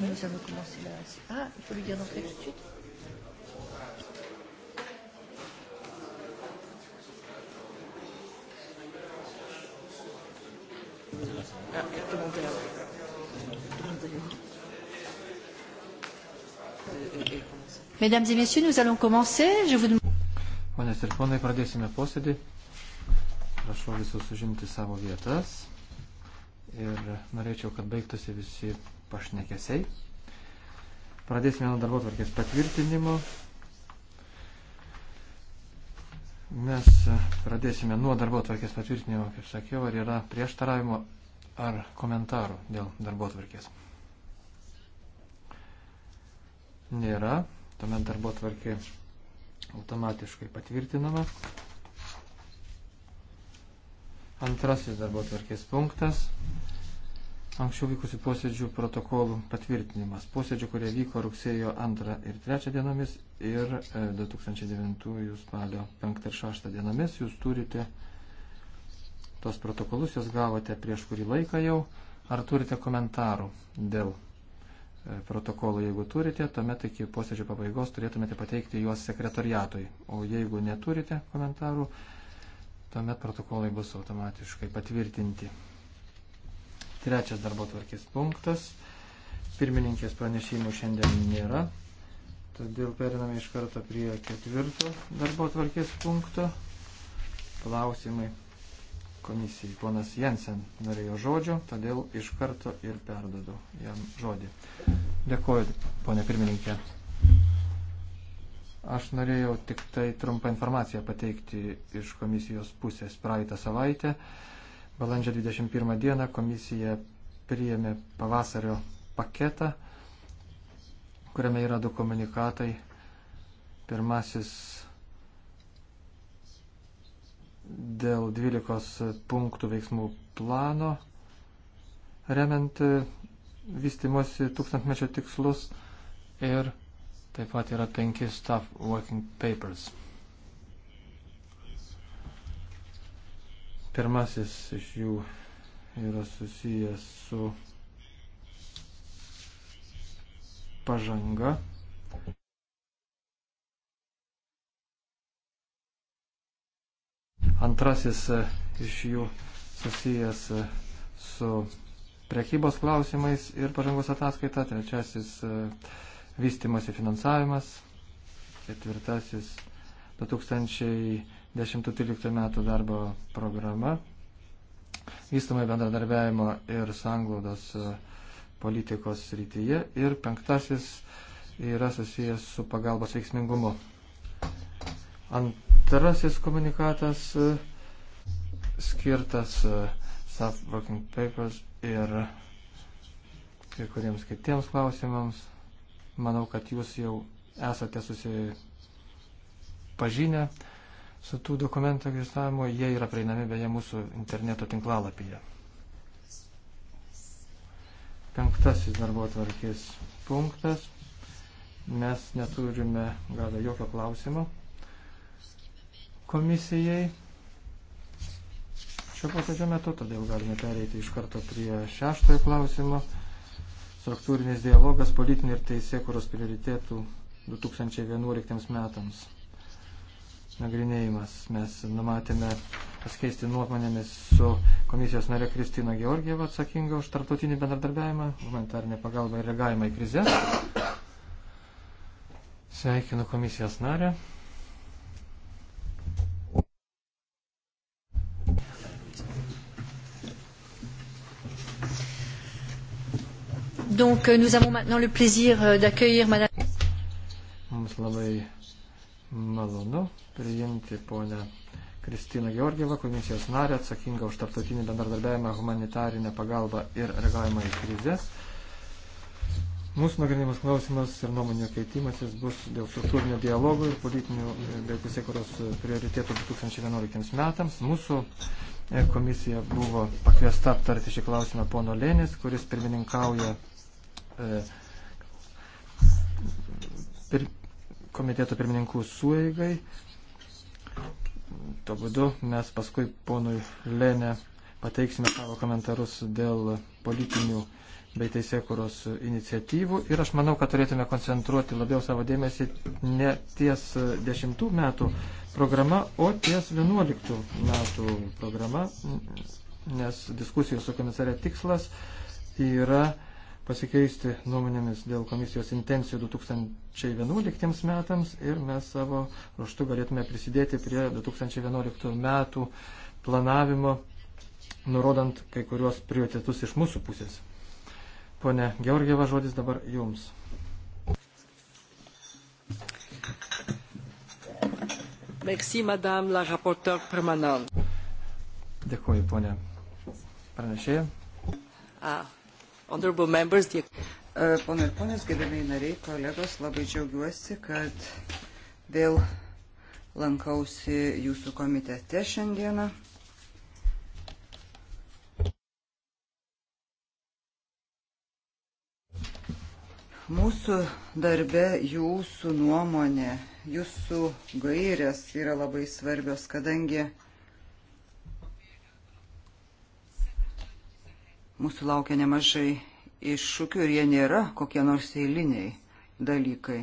nous avons commencé là. Ah, il faut lui dire d'entrer tout de suite. Ah, demandez-la. Demandez-la. Mesdames et messieurs, nous allons commencer. Je vous demande. Ponas ir ponai, pradėsime posėdį. Prašau visus užimti savo vietas. Ir norėčiau, kad baigtųsi visi pašnekesiai. Pradėsime nuo darbo tvarkės patvirtinimo. Mes pradėsime nuo darbo tvarkės patvirtinimo, kaip sakiau, ar yra prieštaravimo ar komentarų dėl darbo tvarkės. Nėra, tuomet darbo tvarkė automatiškai patvirtinama. Antrasis darbo tvarkės punktas anksčiau vykusių posėdžių protokolų patvirtinimas. Posėdžių, kurie vyko rugsėjo 2 ir 3 dienomis ir 2009 e, spalio 5 ir 6 dienomis. Jūs turite tos protokolus, jūs gavote prieš kurį laiką jau. Ar turite komentarų dėl e, protokolų? Jeigu turite, tuomet iki posėdžio pabaigos turėtumėte pateikti juos sekretariatui. O jeigu neturite komentarų, tuomet protokolai bus automatiškai patvirtinti. Trečias darbo tvarkės punktas. Pirmininkės pranešimų šiandien nėra. Todėl periname iš karto prie ketvirto darbo tvarkės punkto. Klausimai komisijai. Ponas Jensen norėjo žodžio, todėl iš karto ir perdodu jam žodį. Dėkuoju, ponė pirmininkė. Aš norėjau tik tai trumpą informaciją pateikti iš komisijos pusės praeitą savaitę. Uh, Balandžio 21 dieną komisija priėmė pavasario paketą, kuriame yra du komunikatai. Pirmasis dėl 12 punktų veiksmų plano, remiant vystimosi tūkstantmečio tikslus ir taip pat yra penki staff working papers. Pirmasis iš jų yra susijęs su pažanga. Antrasis e, iš jų susijęs e, su prekybos klausimais ir pažangos ataskaita. Trečiasis e, vystimosi finansavimas. Ketvirtasis 2000. 10-13 metų darbo programa, vystamai bendradarbiavimo ir sanglaudos e, politikos srityje ir penktasis yra susijęs su pagalbos veiksmingumu. Antrasis komunikatas e, skirtas e, South Working Papers ir kai kuriems kitiems klausimams. Manau, kad jūs jau esate susipažinę su tų dokumentų egzistavimo, jie yra prieinami beje mūsų interneto tinklalapyje. Penktasis darbo atvarkės punktas. Mes neturime gavę jokio klausimo komisijai šio posėdžio metu, todėl galime pereiti iš karto prie šeštojo klausimo. Struktūrinis dialogas politinių ir teisėkuros prioritėtų 2011 metams nagrinėjimas. Mes numatėme paskeisti nuomonėmis su komisijos nare Kristina Georgieva atsakinga už tarptautinį bendradarbiavimą, humanitarinę pagalbą ir reagavimą į krizę. Sveikinu komisijos narę. Donc nous avons maintenant le plaisir euh, d'accueillir Madame. Mums labai malonu priimti ponę Kristiną Georgievą, komisijos narę, atsakingą už tarptautinį bendradarbiavimą, humanitarinę pagalbą ir reagavimą į krizės. Mūsų nagrinimas klausimas ir nuomonių keitimasis bus dėl struktūrinio dialogo ir politinių e, bei teisėkuros prioritėtų 2011 metams. Mūsų e, komisija buvo pakviesta aptarti šį klausimą pono Lėnis, kuris pirmininkauja, e, pir, komiteto pirmininkų suėgai. Tuo būdu mes paskui ponui Lenė pateiksime savo komentarus dėl politinių bei teisėkuros iniciatyvų. Ir aš manau, kad turėtume koncentruoti labiau savo dėmesį ne ties 10 metų programa, o ties 11 metų programa, nes diskusijos su komisarė tikslas yra pasikeisti nuomonėmis dėl komisijos intencijų 2011 metams ir mes savo ruoštų galėtume prisidėti prie 2011 metų planavimo, nurodant kai kuriuos prioritetus iš mūsų pusės. Pone Georgieva, žodis dabar jums. Merci, madame la rapporteur permanente. Dėkuoju, ponė pranešėja. Ah. Honorable members, dear... E, Pana ir ponas, gerbėmiai nariai, kolegos, labai džiaugiuosi, kad vėl lankausi jūsų komitete šiandieną. Mūsų darbe jūsų nuomonė, jūsų gairės yra labai svarbios, kadangi Mūsų laukia nemažai iššūkių ir jie nėra kokie nors eiliniai dalykai.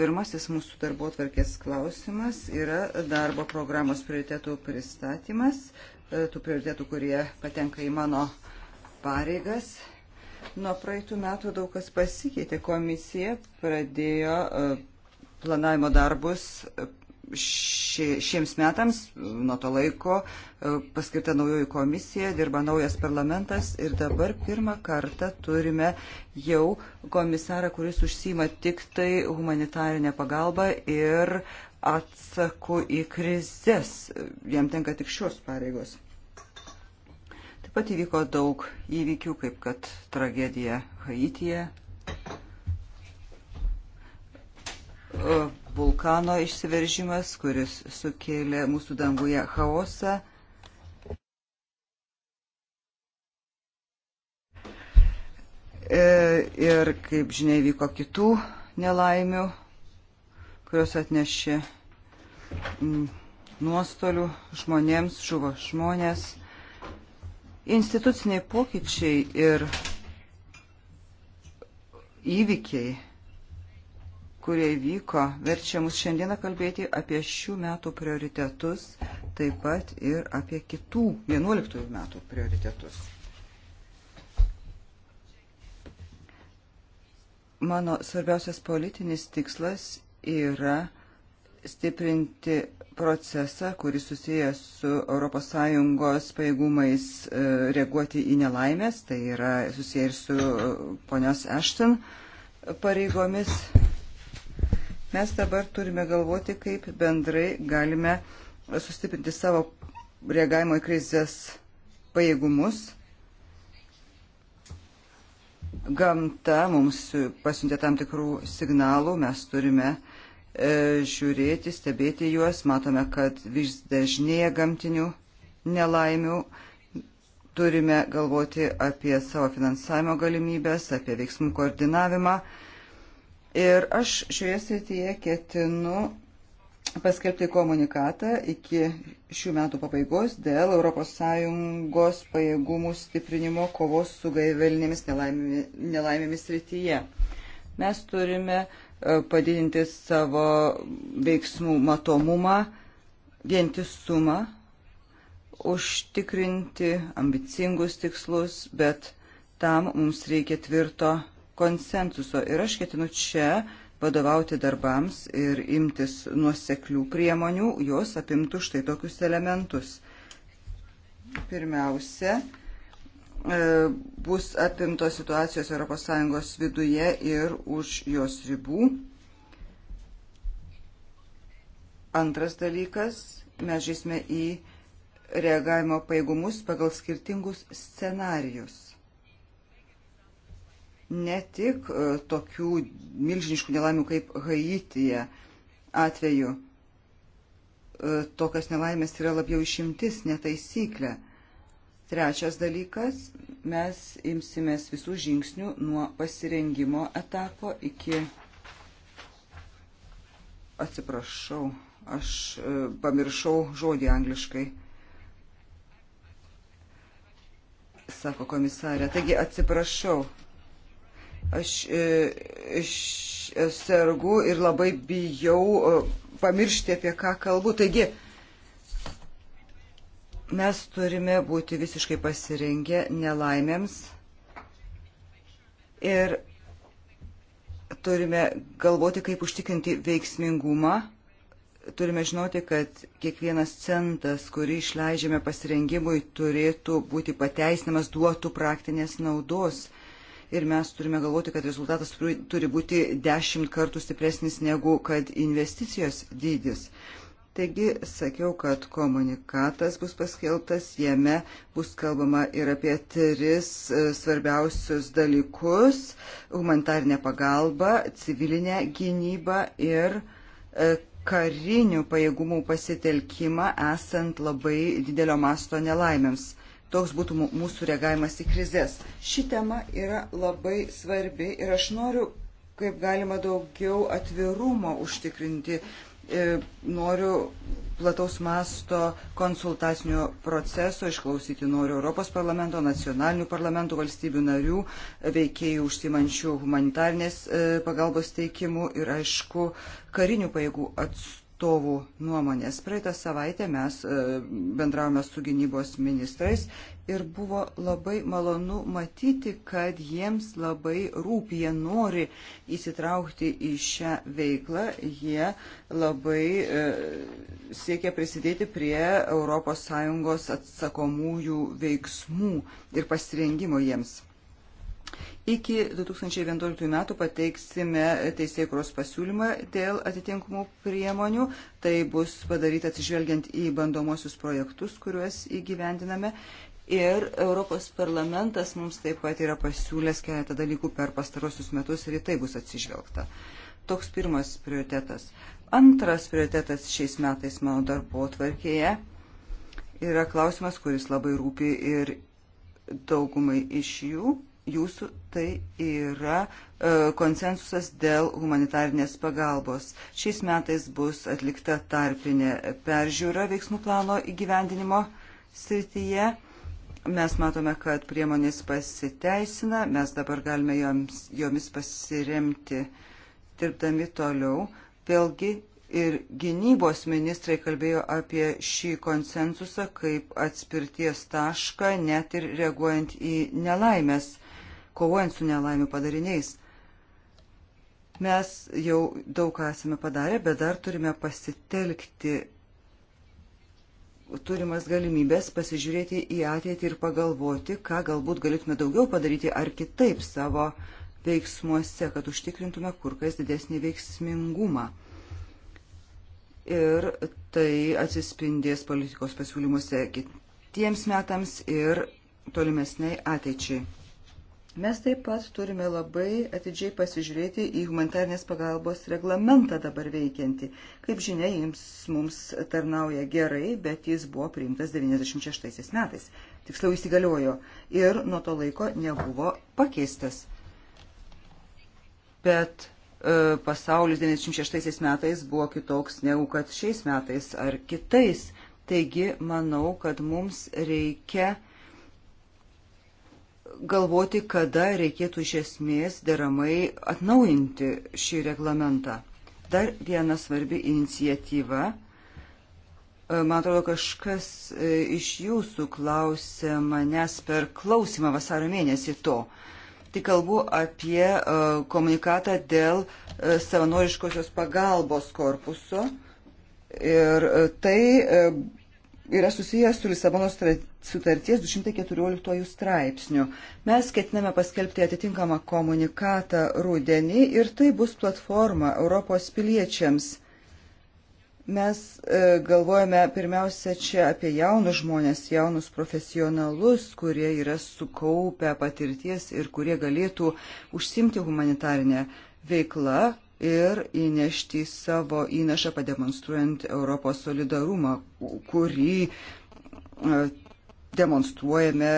Pirmasis mūsų darbo tvarkės klausimas yra darbo programos prioritetų pristatymas, e, tų prioritetų, kurie patenka į mano pareigas. Nuo praeitų metų daug kas pasikeitė. Komisija pradėjo e, planavimo darbus e, šiems metams, nuo to laiko e, paskirta naujoji komisija, dirba naujas parlamentas ir dabar pirmą kartą turime jau komisarą, kuris užsima tik tai humanitarinę pagalbą ir atsaku į krizės. Jam tenka tik šios pareigos. Taip pat įvyko daug įvykių, kaip kad tragedija Haityje, E, vulkano išsiveržimas, kuris sukėlė mūsų danguje chaosą. E, ir, kaip žinia, vyko kitų nelaimių, kurios atnešė mm, nuostolių žmonėms, žuvo žmonės. Instituciniai pokyčiai ir įvykiai kurie vyko, verčia mus šiandieną kalbėti apie šių metų prioritetus, taip pat ir apie kitų 11 metų prioritetus. Mano svarbiausias politinis tikslas yra stiprinti procesą, kuris susijęs su ES pajėgumais e, reaguoti į nelaimės, tai yra susijęs ir su ponios Ashton pareigomis Mes dabar turime galvoti, kaip bendrai galime sustiprinti savo reagavimo į krizės pajėgumus. Gamta mums pasiuntė tam tikrų signalų, mes turime e, žiūrėti, stebėti juos, matome, kad vis dažnėja gamtinių nelaimių, turime galvoti apie savo finansavimo galimybės, apie veiksmų koordinavimą. E, Ir aš šioje srityje ketinu paskelbti komunikatą iki šių metų pabaigos dėl ES pajėgumų stiprinimo kovos su gaivelinėmis nelaimėmis, nelaimėmis rytyje. Mes turime e, padidinti savo veiksmų matomumą, vientisumą, užtikrinti ambicingus tikslus, bet tam mums reikia tvirto konsensuso. Ir aš ketinu čia vadovauti darbams ir imtis nuoseklių priemonių, jos apimtų štai tokius elementus. Pirmiausia, e, bus apimtos situacijos ES viduje ir už jos ribų. Antras dalykas, mes žaisime į reagavimo paėgumus pagal skirtingus scenarius ne tik e, tokių milžiniškų nelaimių kaip Haityje atveju. E, tokios nelaimės yra labiau išimtis, netaisyklė. Trečias dalykas, mes imsimės visų žingsnių nuo pasirengimo etapo iki. Atsiprašau, aš e, pamiršau žodį angliškai. Sako komisarė. Taigi atsiprašau, Aš e, iš sergu ir labai bijau e, pamiršti, apie ką kalbu. Taigi, mes turime būti visiškai pasirengę nelaimėms ir turime galvoti, kaip užtikrinti veiksmingumą. Turime žinoti, kad kiekvienas centas, kurį išleidžiame pasirengimui, turėtų būti pateisinamas, duotų praktinės naudos ir mes turime galvoti, kad rezultatas turi būti dešimt kartų stipresnis negu kad investicijos dydis. Taigi sakiau, kad komunikatas bus paskelbtas, jame bus kalbama ir apie tris e, svarbiausius dalykus - humanitarinę pagalbą, civilinę gynybą ir e, karinių pajėgumų pasitelkimą esant labai didelio masto nelaimėms. Toks būtų mūsų reagavimas į krizės. Ši tema yra labai svarbi ir aš noriu kaip galima daugiau atvirumo užtikrinti. E, noriu plataus masto konsultacinio proceso, išklausyti noriu Europos parlamento, nacionalinių parlamentų, valstybių narių, veikėjų užsimančių humanitarnės e, pagalbos teikimų ir aišku karinių pajėgų atstovų atstovų nuomonės. Praeitą savaitę mes e, bendravome su gynybos ministrais ir buvo labai malonu matyti, kad jiems labai rūp, jie nori įsitraukti į šią veiklą, jie labai e, siekia prisidėti prie ES atsakomųjų veiksmų ir pasirengimo jiems. Iki 2011 metų pateiksime teisėkros pasiūlymą dėl atitinkamų priemonių. Tai bus padaryta atsižvelgiant į bandomosius projektus, kuriuos įgyvendiname. Ir Europos parlamentas mums taip pat yra pasiūlęs keletą dalykų per pastarosius metus ir į tai bus atsižvelgta. Toks pirmas prioritetas. Antras prioritetas šiais metais mano darbo tvarkėje yra klausimas, kuris labai rūpi ir daugumai iš jų jūsų tai yra e, konsensusas dėl humanitarnės pagalbos. Šiais metais bus atlikta tarpinė peržiūra veiksmų plano įgyvendinimo srityje. Mes matome, kad priemonės pasiteisina, mes dabar galime joms, jomis pasiremti, dirbdami toliau. Vėlgi ir gynybos ministrai kalbėjo apie šį konsensusą kaip atspirties tašką, net ir reaguojant į nelaimės kovojant su nelaimių padariniais. Mes jau daug ką esame padarę, bet dar turime pasitelkti turimas galimybės pasižiūrėti į ateitį ir pagalvoti, ką galbūt galėtume daugiau padaryti ar kitaip savo veiksmuose, kad užtikrintume kur kas didesnį veiksmingumą. Ir tai atsispindės politikos pasiūlymuose kitiems metams ir tolimesniai ateičiai. Mes taip pat turime labai atidžiai pasižiūrėti į humanitarnės pagalbos reglamentą dabar veikiantį. Kaip žinia, jums mums tarnauja gerai, bet jis buvo priimtas 96 metais. Tiksliau įsigaliojo ir nuo to laiko nebuvo pakeistas. Bet e, pasaulis 96 metais buvo kitoks negu kad šiais metais ar kitais. Taigi, manau, kad mums reikia galvoti, kada reikėtų iš esmės deramai atnaujinti šį reglamentą. Dar viena svarbi iniciatyva. E, man atrodo, kažkas e, iš jūsų klausė manęs per klausimą vasaro mėnesį to. Tai kalbu apie e, komunikatą dėl savanoriškosios pagalbos korpuso. Ir tai yra susijęs su Lisabono sutarties 214 straipsniu. Mes ketiname paskelbti atitinkamą komunikatą rudenį ir tai bus platforma Europos piliečiams. Mes e, galvojame pirmiausia čia apie jaunus žmonės, jaunus profesionalus, kurie yra sukaupę patirties ir kurie galėtų užsimti humanitarinę veiklą, ir įnešti savo įnašą pademonstruojant Europos solidarumą, kurį e, demonstruojame,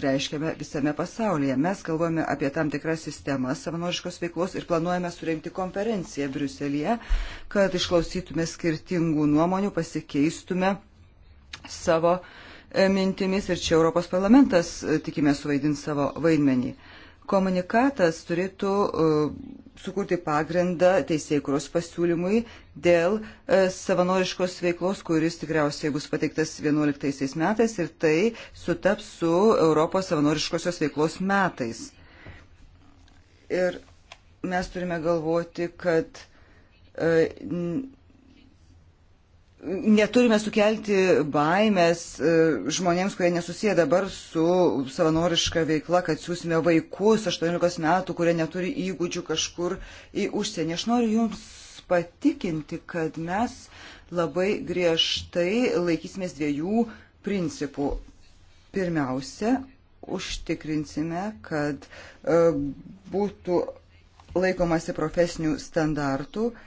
reiškiame visame pasaulyje. Mes kalbame apie tam tikras sistemas savanoriškos veiklos ir planuojame surenkti konferenciją Briuselėje, kad išklausytume skirtingų nuomonių, pasikeistume savo e, mintimis ir čia Europos parlamentas e, tikime suvaidinti savo vaidmenį. Komunikatas turėtų uh, sukurti pagrindą teisėkuros pasiūlymui dėl e, savanoriškos veiklos, kuris tikriausiai bus pateiktas 11 metais ir tai sutaps su Europos savanoriškosios veiklos metais. Ir mes turime galvoti, kad e, neturime sukelti baimės e, žmonėms, kurie nesusiję dabar su savanoriška veikla, kad siūsime vaikus 18 metų, kurie neturi įgūdžių kažkur į užsienį. Aš noriu Jums patikinti, kad mes labai griežtai laikysimės dviejų principų. Pirmiausia, užtikrinsime, kad e, būtų laikomasi profesinių standartų. Uh,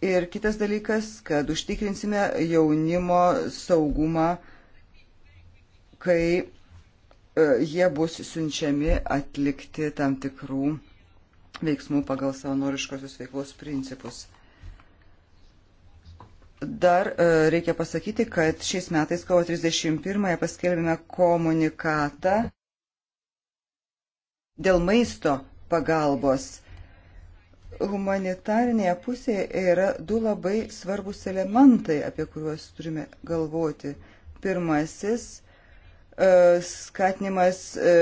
Ir kitas dalykas, kad užtikrinsime jaunimo saugumą, kai e, jie bus siunčiami atlikti tam tikrų veiksmų pagal savanoriškosios veiklos principus. Dar e, reikia pasakyti, kad šiais metais kovo 31-ąją paskelbėme komunikatą dėl maisto pagalbos humanitarinėje pusėje yra du labai svarbus elementai, apie kuriuos turime galvoti. Pirmasis e, - skatinimas e,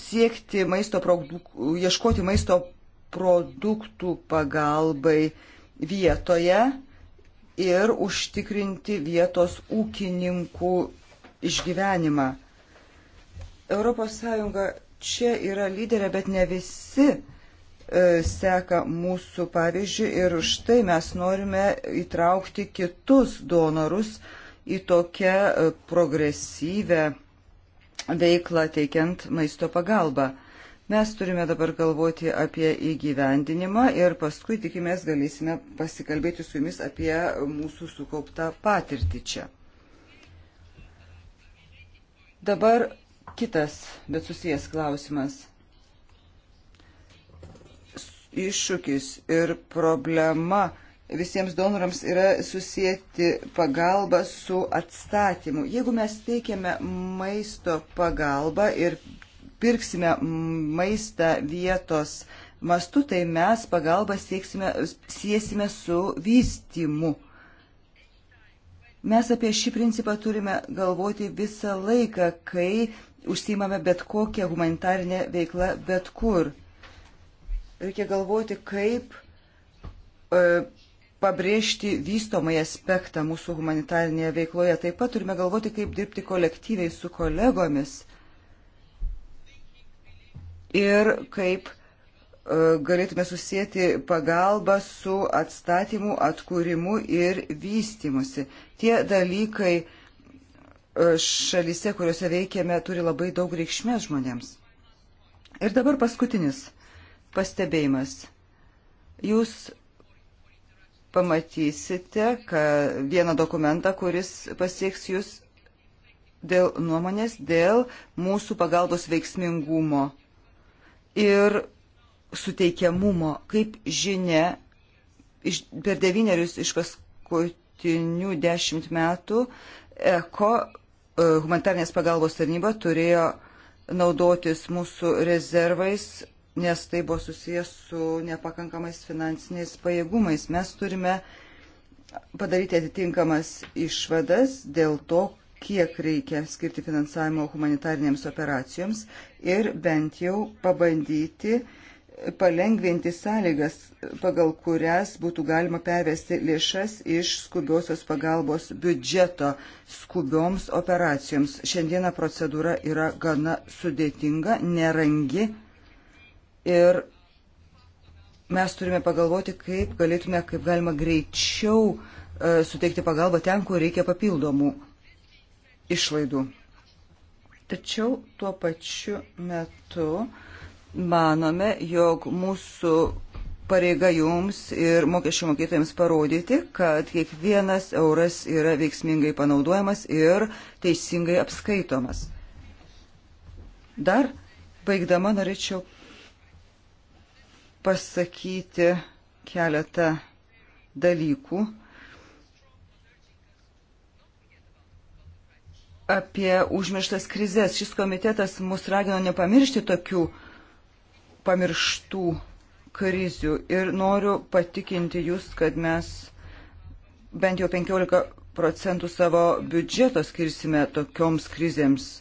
siekti maisto produktų, ieškoti maisto produktų pagalbai vietoje ir užtikrinti vietos ūkininkų išgyvenimą. ES čia yra lyderė, bet ne visi uh, E, seka mūsų pavyzdžių ir už tai mes norime įtraukti kitus donorus į tokią e, progresyvę veiklą teikiant maisto pagalbą. Mes turime dabar galvoti apie įgyvendinimą ir paskui tikimės galėsime pasikalbėti su jumis apie mūsų sukauptą patirtį čia. Dabar kitas, bet susijęs klausimas iššūkis ir problema visiems donorams yra susijęti pagalba su atstatymu. Jeigu mes teikiame maisto pagalbą ir pirksime maistą vietos mastu, tai mes pagalbą sieksime, siesime su vystimu. Mes apie šį principą turime galvoti visą laiką, kai užsimame bet kokią humanitarinę veiklą bet kur. Reikia galvoti, kaip e, pabrėžti vystomąjį aspektą mūsų humanitarinėje veikloje. Taip pat turime galvoti, kaip dirbti kolektyviai su kolegomis ir kaip e, galėtume susijęti pagalbą su atstatymu, atkūrimu ir vystimusi. Tie dalykai e, šalyse, kuriuose veikiame, turi labai daug reikšmės žmonėms. Ir dabar paskutinis pastebėjimas. Jūs pamatysite vieną dokumentą, kuris pasieks jūs dėl nuomonės, dėl mūsų pagalbos veiksmingumo ir suteikiamumo, kaip žinia, iš, per devynerius iš paskutinių dešimt metų ECO e, humanitarnės pagalbos tarnyba turėjo naudotis mūsų rezervais nes tai buvo susijęs su nepakankamais finansiniais pajėgumais. Mes turime padaryti atitinkamas išvadas dėl to, kiek reikia skirti finansavimo humanitariniams operacijoms ir bent jau pabandyti palengvinti sąlygas, pagal kurias būtų galima pervesti lėšas iš skubiosios pagalbos biudžeto skubioms operacijoms. Šiandieną procedūra yra gana sudėtinga, nerangi Ir mes turime pagalvoti, kaip galėtume, kaip galima greičiau e, suteikti pagalbą ten, kur reikia papildomų išlaidų. Tačiau tuo pačiu metu manome, jog mūsų pareiga jums ir mokesčių mokėtojams parodyti, kad kiekvienas euras yra veiksmingai panaudojamas ir teisingai apskaitomas. Dar baigdama norėčiau pasakyti keletą dalykų apie užmirštas krizės. Šis komitetas mus ragino nepamiršti tokių pamirštų krizių ir noriu patikinti jūs, kad mes bent jau 15 procentų savo biudžeto skirsime tokioms krizėms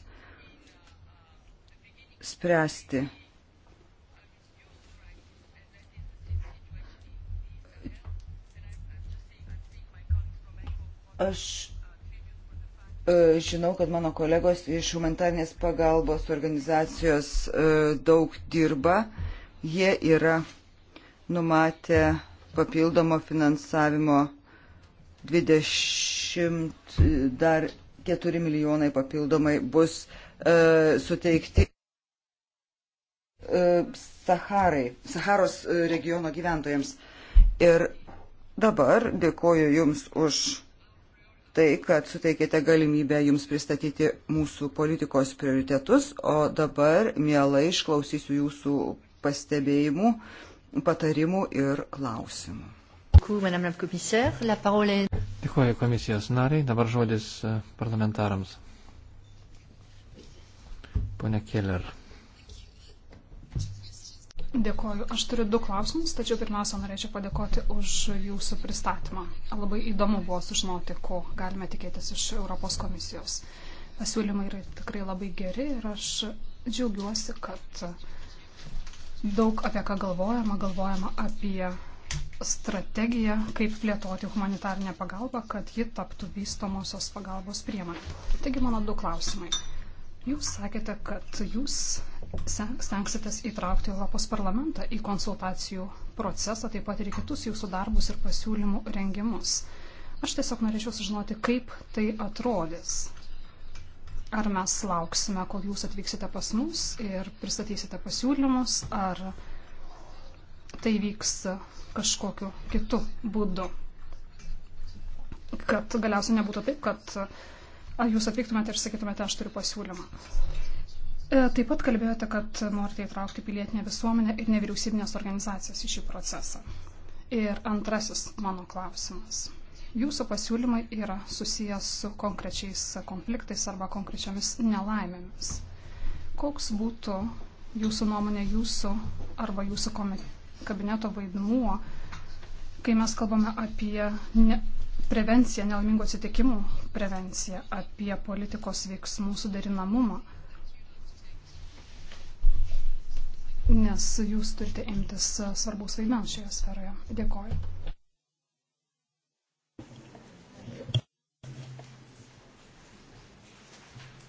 spręsti. Aš e, Žinau, kad mano kolegos iš humanitarnės pagalbos organizacijos e, daug dirba. Jie yra numatę papildomo finansavimo 20, e, dar 4 milijonai papildomai bus suteikti Saharai, Saharos regiono gyventojams. Ir dabar dėkoju Jums už tai, kad suteikėte galimybę jums pristatyti mūsų politikos prioritetus, o dabar mielai išklausysiu jūsų pastebėjimų, patarimų ir klausimų. Dėkuoju komisijos nariai, dabar žodis e, parlamentarams. Pone Keller. Dėkoju. Aš turiu du klausimus, tačiau pirmiausia, norėčiau padėkoti už jūsų pristatymą. Labai įdomu buvo sužinoti, ko galime tikėtis iš Europos komisijos. Pasiūlymai yra tikrai labai geri ir aš džiaugiuosi, kad daug apie ką galvojama, galvojama apie strategiją, kaip plėtoti humanitarinę pagalbą, kad ji taptų vystomosios pagalbos priemonė. Taigi mano du klausimai. Jūs sakėte, kad jūs stengsitės įtraukti Europos parlamentą į konsultacijų procesą, taip pat ir į kitus jūsų darbus ir pasiūlymų rengimus. Aš tiesiog norėčiau sužinoti, kaip tai atrodys. Ar mes lauksime, kol jūs atvyksite pas mus ir pristatysite pasiūlymus, ar tai vyks kažkokiu kitu būdu. Kad galiausiai nebūtų taip, kad jūs atvyktumėte ir sakytumėte, aš turiu pasiūlymą. E, taip pat kalbėjote, kad norite įtraukti pilietinę visuomenę ir nevyriausybinės organizacijas į šį procesą. Ir antrasis mano klausimas. Jūsų pasiūlymai yra susijęs su konkrečiais konfliktais arba konkrečiamis nelaimėmis. Koks būtų jūsų nuomonė jūsų arba jūsų kabineto vaidmuo, kai mes kalbame apie ne, prevenciją, nelaimingų atsitikimų prevenciją, apie politikos veiksmų suderinamumą? nes jūs turite imtis e, svarbus vaidmens šioje sferoje. Dėkoju.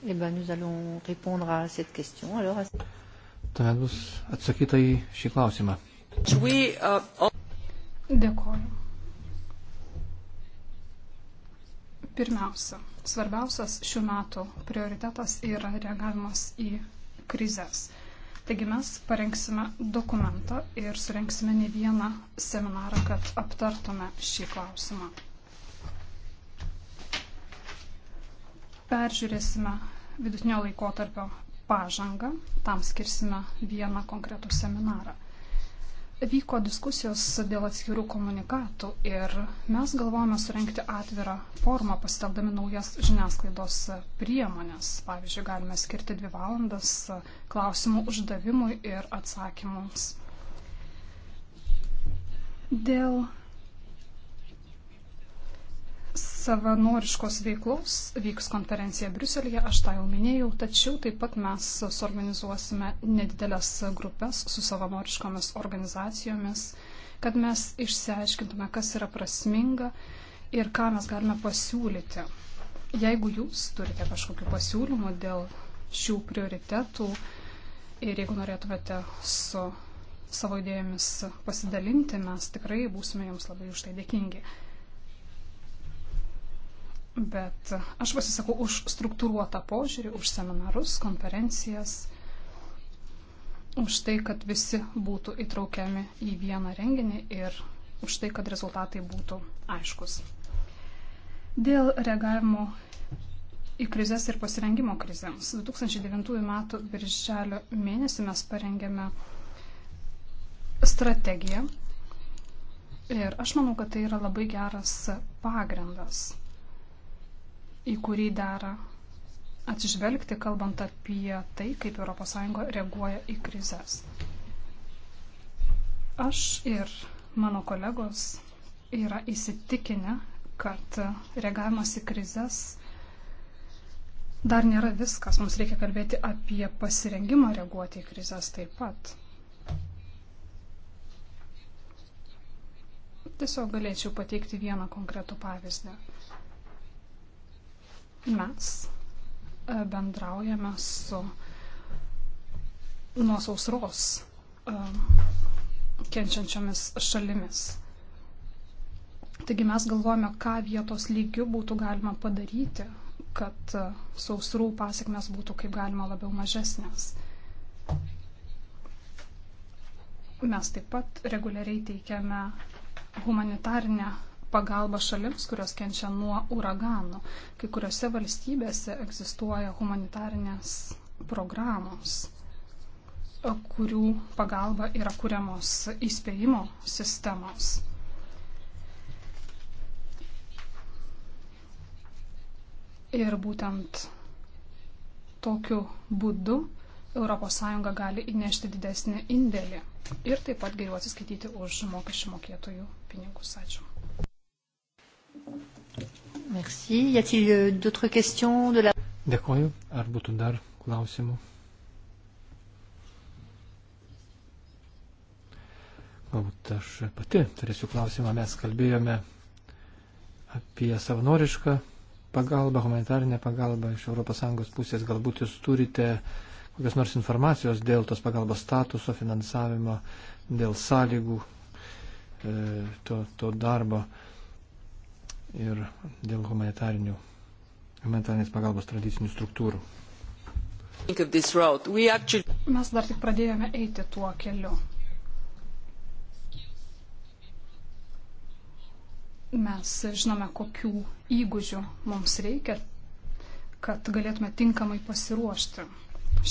Eh ben, nous allons répondre à cette question. Alors, à... Tuomet bus atsakyta į šį klausimą. Euh, oh. Dėkoju. Pirmiausia, svarbiausias šių metų prioritetas yra reagavimas į krizės. Taigi mes parengsime dokumentą ir surenksime ne vieną seminarą, kad aptartume šį klausimą. Peržiūrėsime vidutinio laikotarpio pažangą, tam skirsime vieną konkretų seminarą. Vyko diskusijos dėl atskirų komunikatų ir mes galvojame surenkti atvirą formą, pasitelkdami naujas žiniasklaidos priemonės. Pavyzdžiui, galime skirti dvi valandas klausimų uždavimui ir atsakymams. Dėl savanoriškos veiklos vyks konferencija Briuselėje, aš tą jau minėjau, tačiau taip pat mes suorganizuosime nedidelės grupės su savanoriškomis organizacijomis, kad mes išsiaiškintume, kas yra prasminga ir ką mes galime pasiūlyti. Jeigu jūs turite kažkokių pasiūlymų dėl šių prioritetų ir jeigu norėtumėte su savo idėjomis pasidalinti, mes tikrai būsime jums labai už tai dėkingi. Bet aš pasisakau už struktūruotą požiūrį, už seminarus, konferencijas, už tai, kad visi būtų įtraukiami į vieną renginį ir už tai, kad rezultatai būtų aiškus. Dėl reagavimo į krizės ir pasirengimo krizėms. 2009 m. birželio mėnesį mes parengėme strategiją ir aš manau, kad tai yra labai geras pagrindas į kurį dera atsižvelgti, kalbant apie tai, kaip ES reaguoja į krizės. Aš ir mano kolegos yra įsitikinę, kad reagavimas į krizės dar nėra viskas. Mums reikia kalbėti apie pasirengimą reaguoti į krizės taip pat. Tiesiog galėčiau pateikti vieną konkretų pavyzdį. Mes e, bendraujame su nuo sausros e, kenčiančiomis šalimis. Taigi mes galvojame, ką vietos lygių būtų galima padaryti, kad e, sausrų pasiekmes būtų kaip galima labiau mažesnės. Mes taip pat reguliariai teikiame humanitarinę pagalba šalims, kurios kenčia nuo uraganų. Kai kuriuose valstybėse egzistuoja humanitarinės programos, kurių pagalba yra kuriamos įspėjimo sistemos. Ir būtent tokiu būdu ES gali įnešti didesnį indėlį ir taip pat geriau atsiskaityti už mokesčių mokėtojų pinigus. Ačiū. Merci. Y a-t-il euh, d'autres questions de la... Dėkoju. Ar būtų dar klausimų? Galbūt aš pati turėsiu klausimą. Mes kalbėjome apie savanorišką pagalbą, humanitarinę pagalbą iš ES pusės. Galbūt jūs turite kokios nors informacijos dėl tos pagalbos statuso, finansavimo, dėl sąlygų e, to, to darbo. E, ir dėl humanitarinės pagalbos tradicinių struktūrų. Mes dar tik pradėjome eiti tuo keliu. Mes žinome, kokių įgūdžių mums reikia, kad galėtume tinkamai pasiruošti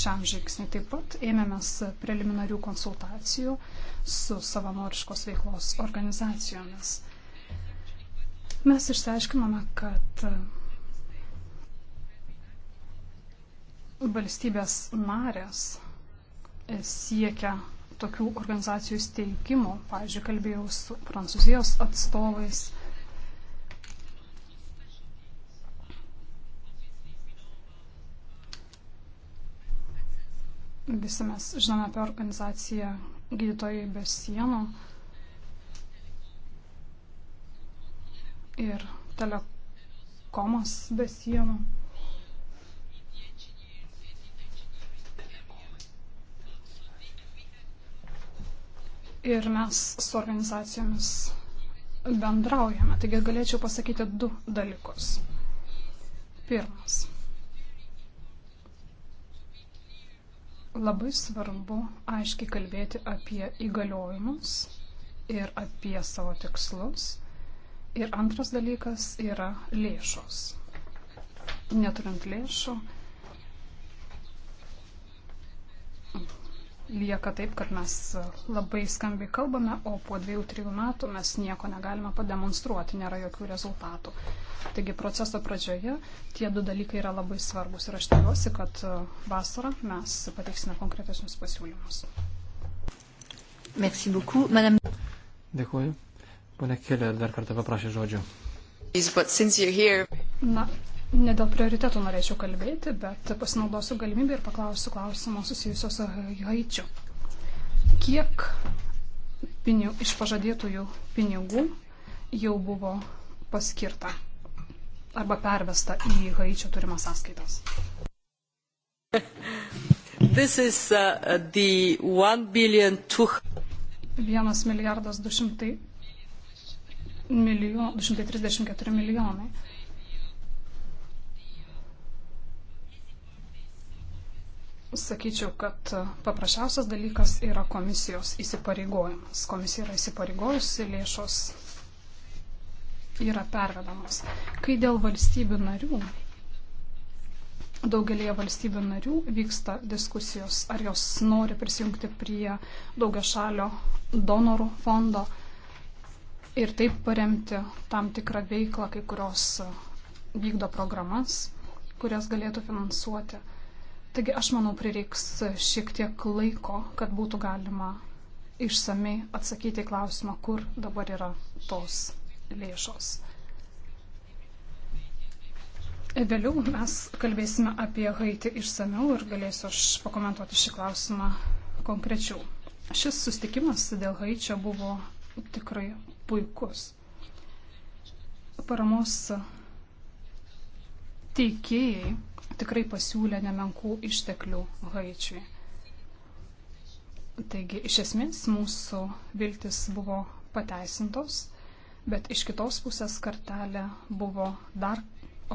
šiam žingsniui. Taip pat ėmėmės preliminarių konsultacijų su savanoriškos veiklos organizacijomis. Mes išsiaiškinome, kad e, valstybės narės e, siekia tokių organizacijų steigimo. Pavyzdžiui, kalbėjau su Prancūzijos atstovais. Visi mes žinome apie organizaciją Gydytojai be sienų. ir telekomas be sienų. Ir mes su organizacijomis bendraujame. Taigi galėčiau pasakyti du dalykus. Pirmas. Labai svarbu aiškiai kalbėti apie įgaliojimus ir apie savo tikslus Ir antras dalykas yra lėšos. Neturint lėšų, lieka taip, kad mes labai skambiai kalbame, o po dviejų, trijų metų mes nieko negalime pademonstruoti, nėra jokių rezultatų. Taigi proceso pradžioje tie du dalykai yra labai svarbus ir aš tikiuosi, kad vasarą mes pateiksime konkretesnius pasiūlymus. Merci beaucoup, madame. Dėkuoju. Pone Kelė dar kartą paprašė žodžio. Na, ne dėl prioritetų norėčiau kalbėti, bet pasinaudosiu galimybę ir paklausiu klausimo susijusio su Haičiu. Kiek pinių, iš pažadėtųjų pinigų jau buvo paskirta arba pervesta į Haičio turimas sąskaitas? This is uh, the 1 billion 2 1 milijardas 200 milijon, 234 milijonai. Sakyčiau, kad paprasčiausias dalykas yra komisijos įsipareigojimas. Komisija yra įsipareigojusi, lėšos yra pervedamos. Kai dėl valstybių narių, daugelie valstybių narių vyksta diskusijos, ar jos nori prisijungti prie daugia šalio donorų fondo, ir taip paremti tam tikrą veiklą, kai kurios e, vykdo programas, kurias galėtų finansuoti. Taigi aš manau, prireiks šiek tiek laiko, kad būtų galima išsamei atsakyti į klausimą, kur dabar yra tos lėšos. E, vėliau mes kalbėsime apie Haitį išsameu ir galėsiu aš pakomentuoti šį klausimą konkrečiau. Šis sustikimas dėl Haičio buvo tikrai puikus. Paramos teikėjai tikrai pasiūlė nemenkų išteklių Haičiui. Taigi, iš esmės, mūsų viltis buvo pateisintos, bet iš kitos pusės kartelė buvo dar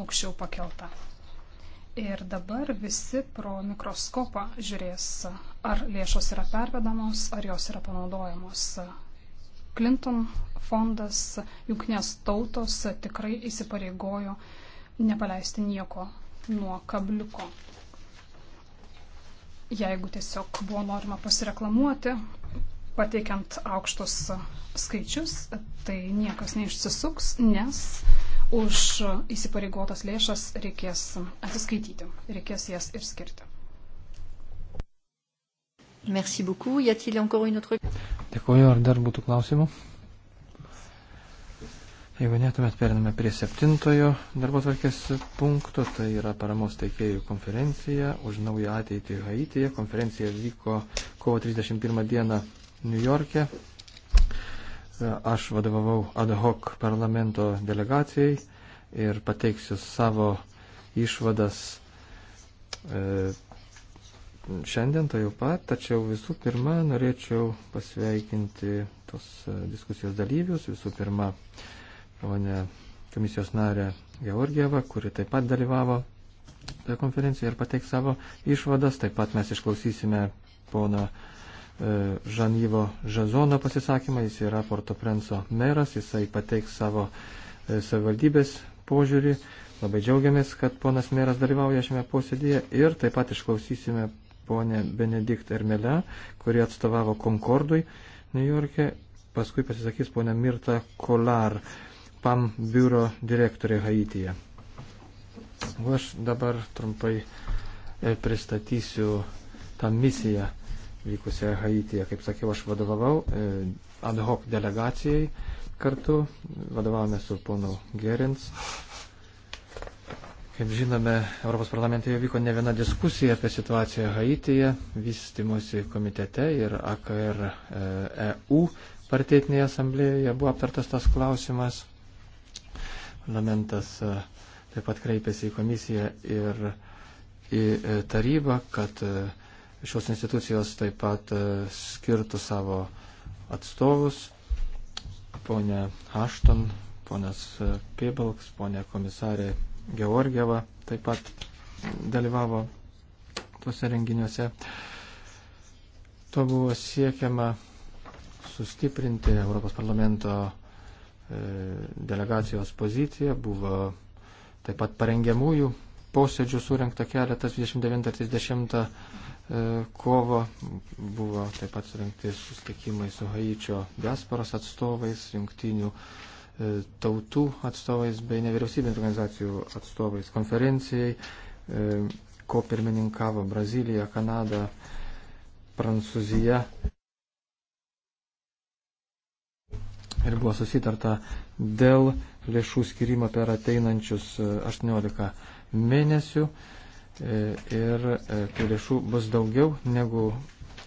aukščiau pakelta. Ir dabar visi pro mikroskopą žiūrės, ar lėšos yra pervedamos, ar jos yra panaudojamos Clinton fondas, jungtinės tautos tikrai įsipareigojo nepaleisti nieko nuo kabliuko. Jeigu tiesiog buvo norima pasireklamuoti, pateikiant aukštus skaičius, tai niekas neišsisuks, nes už įsipareigotas lėšas reikės atsiskaityti, reikės jas ir skirti. Merci beaucoup. Y a-t-il encore une autre? Dėkuoju, ar dar būtų klausimų? Jeigu netumėt periname prie septintojo darbo tvarkės punkto, tai yra paramos teikėjų konferencija už naują ateitį Haityje. Konferencija vyko kovo 31 dieną New York'e. Aš vadovavau ad hoc parlamento delegacijai ir pateiksiu savo išvadas. E, šiandien tai jau pat, tačiau visų pirma norėčiau pasveikinti tos e, diskusijos dalyvius, visų pirma, ponę komisijos narę Georgievą, kuri taip pat dalyvavo toje konferencijoje ir pateiks savo išvadas, taip pat mes išklausysime pono e, Žanyvo Žazono pasisakymą, jis yra Porto Prenso meras, jisai pateiks savo e, savivaldybės požiūrį. Labai džiaugiamės, kad ponas meras dalyvauja šiame posėdėje ir taip pat išklausysime ponė Benedikt Ermelė, kuri atstovavo Konkordui New York'e. Paskui pasisakys ponė Mirta Kolar, PAM biuro direktorė Haityje. O aš dabar trumpai e, pristatysiu tą misiją vykusią Haityje. Kaip sakiau, aš vadovavau e, ad hoc delegacijai kartu, vadovavome su ponu Gerins Kaip žinome, Europos parlamente jau vyko ne viena diskusija apie situaciją Haityje, vystimosi komitete ir AKR EU e partietinėje asamblėje buvo aptartas tas klausimas. Parlamentas e, taip pat kreipėsi į komisiją ir į e, tarybą, kad šios institucijos taip pat skirtų savo atstovus, ponė Ašton, ponas Piebalks, ponė komisarė Georgieva taip pat dalyvavo tuose renginiuose. Tuo buvo siekiama sustiprinti Europos parlamento e, delegacijos poziciją, buvo taip pat parengiamųjų posėdžių surinkta keletas 29-30 e, kovo, buvo taip pat surinkti sustikimai su Haičio diasporos atstovais, jungtinių uh, E, tautų atstovais bei nevyriausybinės organizacijų atstovais konferencijai, e, ko pirmininkavo Brazilija, Kanada, Prancūzija. Ir buvo susitarta dėl lėšų skirimo per ateinančius 18 e, mėnesių. Ir tų lėšų bus daugiau negu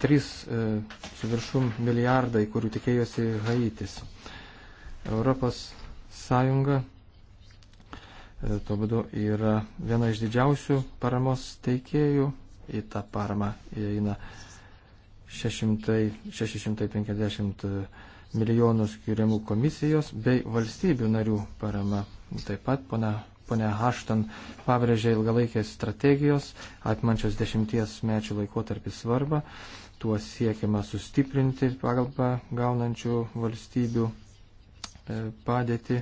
3 su viršum milijardai, kurių tikėjosi Haitis. Europos Sąjunga e, tuo būdu yra viena iš didžiausių paramos teikėjų. Į tą paramą įeina 600, 650 e, milijonų skiriamų komisijos bei valstybių narių parama. Taip pat pana, pana Haštan pabrėžė ilgalaikės strategijos, atmančios dešimties mečių laikotarpį svarbą. Tuo siekiama sustiprinti pagalbą gaunančių valstybių E, padėtį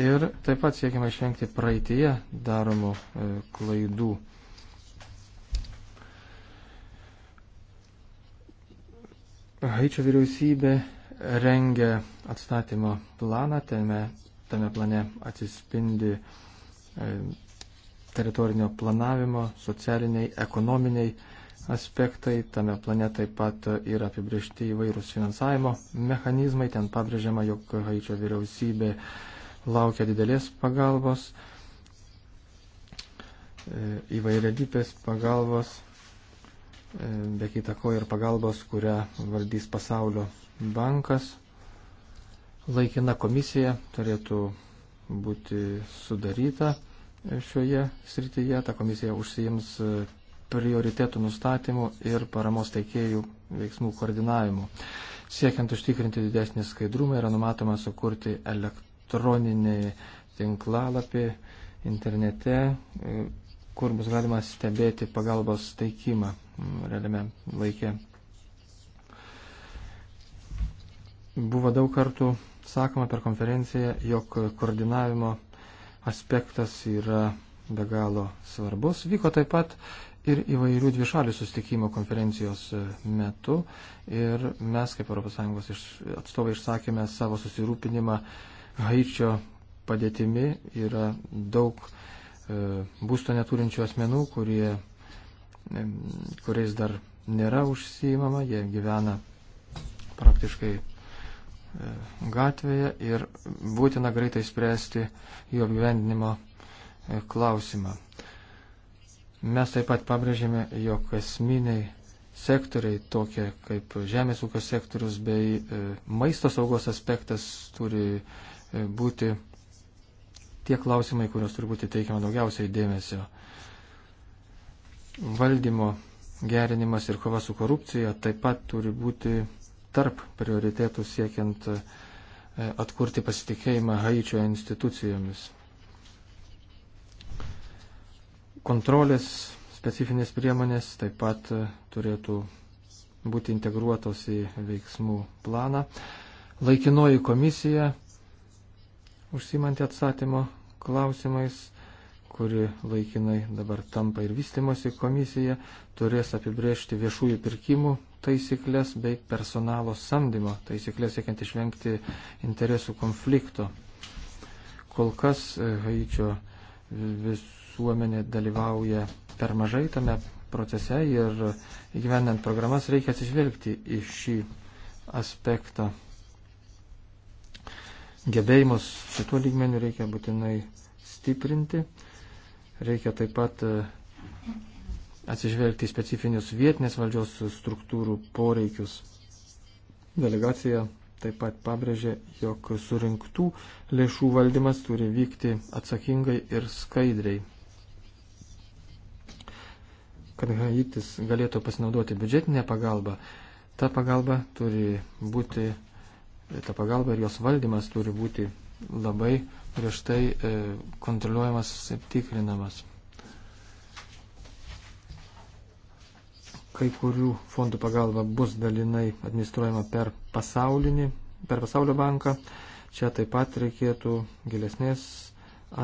ir taip pat siekiama išvengti praeitie daromų e, klaidų. Haičio vyriausybė rengia atstatymo planą, tame, tame plane atsispindi e, teritorinio planavimo, socialiniai, ekonominiai aspektai. Tame plane taip pat yra apibriežti įvairūs finansavimo mechanizmai. Ten pabrėžiama, jog Haičio vyriausybė laukia didelės pagalbos, e, įvairialypės pagalbos, e, be kitako ir pagalbos, kurią valdys pasaulio bankas. Laikina komisija turėtų būti sudaryta šioje srityje. Ta komisija užsijims e, prioritėtų nustatymų ir paramos teikėjų veiksmų koordinavimu. Siekiant užtikrinti didesnį skaidrumą yra numatoma sukurti elektroninį tinklalapį internete, e, kur bus galima stebėti pagalbos teikimą realiame laikė. Buvo daug kartų sakoma per konferenciją, jog koordinavimo aspektas yra be galo svarbus. Vyko taip pat ir įvairių dvišalių sustikimų konferencijos e, metu. Ir mes, kaip ES atstovai, išsakėme savo susirūpinimą Haičio padėtimi. Yra daug e, būsto neturinčių asmenų, kurie, e, kuriais dar nėra užsijimama, jie gyvena praktiškai e, gatvėje ir būtina greitai spręsti jų apgyvendinimo e, klausimą. Mes taip pat pabrėžėme, jog esminiai sektoriai, tokie kaip žemės ūkio sektorius bei e, maisto saugos aspektas, turi e, būti tie klausimai, kurios turi būti teikiama daugiausiai dėmesio. Valdymo gerinimas ir kova su korupcija taip pat turi būti tarp prioritėtų siekiant e, atkurti pasitikėjimą Haičio institucijomis kontrolės specifinės priemonės taip pat e, turėtų būti integruotos į veiksmų planą. Laikinoji komisija užsimanti atsatymo klausimais, kuri laikinai dabar tampa ir vystimosi komisija, turės apibriežti viešųjų pirkimų taisyklės bei personalo samdymo taisyklės, siekiant išvengti interesų konflikto. Kol kas e, Haičio vis visuomenė dalyvauja per mažai tame procese ir įgyvendant programas reikia atsižvelgti į šį aspektą. Gebėjimus šituo lygmeniu reikia būtinai stiprinti. Reikia taip pat e, atsižvelgti į specifinius vietinės valdžios struktūrų poreikius. Delegacija taip pat pabrėžė, jog surinktų lėšų valdymas turi vykti atsakingai ir skaidriai kad Haitis galėtų pasinaudoti biudžetinę pagalbą, ta pagalba turi būti, ta pagalba ir jos valdymas turi būti labai griežtai e, kontroliuojamas ir tikrinamas. Kai kurių fondų pagalba bus dalinai administruojama per pasaulinį, per pasaulio banką. Čia taip pat reikėtų gilesnės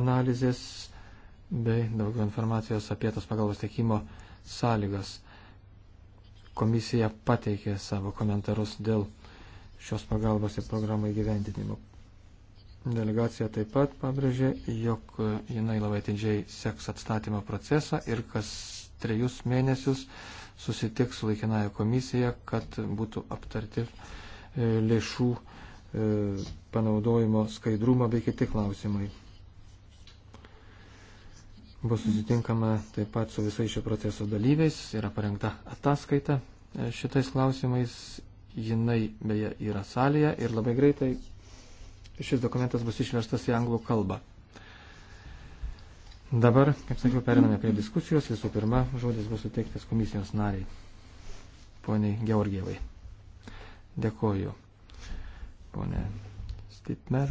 analizės bei daugiau informacijos apie tas pagalbos teikimo sąlygas. Komisija pateikė savo komentarus dėl šios pagalbos ir programų įgyvendinimo. Delegacija taip pat pabrėžė, jog jinai labai atidžiai seks atstatymo procesą ir kas trejus mėnesius susitiks su laikinaja komisija, kad būtų aptarti e, lėšų e, panaudojimo skaidrumo bei kiti klausimai. Bus susitinkama taip pat su visais šio proceso dalyviais, yra parengta ataskaita e, šitais klausimais, jinai beje yra salėje ir labai greitai šis dokumentas bus išverstas į anglų kalbą. Dabar, kaip sakiau, periname prie diskusijos. Visų pirma, žodis bus suteiktas komisijos nariai, poniai Georgievai. Dėkoju, ponė Stitmer.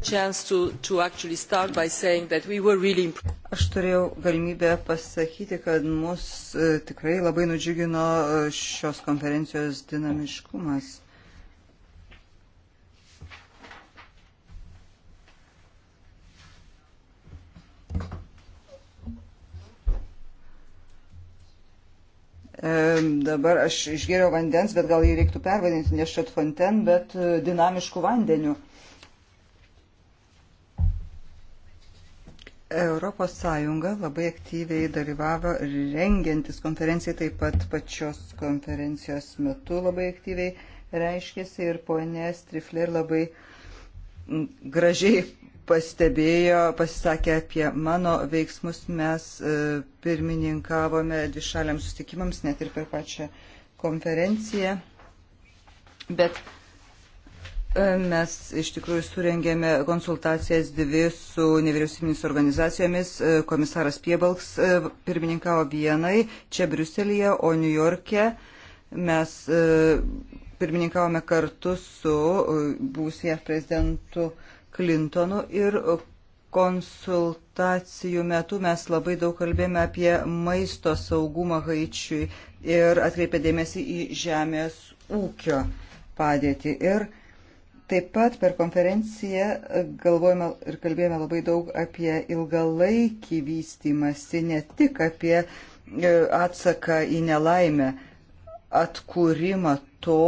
To, to really... Aš turėjau galimybę pasakyti, kad mus e, tikrai labai nudžiugino e, šios konferencijos dinamiškumas. E, dabar aš išgėriau vandens, bet gal jį reiktų pervadinti ne šatfonten, bet dinamiškų vandenių. Europos Sąjunga labai aktyviai dalyvavo rengiantis konferencijai, taip pat pačios konferencijos metu labai aktyviai reiškėsi ir ponė Strifler labai gražiai pastebėjo, pasisakė apie mano veiksmus, mes e, pirmininkavome dvišaliams sustikimams net ir per pačią konferenciją. Bet Mes iš tikrųjų surengėme konsultacijas dvi su nevyriausybinis organizacijomis. Komisaras Piebalks e, pirmininkavo vienai čia Briuselėje, o New York'e mes e, pirmininkavome kartu su e, būsie prezidentu Clintonu ir konsultacijų metu mes labai daug kalbėjome apie maisto saugumą Haičiui ir atkreipė dėmesį į žemės ūkio padėtį. Ir Taip pat per konferenciją galvojame ir kalbėjome labai daug apie ilgalaikį vystimąsi, ne tik apie e, atsaką į nelaimę, atkūrimą to,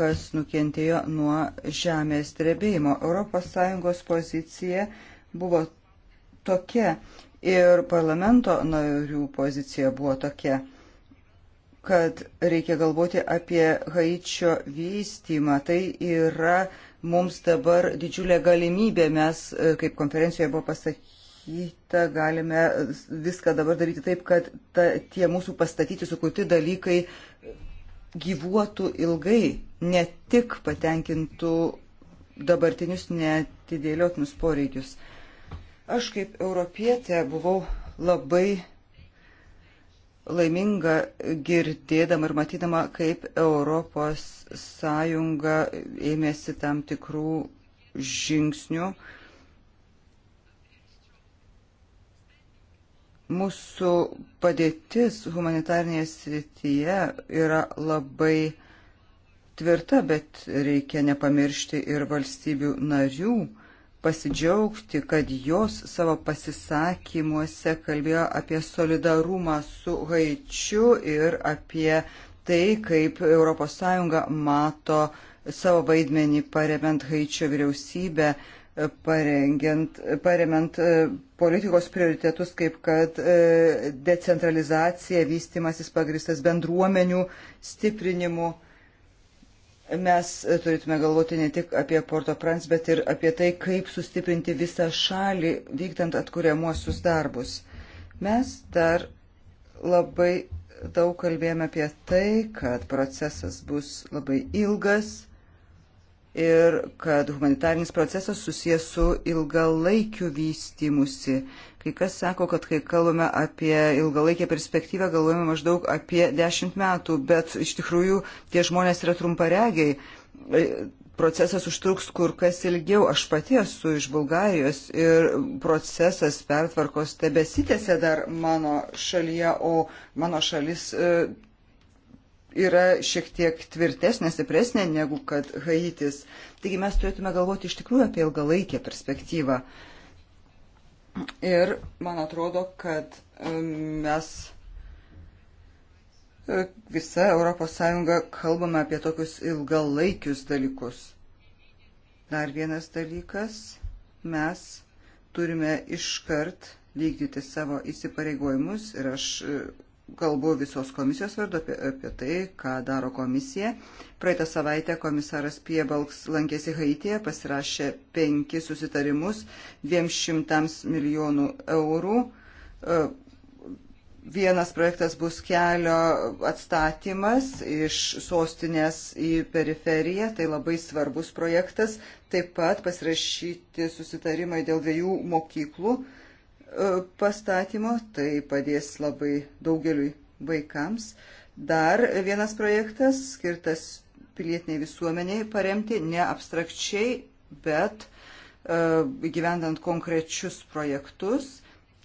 kas nukentėjo nuo žemės drebėjimo. ES pozicija buvo tokia ir parlamento narių pozicija buvo tokia kad reikia galvoti apie Haičio vystymą. Tai yra mums dabar didžiulė galimybė. Mes, e, kaip konferencijoje buvo pasakyta, galime viską dabar daryti taip, kad ta, tie mūsų pastatyti, sukurti dalykai gyvuotų ilgai, ne tik patenkintų dabartinius netidėliotinus poreikius. Aš kaip europietė buvau labai laiminga girdėdama ir matydama, kaip Europos Sąjunga ėmėsi tam tikrų žingsnių. Mūsų padėtis humanitarnėje srityje yra labai tvirta, bet reikia nepamiršti ir valstybių narių pasidžiaugti, kad jos savo pasisakymuose kalbėjo apie solidarumą su Haičiu ir apie tai, kaip ES mato savo vaidmenį paremant Haičio vyriausybę, paremant e, politikos prioritetus, kaip kad e, decentralizacija, vystimasis pagristas bendruomenių stiprinimu Mes turėtume galvoti ne tik apie Porto Prans, bet ir apie tai, kaip sustiprinti visą šalį vykdant atkuriamuosius darbus. Mes dar labai daug kalbėjome apie tai, kad procesas bus labai ilgas ir kad humanitarinis procesas susijęs su ilgalaikiu vystimusi. Kai kas sako, kad kai kalbame apie ilgalaikę perspektyvą, galvojame maždaug apie 10 metų, bet iš tikrųjų tie žmonės yra trumparegiai. E, procesas užtruks kur kas ilgiau. Aš pati esu iš Bulgarijos ir procesas pertvarkos tebesitėse dar mano šalyje, o mano šalis e, yra šiek tiek tvirtesnė, stipresnė negu kad Haitis. Taigi mes turėtume galvoti iš tikrųjų apie ilgalaikę perspektyvą. Ir man atrodo, kad mes e, visa ES kalbame apie tokius ilgalaikius dalykus. Dar vienas dalykas, mes turime iškart vykdyti savo įsipareigojimus ir aš e, kalbu visos komisijos vardu apie, apie tai, ką daro komisija. Praeitą savaitę komisaras Piebalks lankėsi Haitėje, pasirašė penki susitarimus 200 milijonų eurų. E, vienas projektas bus kelio atstatymas iš sostinės į periferiją, tai labai svarbus projektas. Taip pat pasirašyti susitarimai dėl dviejų mokyklų E, pastatymo, tai padės labai daugeliui vaikams. Dar vienas projektas skirtas pilietiniai visuomeniai paremti ne abstrakčiai, bet e, gyvendant konkrečius projektus.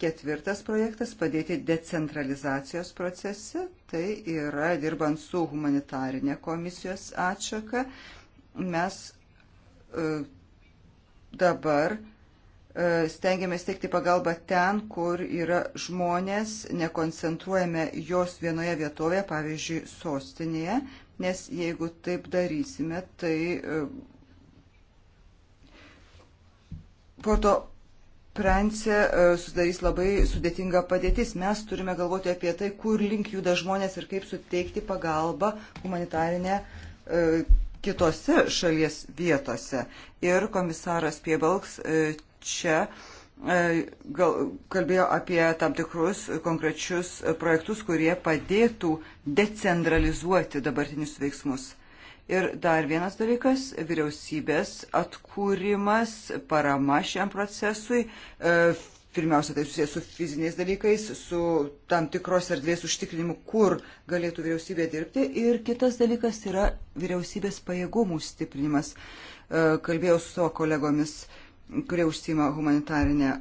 Ketvirtas projektas - padėti decentralizacijos procese, tai yra dirbant su humanitarinė komisijos atšaka. Mes e, dabar uh, E, stengiamės teikti pagalbą ten, kur yra žmonės, nekoncentruojame jos vienoje vietovėje, pavyzdžiui, sostinėje, nes jeigu taip darysime, tai e, Porto Prance e, sudarys labai sudėtinga padėtis. Mes turime galvoti apie tai, kur link juda žmonės ir kaip suteikti pagalbą humanitarinę kitose šalies vietose. Ir komisaras Piebalks čia e, gal, kalbėjo apie tam tikrus konkrečius projektus, kurie padėtų decentralizuoti dabartinius veiksmus. Ir dar vienas dalykas - vyriausybės atkūrimas, parama šiam procesui. E, pirmiausia, tai susijęs su fiziniais dalykais, su tam tikros erdvės užtikrinimu, kur galėtų vyriausybė dirbti. Ir kitas dalykas yra vyriausybės pajėgumų stiprinimas. E, kalbėjau su savo kolegomis uh, kurie užsima humanitarinę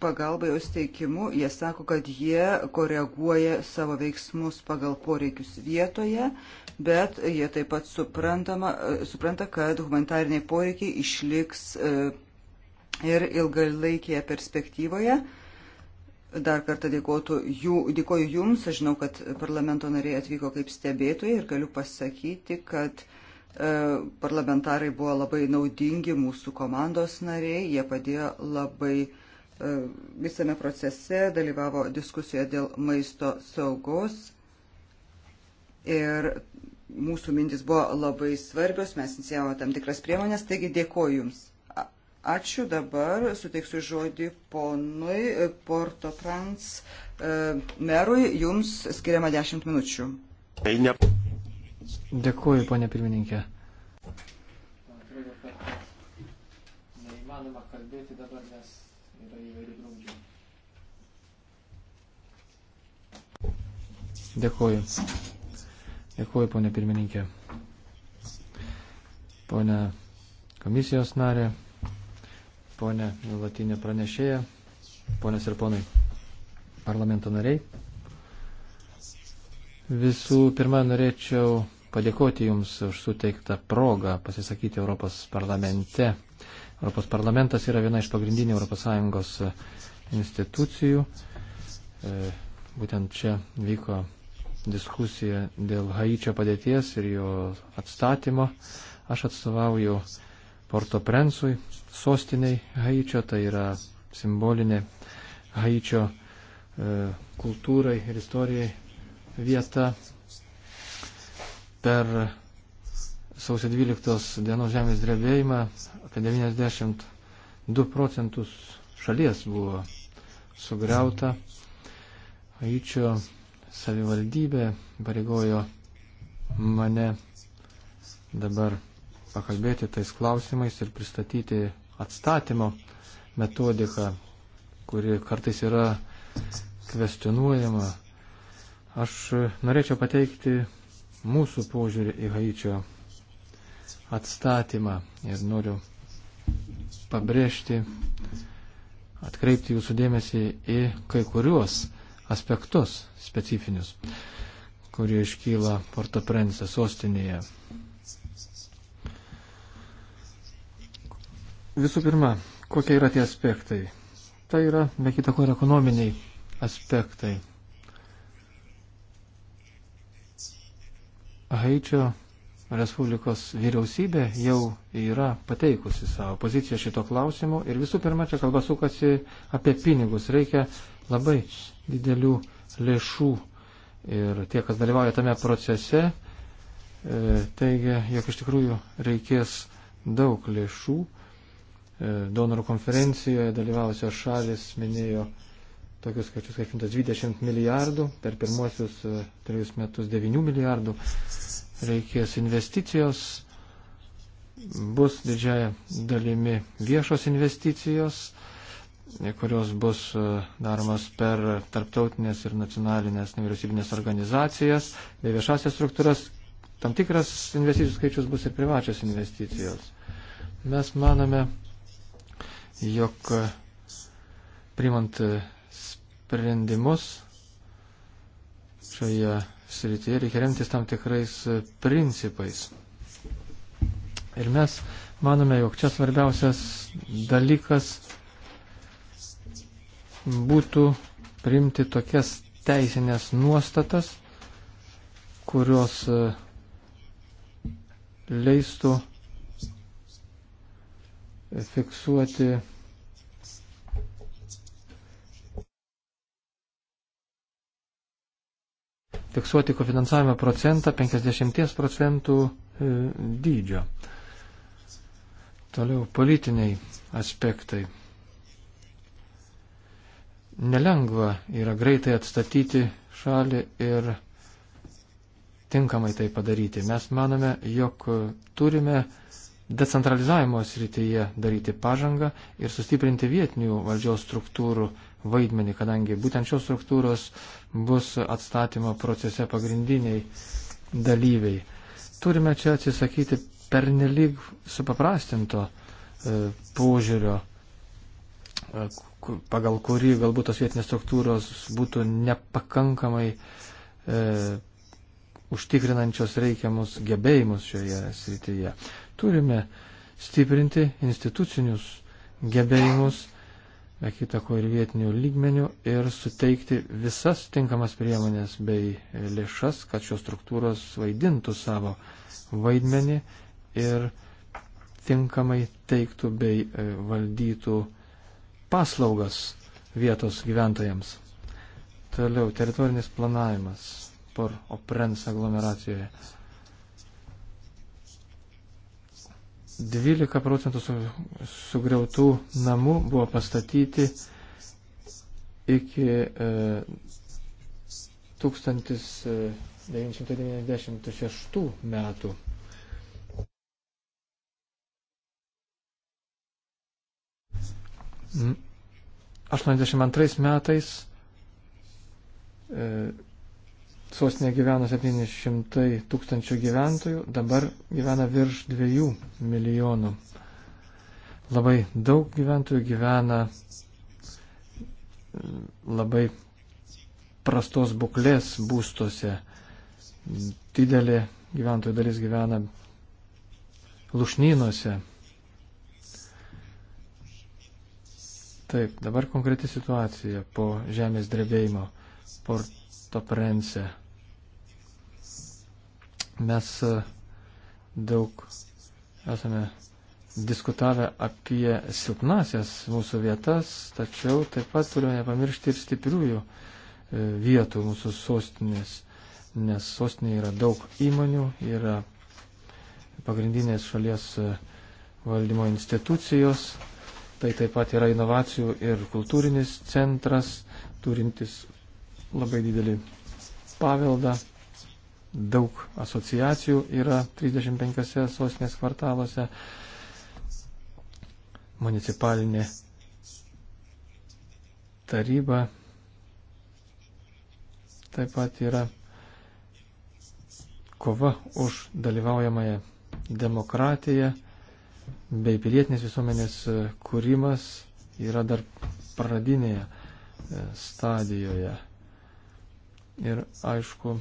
pagalbą jos teikimu. Jie sako, kad jie koreguoja savo veiksmus pagal poreikius vietoje, bet jie taip pat supranta, kad humanitariniai poreikiai išliks e, ir ilgalaikėje perspektyvoje. Dar kartą jų, dėkoju Jums, aš žinau, kad parlamento nariai atvyko kaip stebėtojai ir galiu pasakyti, kad E, parlamentarai buvo labai naudingi mūsų komandos nariai, jie padėjo labai e, visame procese, dalyvavo diskusijoje dėl maisto saugos ir mūsų mintis buvo labai svarbios, mes inicijavome tam tikras priemonės, taigi dėkoju Jums. Ačiū dabar, suteiksiu žodį ponui e, Porto Prans merui, Jums skiriama 10 minučių. Tai ne... Dėkuoju, ponė pirmininkė. Neįmanoma kalbėti dabar, nes yra įvairių draudžių. Dėkuoju. Dėkuoju, ponė pirmininkė. Pone komisijos narė, ponė nuolatinė pranešėja, ponės ir ponai parlamento nariai. Visų pirma, norėčiau padėkoti Jums už suteiktą progą pasisakyti Europos parlamente. Europos parlamentas yra viena iš pagrindinių ES e, institucijų. E, būtent čia vyko diskusija dėl Haičio padėties ir jo atstatymo. Aš atstovauju Porto Prensui, sostiniai Haičio, tai yra simbolinė Haičio e, kultūrai ir istorijai vieta per sausio 12 dienos žemės drebėjimą apie 92 procentus šalies buvo sugriauta. Aičio savivaldybė pareigojo mane dabar pakalbėti tais klausimais ir pristatyti atstatymo metodiką, kuri kartais yra kvestionuojama. Aš norėčiau pateikti mūsų požiūrį į Haičio atstatymą ir noriu pabrėžti, atkreipti jūsų dėmesį į kai kuriuos aspektus specifinius, kurie iškyla Porto Prensė sostinėje. Visų pirma, kokie yra tie aspektai? Tai yra, be kita ko, ir ekonominiai aspektai. Haičio Respublikos vyriausybė jau yra pateikusi savo poziciją šito klausimu ir visų pirma, čia kalba sukasi apie pinigus. Reikia labai didelių lėšų ir tie, kas dalyvauja tame procese, e, teigia, jog iš tikrųjų reikės daug lėšų. E, donorų konferencijoje dalyvavusios šalis minėjo tokius skaičius kaip 120 milijardų, per pirmosius e, trejus metus 9 milijardų reikės investicijos, bus didžiaja dalimi viešos investicijos, e, kurios bus e, daromas per tarptautinės ir nacionalinės nevyriausybinės organizacijas, bei viešasias struktūras. Tam tikras investicijų skaičius bus ir privačios investicijos. Mes manome, jog primant sprendimus šioje srityje reikia remtis tam tikrais principais. Ir mes manome, jog čia svarbiausias dalykas būtų priimti tokias teisinės nuostatas, kurios e, leistų fiksuoti fiksuoti kofinansavimo procentą 50 procentų e, dydžio. Toliau politiniai aspektai. Nelengva yra greitai atstatyti šalį ir tinkamai tai padaryti. Mes manome, jog turime decentralizavimo srityje daryti pažangą ir sustiprinti vietinių valdžios struktūrų vaidmenį, kadangi būtent šios struktūros bus atstatymo procese pagrindiniai dalyviai. Turime čia atsisakyti pernelyg supaprastinto e, požiūrio, e, pagal kurį galbūt tos vietinės struktūros būtų nepakankamai e, užtikrinančios reikiamus gebėjimus šioje srityje. Turime stiprinti institucinius gebėjimus be kitako ir vietinių lygmenių, ir suteikti visas tinkamas priemonės bei lėšas, kad šios struktūros vaidintų savo vaidmenį ir tinkamai teiktų bei e, valdytų paslaugas vietos gyventojams. Toliau, teritorinis planavimas por Oprens aglomeracijoje. 12 procentų sugriautų namų buvo pastatyti iki 1996 e, e, metų. Mm. 82 metais e, sostinė gyveno 700 tūkstančių gyventojų, dabar gyvena virš 2 milijonų. Labai daug gyventojų gyvena mm, labai prastos būklės būstuose. Didelė gyventojų dalis gyvena lušnynuose. Taip, dabar konkreti situacija po žemės drebėjimo Porto Prense. Mes e, daug esame diskutavę apie silpnasias mūsų vietas, tačiau taip pat turime nepamiršti ir stipriųjų e, vietų mūsų sostinės, nes sostinė yra daug įmonių, yra pagrindinės šalies e, valdymo institucijos, tai taip pat yra inovacijų ir kultūrinis centras, turintis labai didelį paveldą daug asociacijų yra 35 sostinės kvartaluose. Municipalinė taryba taip pat yra kova už dalyvaujamąją demokratiją bei pilietinės visuomenės kūrimas yra dar pradinėje stadijoje. Ir aišku,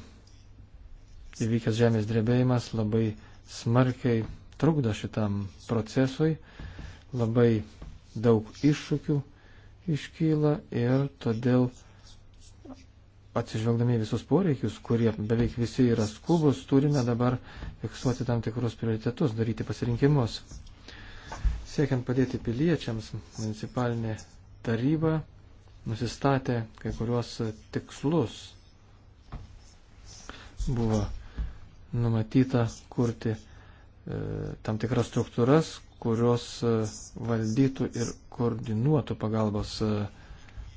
įvykęs žemės drebėjimas labai smarkiai trukdo šitam procesui, labai daug iššūkių iškyla ir todėl atsižvelgdami visus poreikius, kurie beveik visi yra skubus, turime dabar fiksuoti tam tikrus prioritetus, daryti pasirinkimus. Siekiant padėti piliečiams, municipalinė taryba nusistatė kai kuriuos tikslus. Buvo numatyta kurti e, tam tikras struktūras, kurios e, valdytų ir koordinuotų pagalbos e,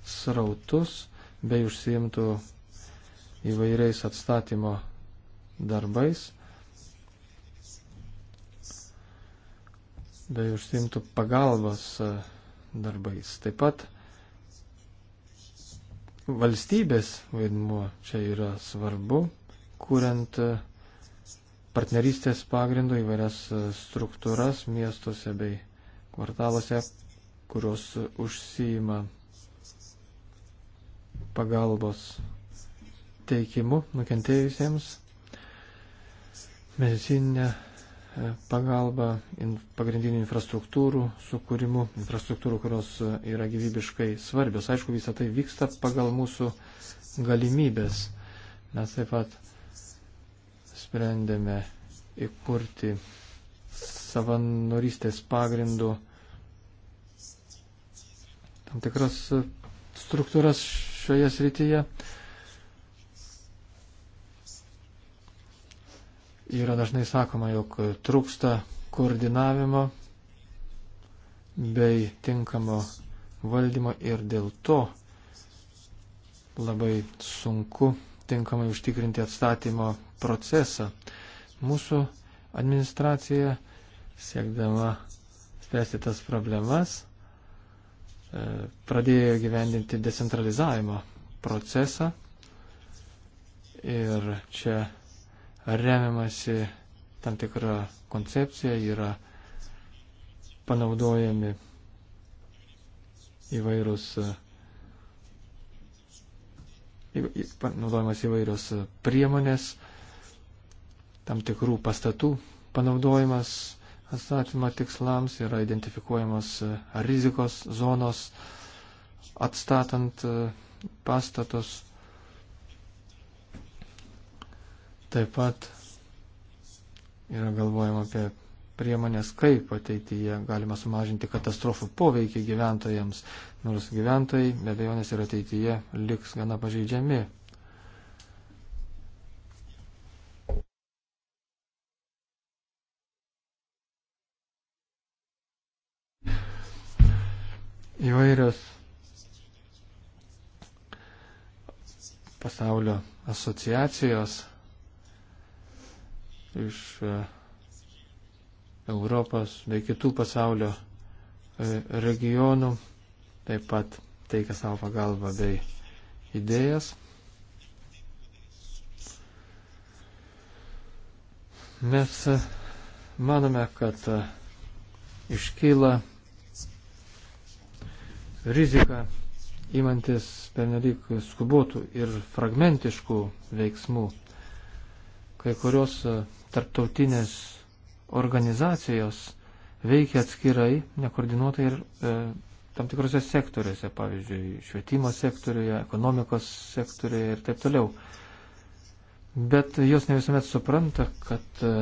srautus, bei užsiimtų įvairiais atstatymo darbais, bei užsiimtų pagalbos e, darbais. Taip pat valstybės vaidmuo čia yra svarbu, kuriant uh, partnerystės pagrindų įvairias e, struktūras miestuose bei kvartaluose, kurios užsijima pagalbos teikimu nukentėjusiems, medicininę e, pagalbą, in, pagrindinių infrastruktūrų sukūrimu, infrastruktūrų, kurios e, yra gyvybiškai svarbios. Aišku, visa tai vyksta pagal mūsų galimybės. Mes taip pat sprendėme įkurti savanorystės pagrindų tam tikras struktūras šioje srityje. Yra dažnai sakoma, jog trūksta koordinavimo bei tinkamo valdymo ir dėl to labai sunku tinkamai užtikrinti atstatymo procesą. Mūsų administracija, siekdama spręsti tas problemas, e, pradėjo gyvendinti decentralizavimo procesą ir čia remiamasi tam tikra koncepcija, yra panaudojami įvairūs uh, naudojamas įvairios e, priemonės, tam tikrų pastatų panaudojimas atstatymo tikslams, yra identifikuojamos e, rizikos zonos atstatant e, pastatus. Taip pat yra galvojama apie priemonės, kaip ateityje galima sumažinti katastrofų poveikį gyventojams, nors gyventojai be abejonės ir ateityje liks gana pažeidžiami. Įvairios pasaulio asociacijos iš uh, Europos bei kitų pasaulio e, regionų, taip pat teikia savo pagalbą bei idėjas. Mes e, manome, kad e, iškyla rizika įmantis pernelyg skubotų ir fragmentiškų veiksmų. Kai kurios tarptautinės organizacijos veikia atskirai, nekoordinuotai ir e, tam tikrose sektoriuose, pavyzdžiui, švietimo sektoriuje, ekonomikos sektoriuje ir taip toliau. Bet jos ne visuomet supranta, kad e,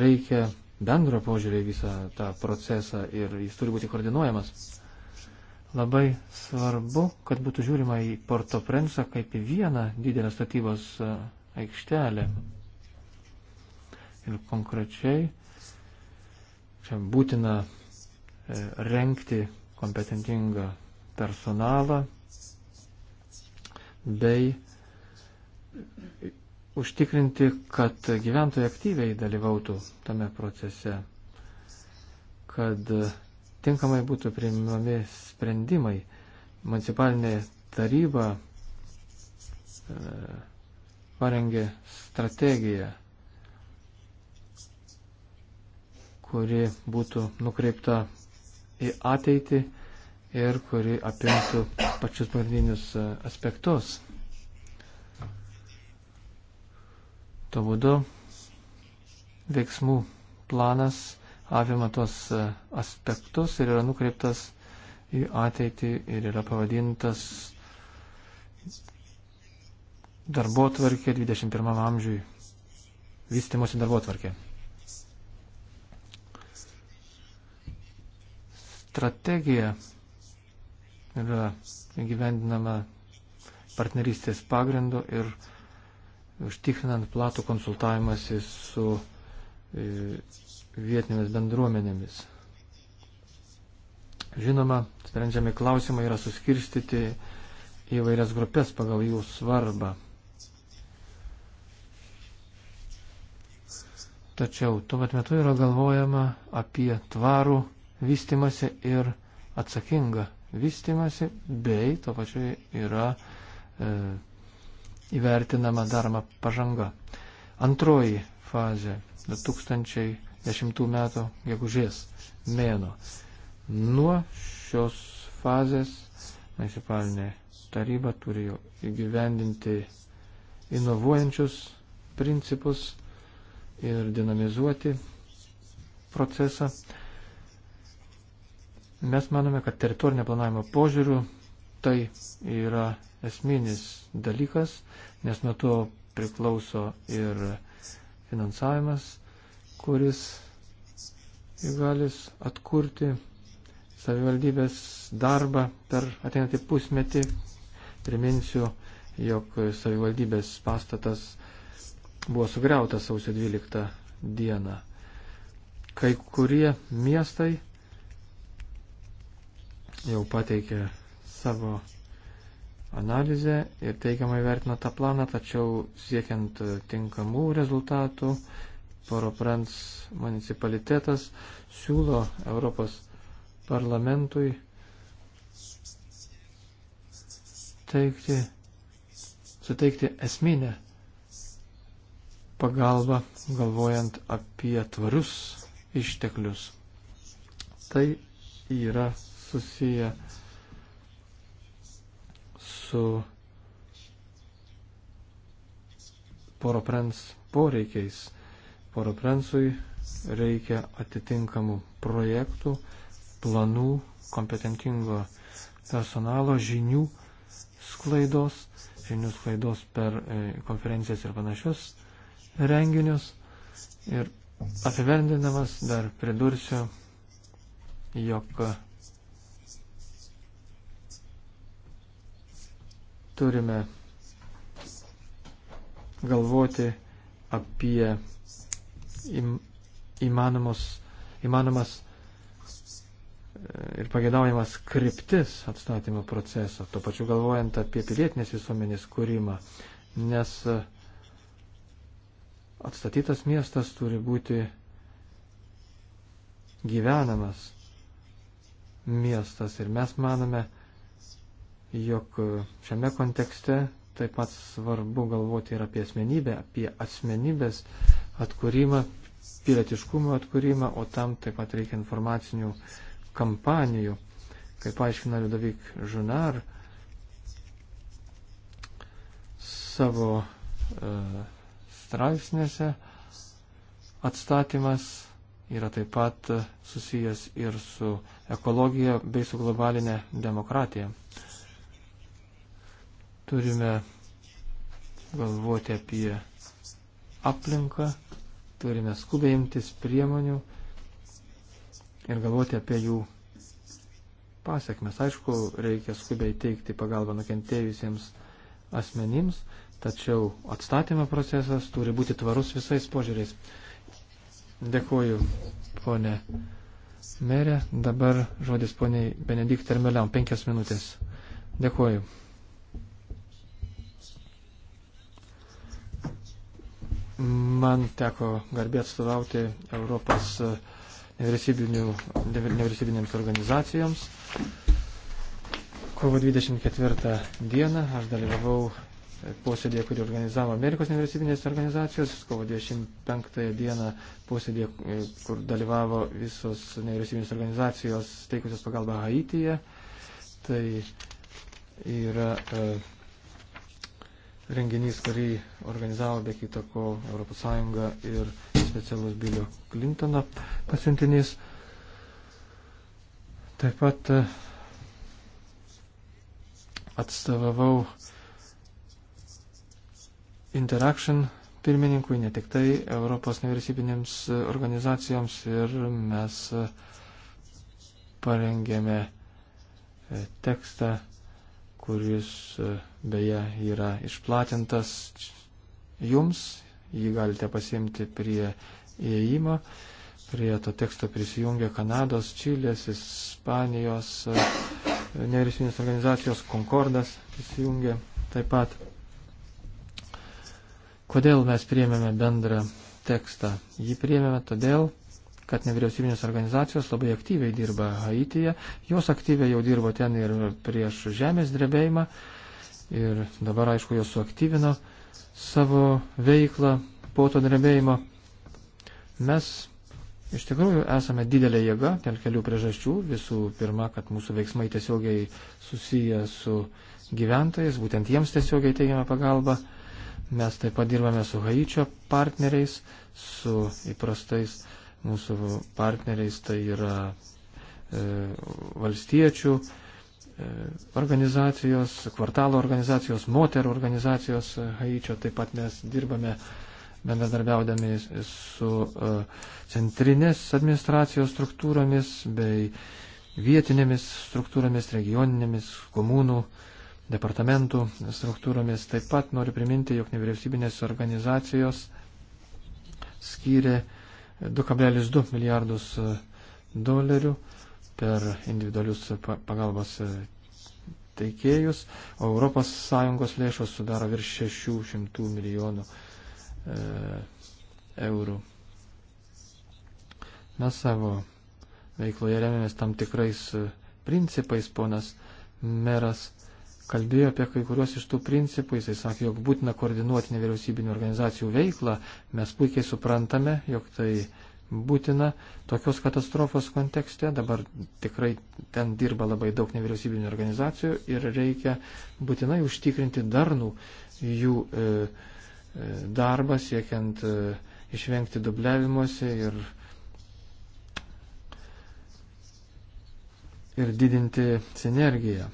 reikia bendro požiūrį į visą tą procesą ir jis turi būti koordinuojamas. Labai svarbu, kad būtų žiūrima į Porto Prensą kaip į vieną didelę statybos e, aikštelę. Ir konkrečiai Čia būtina e, renkti kompetentingą personalą bei užtikrinti, kad gyventojai aktyviai dalyvautų tame procese, kad tinkamai būtų priimami sprendimai. Municipalinė taryba e, parengė strategiją kuri būtų nukreipta į ateitį ir kuri apimtų pačius pagrindinius e, aspektus. Tuo būdu veiksmų planas apima tuos e, aspektus ir yra nukreiptas į ateitį ir yra pavadintas darbo tvarkė 21 amžiui, vystimosi darbo tvarkė. strategija yra gyvendinama partnerystės pagrindu ir užtikrinant platų konsultavimąsi su e, vietinėmis bendruomenėmis. Žinoma, sprendžiami klausimai yra suskirstyti į vairias grupės pagal jų svarbą. Tačiau tuo pat metu yra galvojama apie tvarų vystimasi ir atsakingą vystimasi, bei to pačiu yra e, įvertinama daroma pažanga. Antroji fazė 2010 metų gegužės mėno. Nuo šios fazės municipalinė taryba turi jau įgyvendinti inovuojančius principus ir dinamizuoti procesą. Mes manome, kad teritorinio planavimo požiūrių tai yra esminis dalykas, nes nuo to priklauso ir finansavimas, kuris įgalis atkurti savivaldybės darbą per ateinantį pusmetį. Priminsiu, jog savivaldybės pastatas buvo sugriautas sausio 12 dieną. Kai kurie miestai jau pateikė savo analizę ir teigiamai vertino tą planą, tačiau siekiant tinkamų rezultatų, Poroprans municipalitetas siūlo Europos parlamentui teikti, suteikti esminę pagalbą, galvojant apie tvarius išteklius. Tai yra susiję su poroprens poreikiais. Poroprensui reikia atitinkamų projektų, planų, kompetentingo personalo, žinių sklaidos, žinių sklaidos per e, konferencijas ir panašius renginius. Ir apivendinamas dar pridursiu, jog Turime galvoti apie įmanomus, įmanomas e, ir pagėdaujamas kryptis atstatymo proceso, to pačiu galvojant apie pilietinės visuomenės kūrimą, nes e, atstatytas miestas turi būti gyvenamas miestas ir mes manome, jog šiame kontekste taip pat svarbu galvoti ir apie asmenybę, apie asmenybės atkūrimą, pilietiškumo atkūrimą, o tam taip pat reikia informacinių kampanijų. Kaip aiškina Liudovik Žunar savo e, straipsnėse, atstatymas yra taip pat susijęs ir su ekologija bei su globalinė demokratija. Turime galvoti apie aplinką, turime skubiai imtis priemonių ir galvoti apie jų pasiekmes. Aišku, reikia skubiai teikti pagalbą nukentėjusiems asmenims, tačiau atstatymo procesas turi būti tvarus visais požiūriais. Dėkuoju, ponė merė. Dabar žodis poniai Benedikt Termeliam, penkias minutės. Dėkuoju. Man teko garbė atstovauti Europos e, nevyriausybinėms organizacijoms. Kovo 24 dieną aš dalyvavau posėdėje, kurį organizavo Amerikos nevyriausybinės organizacijos. Kovo 25 dieną posėdėje, e, kur dalyvavo visos nevyriausybinės organizacijos teikusios pagalbą Haityje. Tai yra. Uh, renginys, kurį organizavo be kita ko ES ir specialus Bilio Klintono pasiuntinys. Taip pat e, atstovavau Interaction pirmininkui, ne tik tai Europos nevyriausybinėms organizacijoms ir mes e, parengėme e, tekstą kuris e, beje yra išplatintas jums, jį galite pasimti prie įėjimo. Prie to teksto prisijungia Kanados, Čilės, Ispanijos, e, nevyriausybinės organizacijos Concordas prisijungia taip pat. Kodėl mes priėmėme bendrą tekstą? Jį priėmėme todėl, kad nevyriausybinės organizacijos labai aktyviai dirba Haityje. Jos aktyviai jau dirbo ten ir prieš žemės drebėjimą. Ir dabar, aišku, jos suaktyvino savo veiklą po to drebėjimo. Mes Iš tikrųjų, esame didelė jėga dėl kelių priežasčių. Visų pirma, kad mūsų veiksmai tiesiogiai susiję su gyventojais, būtent jiems tiesiogiai teigiame pagalbą. Mes taip pat dirbame su Haičio partneriais, su įprastais mūsų partneriais, tai yra e, valstiečių e, organizacijos, kvartalo organizacijos, moterų organizacijos e, Haičio, taip pat mes dirbame bendradarbiaudami su centrinės administracijos struktūromis bei vietinėmis struktūromis, regioninėmis, komunų, departamentų struktūromis. Taip pat noriu priminti, jog nevyriausybinės organizacijos skyrė 2,2 milijardus e, dolerių per individualius e, pagalbos e, teikėjus, o ES lėšos sudaro virš 600 milijonų eurų. Mes savo veikloje remiamės tam tikrais principais, ponas meras kalbėjo apie kai kuriuos iš tų principų, jisai sakė, jog būtina koordinuoti nevyriausybinio organizacijų veiklą, mes puikiai suprantame, jog tai būtina tokios katastrofos kontekste, dabar tikrai ten dirba labai daug nevyriausybinio organizacijų ir reikia būtinai užtikrinti darnų jų e, e, darbą, siekiant e, išvengti dubliavimuose ir, ir didinti sinergiją.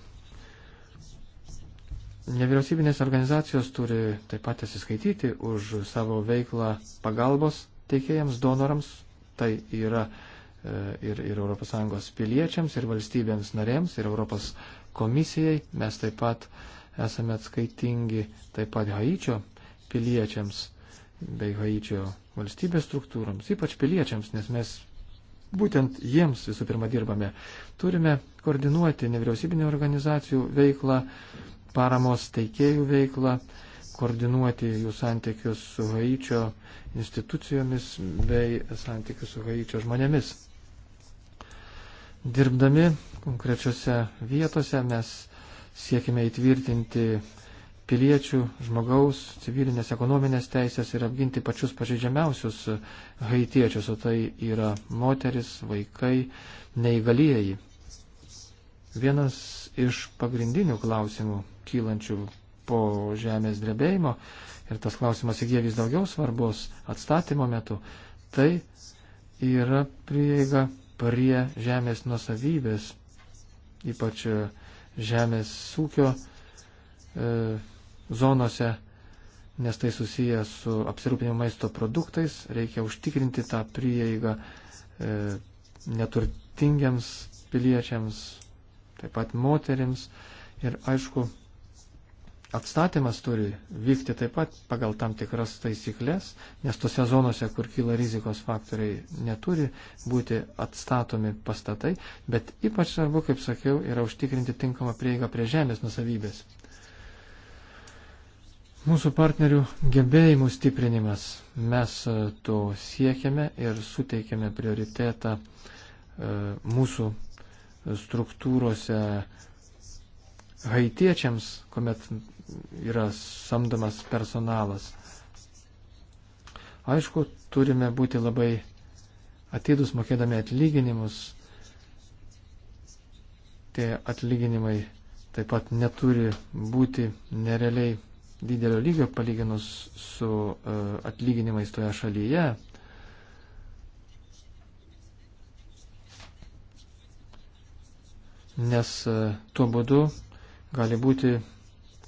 Nevyriausybinės organizacijos turi taip pat atsiskaityti už savo veiklą pagalbos teikėjams, donorams, tai yra e, ir, ir ES piliečiams, ir valstybėms narėms, ir ES komisijai. Mes taip pat esame atskaitingi taip pat Haičio piliečiams bei Haičio valstybės struktūroms, ypač piliečiams, nes mes būtent jiems visų pirma dirbame. Turime koordinuoti nevyriausybinio organizacijų veiklą, paramos teikėjų veiklą, koordinuoti jų santykius su Haičio institucijomis bei santykius su Haičio žmonėmis. Dirbdami konkrečiose vietose mes siekime įtvirtinti piliečių, žmogaus, civilinės, ekonominės teisės ir apginti pačius pažeidžiamiausius haitiečius, o tai yra moteris, vaikai, neįgalieji. Vienas iš pagrindinių klausimų, kylančių po žemės drebėjimo ir tas klausimas įgyja vis daugiau svarbos atstatymo metu, tai yra prieiga prie žemės nusavybės, ypač e, žemės ūkio e, zonose, nes tai susiję su apsirūpinimu maisto produktais, reikia užtikrinti tą prieigą e, neturtingiams piliečiams, taip pat moteriams ir aišku, atstatymas turi vykti taip pat pagal tam tikras taisyklės, nes tose zonose, kur kyla rizikos faktoriai, neturi būti atstatomi pastatai, bet ypač svarbu, kaip sakiau, yra užtikrinti tinkamą prieigą prie žemės nusavybės. Mūsų partnerių gebėjimų stiprinimas. Mes e, to siekiame ir suteikiame prioritetą e, mūsų struktūrose haitiečiams, kuomet yra samdomas personalas. Aišku, turime būti labai atidus mokėdami atlyginimus. Tie atlyginimai taip pat neturi būti nerealiai didelio lygio palyginus su e, atlyginimais toje šalyje. Nes e, tuo būdu gali būti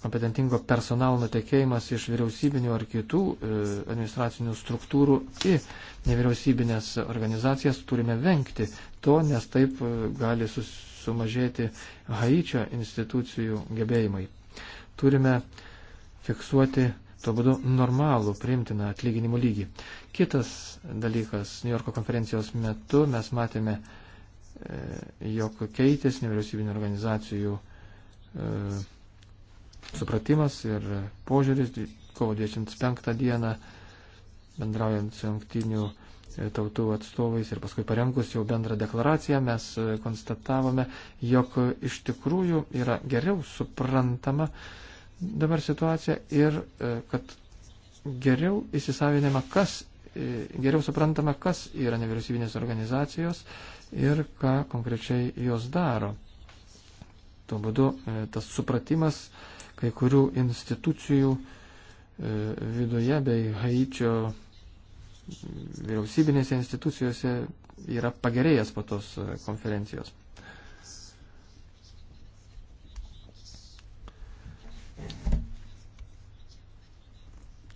kompetentingo personalo nutekėjimas iš vyriausybinių ar kitų e, administracinių struktūrų į nevyriausybinės organizacijas turime vengti to, nes taip e, gali sumažėti Haičio institucijų gebėjimai. Turime fiksuoti tuo būdu normalų priimtiną atlyginimų lygį. Kitas dalykas, New Yorko konferencijos metu mes matėme, e, jog keitės nevyriausybinio organizacijų supratimas ir požiūris kovo 25 dieną bendraujant su jungtinių e, tautų atstovais ir paskui parengus jau bendrą deklaraciją mes e, konstatavome, jog iš tikrųjų yra geriau suprantama dabar situacija ir e, kad geriau įsisavinama, kas, geriau suprantama, kas yra nevyriausybinės organizacijos ir ką konkrečiai jos daro. Tuo būdu tas supratimas kai kurių institucijų e, viduje bei Haičio vyriausybinėse institucijose yra pagerėjęs po tos e, konferencijos.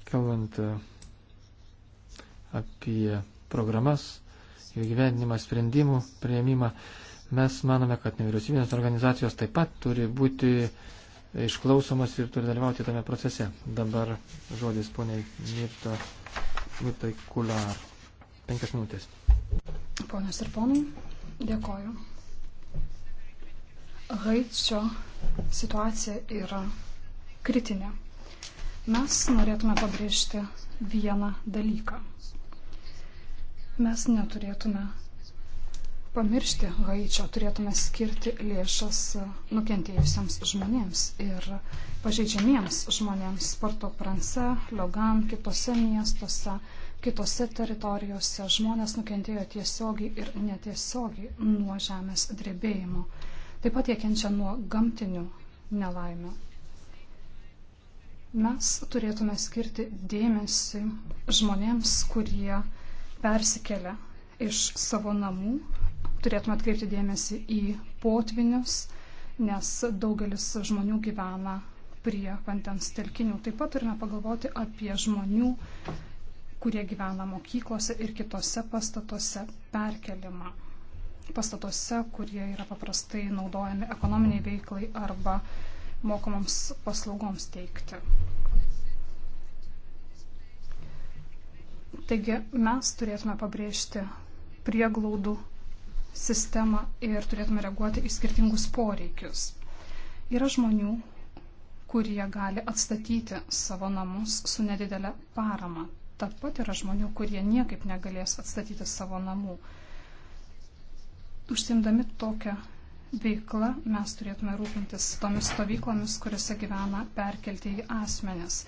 Kalbant e, apie programas ir gyvenimą sprendimų prieimimą, mes manome, kad nevyriausybinės organizacijos taip pat turi būti uh, išklausomas ir turi dalyvauti tame procese. Dabar žodis poniai Mirta, Mirta Kular. Penkias minutės. Ponios ir ponai, dėkoju. Haičio situacija yra kritinė. Mes norėtume pabrėžti vieną dalyką. Mes neturėtume pamiršti Haičio, turėtume skirti lėšas nukentėjusiems žmonėms ir pažeidžiamiems žmonėms Porto Pranse, Logan, kitose miestuose, kitose teritorijose. Žmonės nukentėjo tiesiogiai ir netiesiogiai nuo žemės drebėjimo. Taip pat jie kenčia nuo gamtinių nelaimių. Mes turėtume skirti dėmesį žmonėms, kurie persikelia iš savo namų turėtume atkreipti dėmesį į potvinius, nes daugelis žmonių gyvena prie vandens telkinių. Taip pat turime pagalvoti apie žmonių, kurie gyvena mokyklose ir kitose pastatuose perkelimą. Pastatuose, kurie yra paprastai naudojami ekonominiai veiklai arba mokomoms paslaugoms teikti. Taigi mes turėtume pabrėžti prieglaudų sistemą ir turėtume reaguoti į skirtingus poreikius. Yra žmonių, kurie gali atstatyti savo namus su nedidelė parama. Taip pat yra žmonių, kurie niekaip negalės atstatyti savo namų. Užsimdami tokią veiklą mes turėtume rūpintis tomis stovyklomis, kuriuose gyvena perkeltieji asmenės.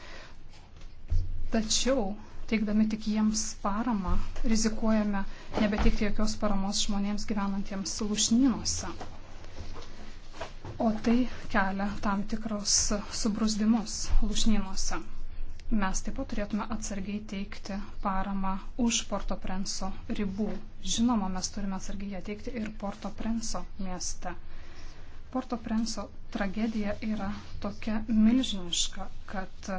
Tačiau teikdami tik jiems paramą, rizikuojame nebeteikti jokios paramos žmonėms gyvenantiems lūšnynuose. O tai kelia tam tikros subrusdimus lūšnynuose. Mes taip pat turėtume atsargiai teikti paramą už Porto Prenso ribų. Žinoma, mes turime atsargiai ją teikti ir Porto Prenso mieste. Porto Prenso tragedija yra tokia milžiniška, kad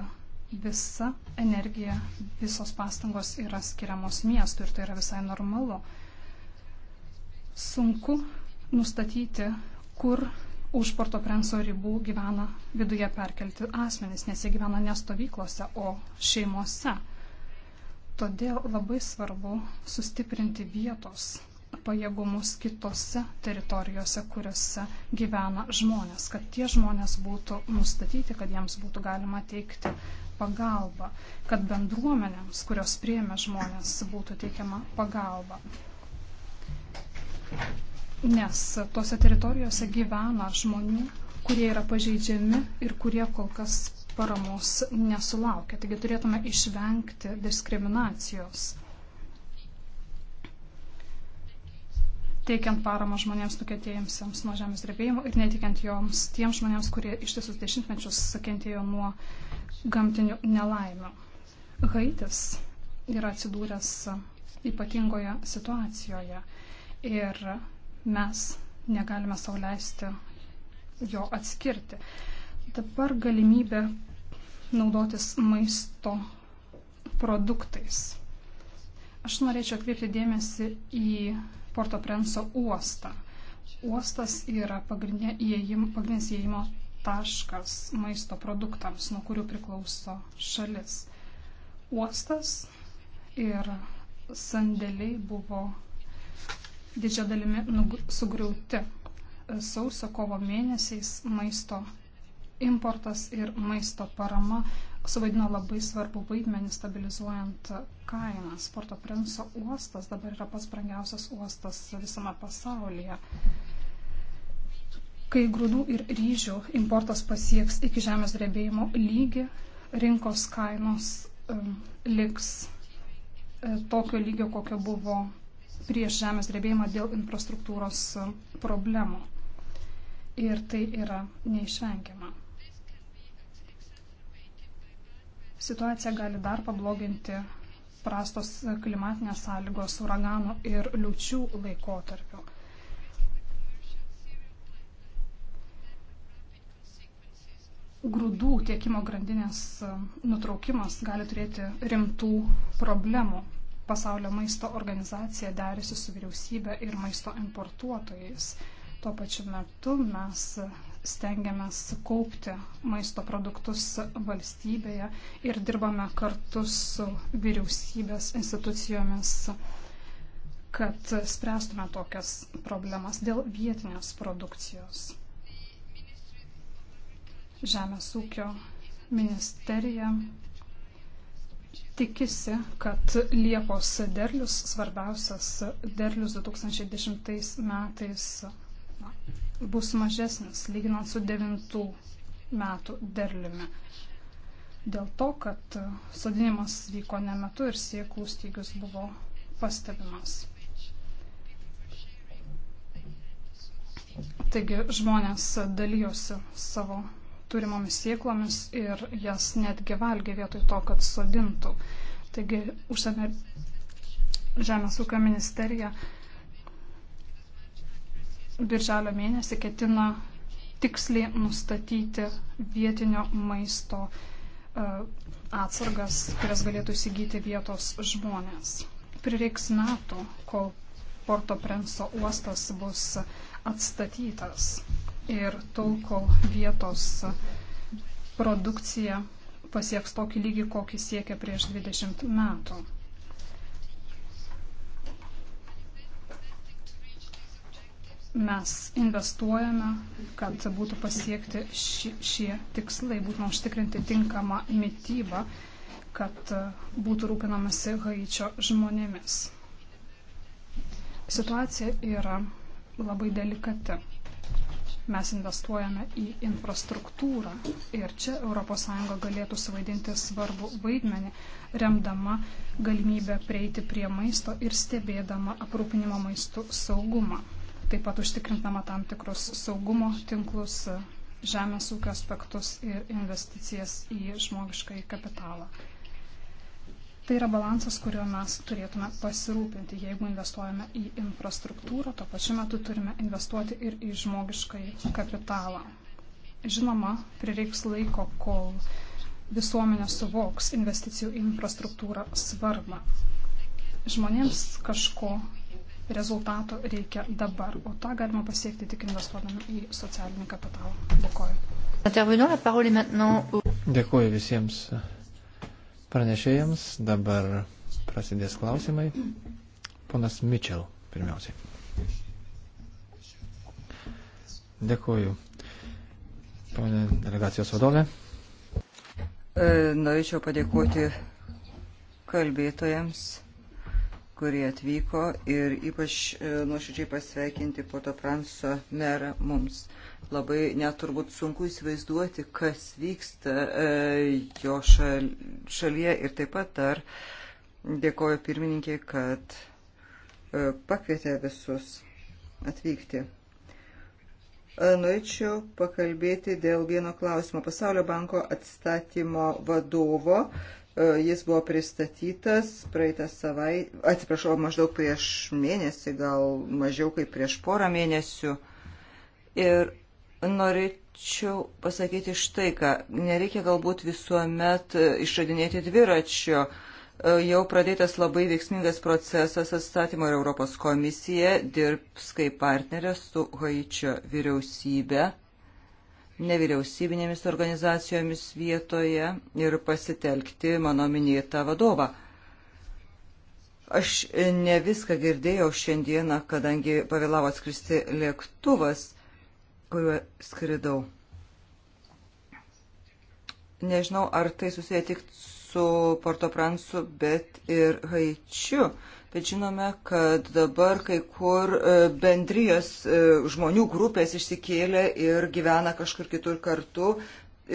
visa energija, visos pastangos yra skiriamos miestui ir tai yra visai normalu. Sunku nustatyti, kur už Porto Prenso ribų gyvena viduje perkelti asmenys, nes jie gyvena ne stovyklose, o šeimose. Todėl labai svarbu sustiprinti vietos pajėgumus kitose teritorijose, kuriuose gyvena žmonės, kad tie žmonės būtų nustatyti, kad jiems būtų galima teikti pagalba, kad bendruomenėms, kurios prieimė žmonės, būtų teikiama pagalba. Nes tose teritorijose gyvena žmonių, kurie yra pažeidžiami ir kurie kol kas paramos nesulaukia. Taigi turėtume išvengti diskriminacijos. teikiant paramą žmonėms nukentėjusiems nuo žemės drebėjimo ir netikiant joms tiems žmonėms, kurie ištisus dešimtmečius kentėjo nuo gamtinių nelaimių. Haitis yra atsidūręs ypatingoje situacijoje ir mes negalime sauliaisti jo atskirti. Dabar galimybė naudotis maisto produktais. Aš norėčiau atkreipti dėmesį į Porto Prenso uostą. Uostas yra pagrindinė įėjimo, pagrindinis įėjimo taškas maisto produktams, nuo kurių priklauso šalis. Uostas ir sandėliai buvo didžia dalimi sugriauti. Sausio kovo mėnesiais maisto importas ir maisto parama suvaidino labai svarbu vaidmenį stabilizuojant kainas. Porto Princo uostas dabar yra pats brangiausias uostas visame pasaulyje. Kai grūdų ir ryžių importas pasieks iki žemės drebėjimo lygį, rinkos kainos um, liks e, tokio lygio, kokio buvo prieš žemės drebėjimą dėl infrastruktūros e, problemų. Ir tai yra neišvengiama. Situacija gali dar pabloginti prastos klimatinės sąlygos uraganų ir liučių laikotarpiu. grūdų tiekimo grandinės e, nutraukimas gali turėti rimtų problemų. Pasaulio maisto organizacija derisi su vyriausybė ir maisto importuotojais. Tuo pačiu metu mes stengiamės kaupti maisto produktus valstybėje ir dirbame kartu su vyriausybės institucijomis, kad spręstume tokias problemas dėl vietinės produkcijos. Žemės ūkio ministerija tikisi, kad Liepos derlius, svarbiausias derlius 2010 metais na, bus mažesnis, lyginant su 9 metų derliumi. Dėl to, kad sodinimas vyko ne metu ir sieklų stygius buvo pastebimas. Taigi žmonės dalyjosi savo turimomis sieklomis ir jas netgi valgė vietoj to, kad sodintų. Taigi užsienio žemės ūkio ministerija birželio mėnesį ketina tiksliai nustatyti vietinio maisto e, atsargas, kurias galėtų įsigyti vietos žmonės. Prireiks metų, kol Porto Prenso uostas bus atstatytas ir tol, kol vietos produkcija pasieks tokį lygį, kokį siekia prieš 20 metų. Mes investuojame, kad būtų pasiekti ši, šie tikslai, būtume užtikrinti tinkamą mytybą, kad būtų rūpinamasi Haičio žmonėmis. Situacija yra labai delikati mes investuojame į infrastruktūrą ir čia ES galėtų suvaidinti svarbu vaidmenį, remdama galimybę prieiti prie maisto ir stebėdama aprūpinimo maistu saugumą. Taip pat užtikrintama tam tikrus saugumo tinklus, žemės ūkio aspektus ir investicijas į žmogišką į kapitalą. Tai yra balansas, kuriuo mes turėtume pasirūpinti. Jeigu investuojame į infrastruktūrą, tuo pačiu metu turime investuoti ir į žmogiškai kapitalą. Žinoma, prireiks laiko, kol visuomenė suvoks investicijų į infrastruktūrą svarbą. Žmonėms kažko rezultato reikia dabar, o tą galima pasiekti tik investuodami į socialinį kapitalą. Dėkoju. Dėkoju visiems pranešėjams. Dabar prasidės klausimai. Ponas Mitchell pirmiausiai. Dėkuoju. Pone delegacijos vadovė. E, norėčiau padėkoti kalbėtojams, kurie atvyko ir ypač e, nuoširdžiai pasveikinti Poto Franso merą mums labai net turbūt sunku įsivaizduoti, kas vyksta e, jo šal, šalyje. Ir taip pat dar dėkoju pirmininkiai, kad e, pakvietė visus atvykti. E, norėčiau pakalbėti dėl vieno klausimo. Pasaulio banko atstatymo vadovo. Jis buvo pristatytas praeitą savaitę, atsiprašau, maždaug prieš mėnesį, gal mažiau kaip prieš porą mėnesių. Ir Norėčiau pasakyti štai ką. Nereikia galbūt visuomet e, išradinėti dviračio. E, jau pradėtas labai veiksmingas procesas atstatymo ir Europos komisija dirbs kaip partnerė su Haičio vyriausybė, nevyriausybinėmis organizacijomis vietoje ir pasitelkti mano minėtą vadovą. Aš ne viską girdėjau šiandieną, kadangi pavėlavo atskristi lėktuvas kuriuo skridau. Nežinau, ar tai susiję tik su Porto Prancu, bet ir Haičiu. Bet žinome, kad dabar kai kur e, bendrijos e, žmonių grupės išsikėlė ir gyvena kažkur kitur kartu.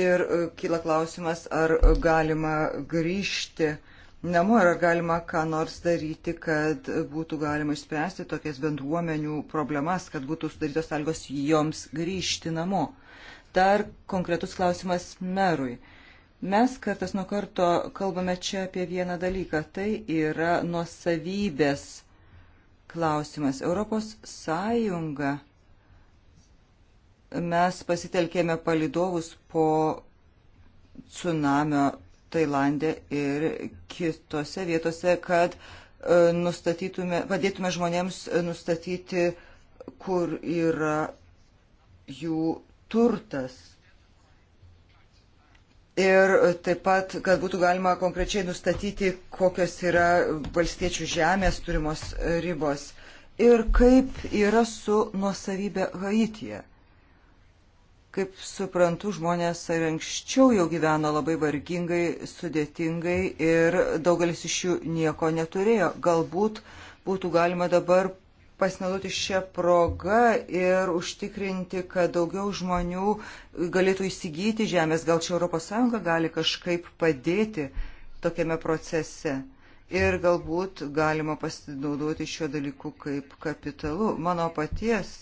Ir e, kyla klausimas, ar galima grįžti uh, namo ir galima ką nors daryti, kad būtų galima išspręsti tokias bendruomenių problemas, kad būtų sudarytos sąlygos joms grįžti namo. Dar konkretus klausimas merui. Mes kartas nuo karto kalbame čia apie vieną dalyką, tai yra nuosavybės klausimas. Europos Sąjunga mes pasitelkėme palidovus po tsunamio Tailandė ir kitose vietose, kad e, nustatytume, padėtume žmonėms e, nustatyti, kur yra jų turtas. Ir taip pat, kad būtų galima konkrečiai nustatyti, kokios yra valstiečių žemės turimos ribos. Ir kaip yra su nuosavybė Haityje. Kaip suprantu, žmonės ir anksčiau jau gyveno labai vargingai, sudėtingai ir daugelis iš jų nieko neturėjo. Galbūt būtų galima dabar pasinaudoti šią progą ir užtikrinti, kad daugiau žmonių galėtų įsigyti žemės. Gal čia ES gali kažkaip padėti tokiame procese. Ir galbūt galima pasinaudoti šiuo dalyku kaip kapitalu. Mano paties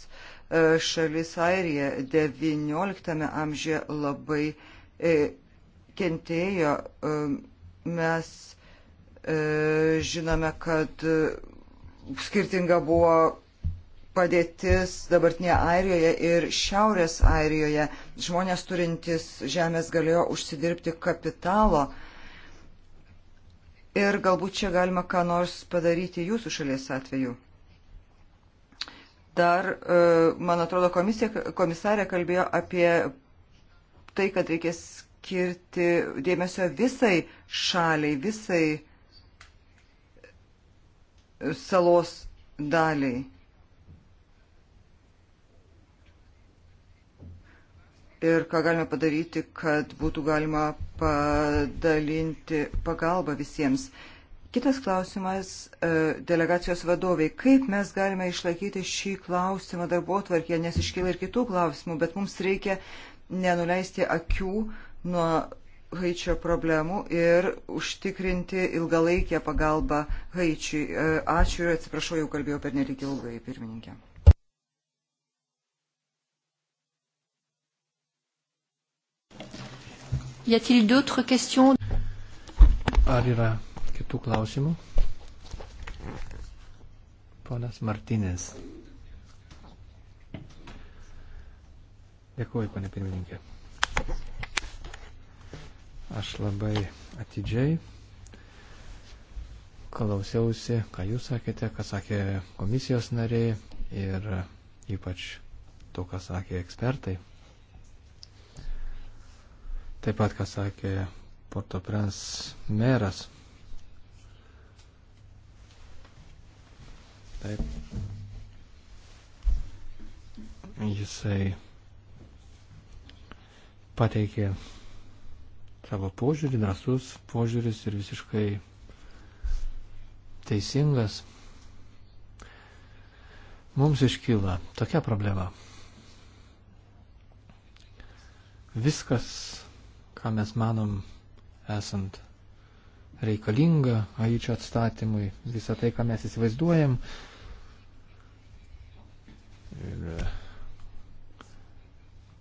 E, šalis Airija 19 amžiuje labai e, kentėjo. E, mes žinome, kad skirtinga buvo padėtis dabartinėje Airijoje ir Šiaurės Airijoje. Žmonės turintys žemės galėjo užsidirbti kapitalo. Ir galbūt čia galima ką nors padaryti jūsų šalies atveju. Dar, e, man atrodo, komisija, komisarė kalbėjo apie tai, kad reikės skirti dėmesio visai šaliai, visai salos daliai. ir ką galime padaryti, kad būtų galima padalinti pagalbą visiems. Kitas klausimas e, delegacijos vadoviai. Kaip mes galime išlaikyti šį klausimą darbo tvarkėje, nes iškyla ir kitų klausimų, bet mums reikia nenuleisti akių nuo Haičio problemų ir užtikrinti ilgalaikę pagalbą Haičiui. E, ačiū ir atsiprašau, jau kalbėjau per nelik ilgai, pirmininkė. Y a-t-il d'autres questions Ar yra kitų klausimų? Ponas Martinės. Dėkuoju, ponė pirmininkė. Aš labai atidžiai klausiausi, ką jūs sakėte, ką sakė komisijos nariai ir ypač to, ką sakė ekspertai. Taip pat, ką sakė Porto Prens meras. Taip. Jisai pateikė savo požiūrį, drąsus požiūris ir visiškai teisingas. Mums iškyla tokia problema. Viskas, ką mes manom esant reikalinga aičio atstatymui, visą tai, ką mes įsivaizduojam, Ir e,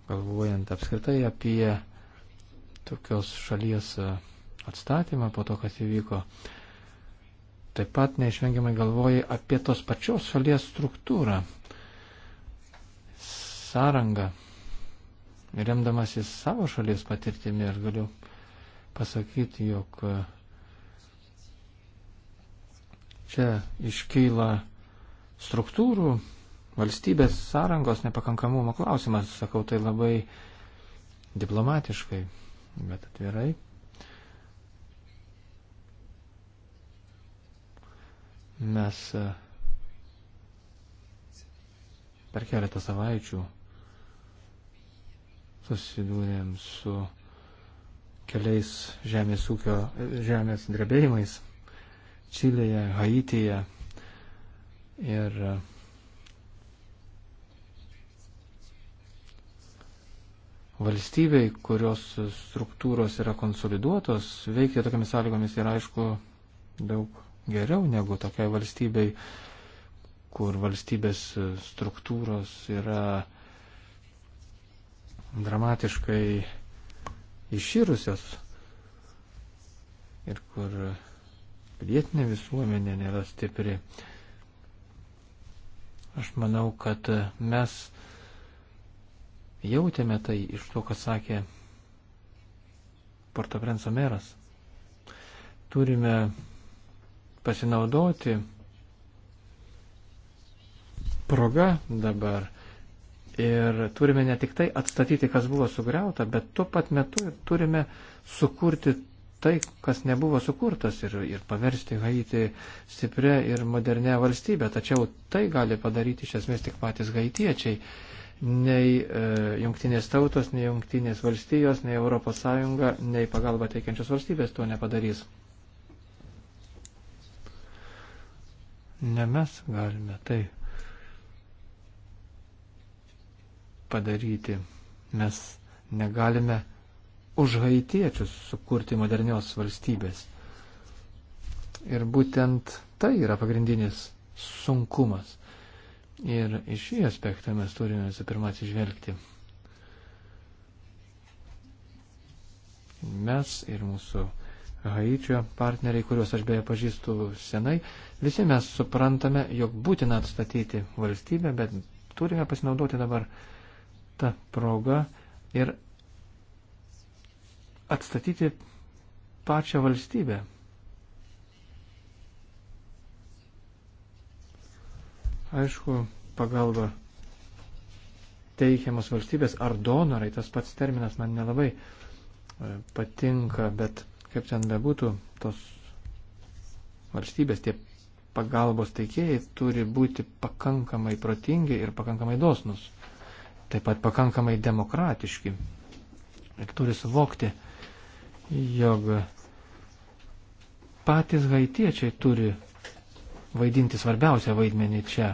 galvojant apskritai apie tokios šalies e, atstatymą po to, kas įvyko, taip pat neišvengiamai galvoji apie tos pačios šalies struktūrą, sąrangą, remdamasis savo šalies patirtimi ir galiu pasakyti, jog e, čia iškyla struktūrų valstybės sąrangos nepakankamumo klausimas, sakau tai labai diplomatiškai, bet atvirai. Mes e, per keletą savaičių susidūrėm su keliais žemės ūkio, e, žemės drebėjimais Čilėje, Haityje ir uh, valstybei, kurios struktūros yra konsoliduotos, veikti tokiamis sąlygomis yra aišku daug geriau negu tokiai valstybei, kur valstybės struktūros yra dramatiškai iširusios ir kur pilietinė visuomenė nėra stipri. Aš manau, kad mes Jautėme tai iš to, ką sakė Porto Prenso meras. Turime pasinaudoti proga dabar ir turime ne tik tai atstatyti, kas buvo sugriauta, bet tuo pat metu ir turime sukurti tai, kas nebuvo sukurtas ir, ir paversti Haitį stiprią ir modernę valstybę. Tačiau tai gali padaryti iš esmės tik patys haitiečiai nei e, jungtinės tautos, nei jungtinės valstijos, nei Europos Sąjunga, nei pagalba teikiančios valstybės to nepadarys. Ne mes galime tai padaryti. Mes negalime už haitiečius sukurti modernios valstybės. Ir būtent tai yra pagrindinis sunkumas. Ir iš šį aspektą mes turime visų pirma atsižvelgti. Mes ir mūsų Haičio partneriai, kuriuos aš beje pažįstu senai, visi mes suprantame, jog būtina atstatyti valstybę, bet turime pasinaudoti dabar tą progą ir atstatyti pačią valstybę, Aišku, pagalba teikiamos valstybės ar donorai, tas pats terminas man nelabai e, patinka, bet kaip ten bebūtų, tos valstybės, tie pagalbos teikėjai turi būti pakankamai protingi ir pakankamai dosnus, taip pat pakankamai demokratiški ir turi suvokti, jog patys haitiečiai turi vaidinti svarbiausią vaidmenį čia.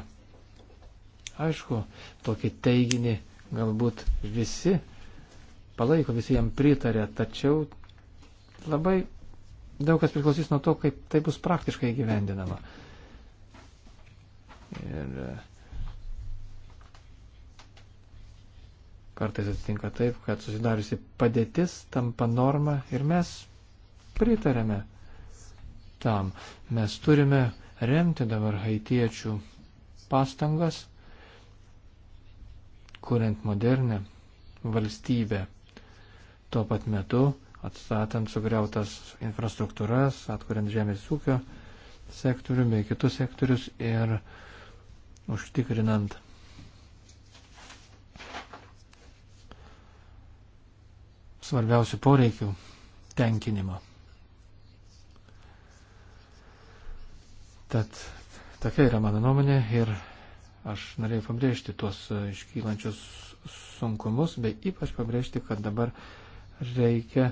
Aišku, tokį teiginį galbūt visi palaiko, visi jam pritarė, tačiau labai daug kas priklausys nuo to, kaip tai bus praktiškai gyvendinama. Ir e, kartais atsitinka taip, kad susidariusi padėtis tampa norma ir mes pritarėme tam. Mes turime remti dabar haitiečių pastangas kuriant modernę valstybę, tuo pat metu atstatant sugriautas infrastruktūras, atkuriant žemės ūkio sektorių bei kitus sektorius ir užtikrinant svarbiausių poreikių tenkinimą. Tad tokia yra mano nuomonė ir Aš norėjau pabrėžti tuos e, iškylančius sunkumus, bei ypač pabrėžti, kad dabar reikia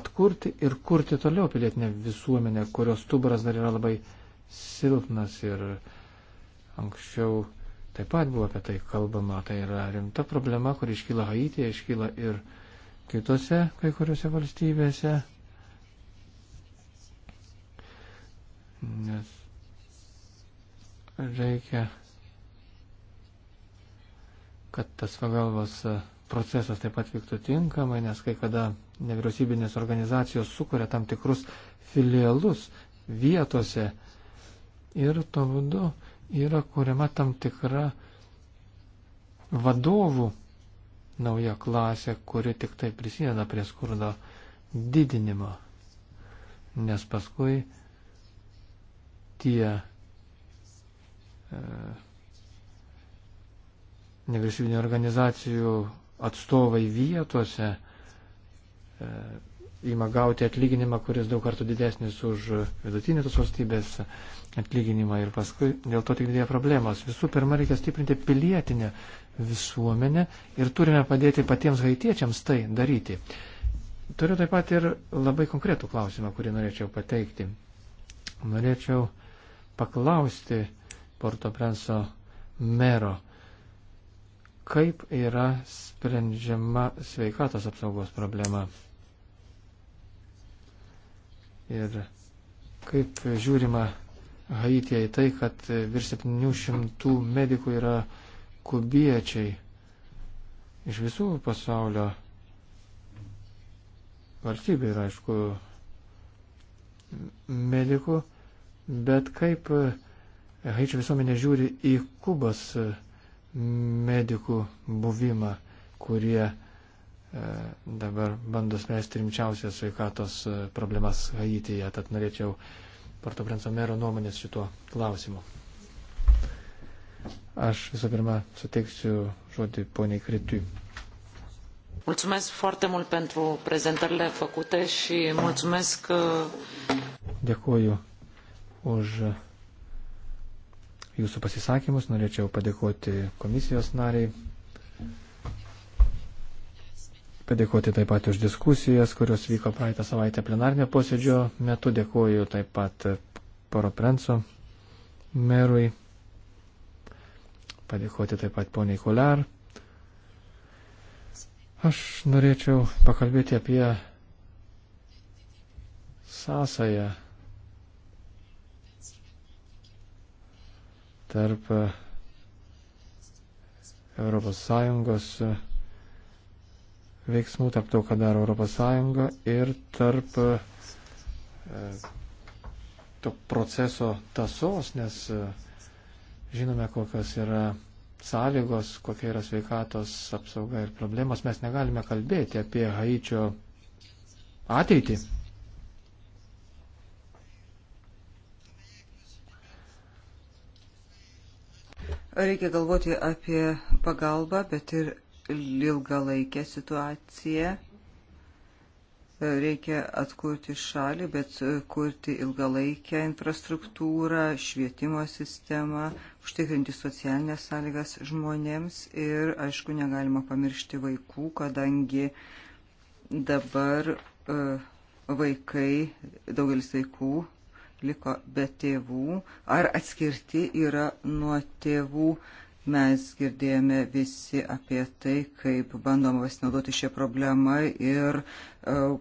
atkurti ir kurti toliau pilietinę visuomenę, kurios stuburas dar yra labai silpnas ir anksčiau taip pat buvo apie tai kalbama. Tai yra rimta problema, kuri iškyla Haityje, iškyla ir kitose kai kuriuose valstybėse. Nes reikia, kad tas pagalbos e, procesas taip pat vyktų tinkamai, nes kai kada nevyriausybinės organizacijos sukuria tam tikrus filialus vietose ir to būdu yra kuriama tam tikra vadovų nauja klasė, kuri tik tai prisideda prie skurdo didinimo, nes paskui tie E, nevyriausybinio organizacijų atstovai vietose e, ima gauti atlyginimą, kuris daug kartų didesnis už vidutinį tos valstybės atlyginimą ir paskui dėl to tik didėja problemos. Visų pirma, reikia stiprinti pilietinę visuomenę ir turime padėti patiems haitiečiams tai daryti. Turiu taip pat ir labai konkretų klausimą, kurį norėčiau pateikti. Norėčiau paklausti, Portoprenso mero. Kaip yra sprendžiama sveikatos apsaugos problema? Ir kaip žiūrima Haityje į tai, kad virš 700 medikų yra kubiečiai iš visų pasaulio valstybių yra, aišku, medikų, bet kaip Haičio visuomenė žiūri į Kubos e, medikų buvimą, kurie e, dabar bando spręsti rimčiausias sveikatos e, problemas Haityje. Tad norėčiau Porto Prenco mero nuomonės šituo klausimu. Aš visų pirma suteiksiu žodį poniai Kritui. Mulțumesc foarte mult pentru prezentările făcute și mulțumesc că... Dėkuoju už jūsų pasisakymus. Norėčiau padėkoti komisijos nariai. Padėkoti taip pat už diskusijas, kurios vyko praeitą savaitę plenarnio posėdžio metu. Dėkuoju taip pat poro Prenco merui. Padėkoti taip pat poniai Kular. Aš norėčiau pakalbėti apie sąsają tarp ES e, veiksmų, tarp to, ką daro ES ir tarp e, to proceso tasos, nes e, žinome, kokios yra sąlygos, kokia yra sveikatos apsauga ir problemos. Mes negalime kalbėti apie Haičio ateitį. Reikia galvoti apie pagalbą, bet ir ilgalaikę situaciją. Reikia atkurti šalį, bet kurti ilgalaikę infrastruktūrą, švietimo sistemą, užtikrinti socialinės sąlygas žmonėms ir, aišku, negalima pamiršti vaikų, kadangi dabar e, vaikai, daugelis vaikų liko be tėvų ar atskirti yra nuo tėvų. Mes girdėjome visi apie tai, kaip bandoma pasinaudoti šią problemą ir e,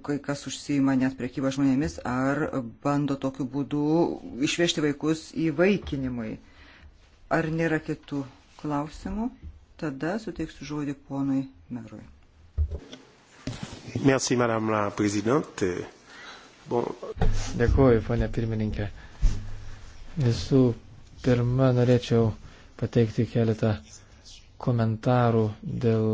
kai kas užsijima net priekybą žmonėmis ar bando tokiu būdu išvežti vaikus į vaikinimui. Ar nėra kitų klausimų? Tada suteiksiu žodį ponui merui. Merci, madame la présidente. Dėkuoju, ponė pirmininkė. Visų pirma, norėčiau pateikti keletą komentarų dėl,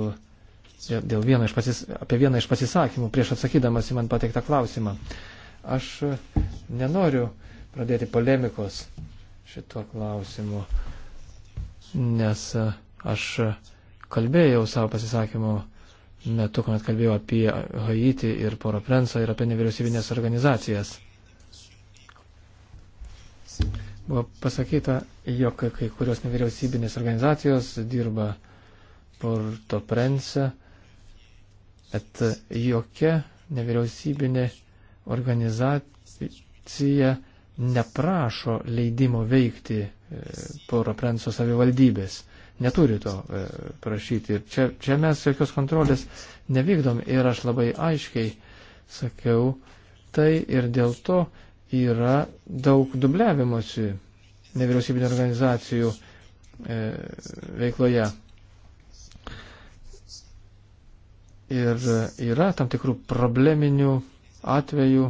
dėl vieno iš pasis, apie vieną iš pasisakymų prieš atsakydamas į man pateiktą klausimą. Aš nenoriu pradėti polemikos šituo klausimu, nes aš kalbėjau savo pasisakymu metu, kuomet kalbėjau apie Haiti ir Poro Prensą ir apie nevyriausybinės organizacijas. Buvo pasakyta, jog kai kurios nevyriausybinės organizacijos dirba Porto Prense, bet jokia nevyriausybinė organizacija neprašo leidimo veikti e, Poro Prenso savivaldybės neturi to e, prašyti. Ir čia, čia mes jokios kontrolės nevykdom. Ir aš labai aiškiai sakiau tai ir dėl to yra daug dubliavimosi nevyriausybinio organizacijų e, veikloje. Ir yra tam tikrų probleminių atvejų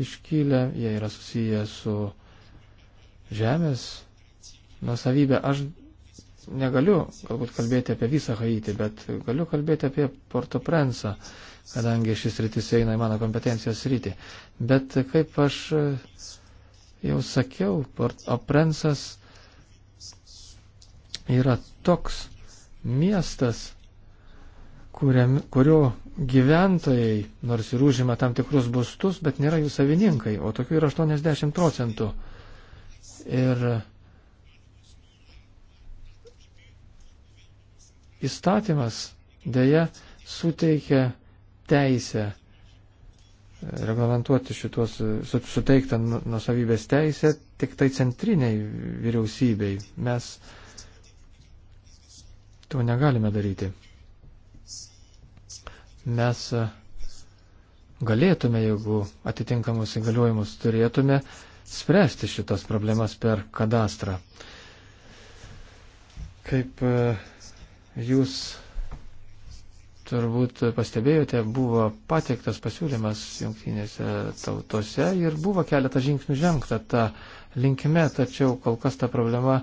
iškylę, jie yra susiję su žemės nusavybė. Aš negaliu galbūt kalbėti apie visą Haitį, bet galiu kalbėti apie Porto Prensą, kadangi šis rytis eina į mano kompetencijos rytį. Bet kaip aš jau sakiau, Porto Prensas yra toks miestas, kuriam, kurio gyventojai nors ir užima tam tikrus būstus, bet nėra jų savininkai, o tokių yra 80 procentų. Ir Įstatymas dėja suteikia teisę e, reglamentuoti šitos e, suteiktą nusavybės teisę tik tai centriniai vyriausybei. Mes to negalime daryti. Mes e, galėtume, jeigu atitinkamus įgaliojimus turėtume, spręsti šitas problemas per kadastrą. Kaip Jūs turbūt pastebėjote, buvo pateiktas pasiūlymas jungtinėse tautose ir buvo keletą žingsnių žengta tą linkime, tačiau kol kas ta problema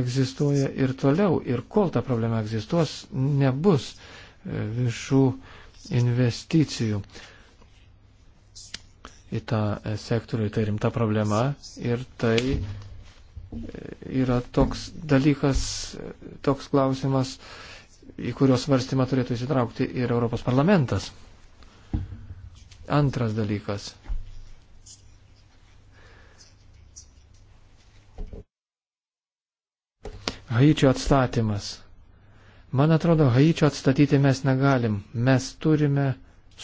egzistuoja ir toliau. Ir kol ta problema egzistuos, nebus e, viešų investicijų į tą sektorių. Tai rimta problema ir tai yra toks dalykas, toks klausimas, į kurios svarstymą turėtų įsitraukti ir Europos parlamentas. Antras dalykas. Haičio atstatymas. Man atrodo, Haičio atstatyti mes negalim. Mes turime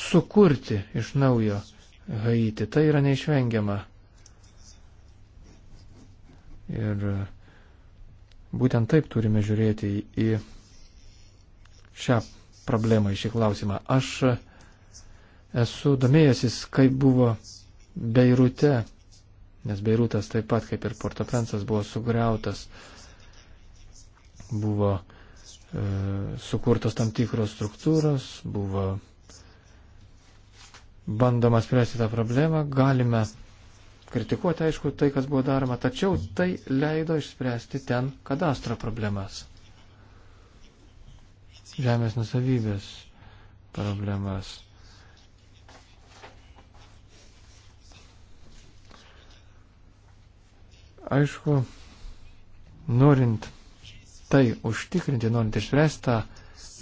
sukurti iš naujo Haiti. Tai yra neišvengiama. Ir e, būtent taip turime žiūrėti į šią problemą, į šį klausimą. Aš e, esu domėjęsis, kaip buvo Beirute, nes Beirutas taip pat kaip ir Porto Prensas buvo sugriautas, buvo e, sukurtos tam tikros struktūros, buvo bandoma spręsti tą problemą, galime kritikuoti, aišku, tai, kas buvo daroma, tačiau tai leido išspręsti ten kadastro problemas, žemės nusavybės problemas. Aišku, norint tai užtikrinti, norint išspręsti tą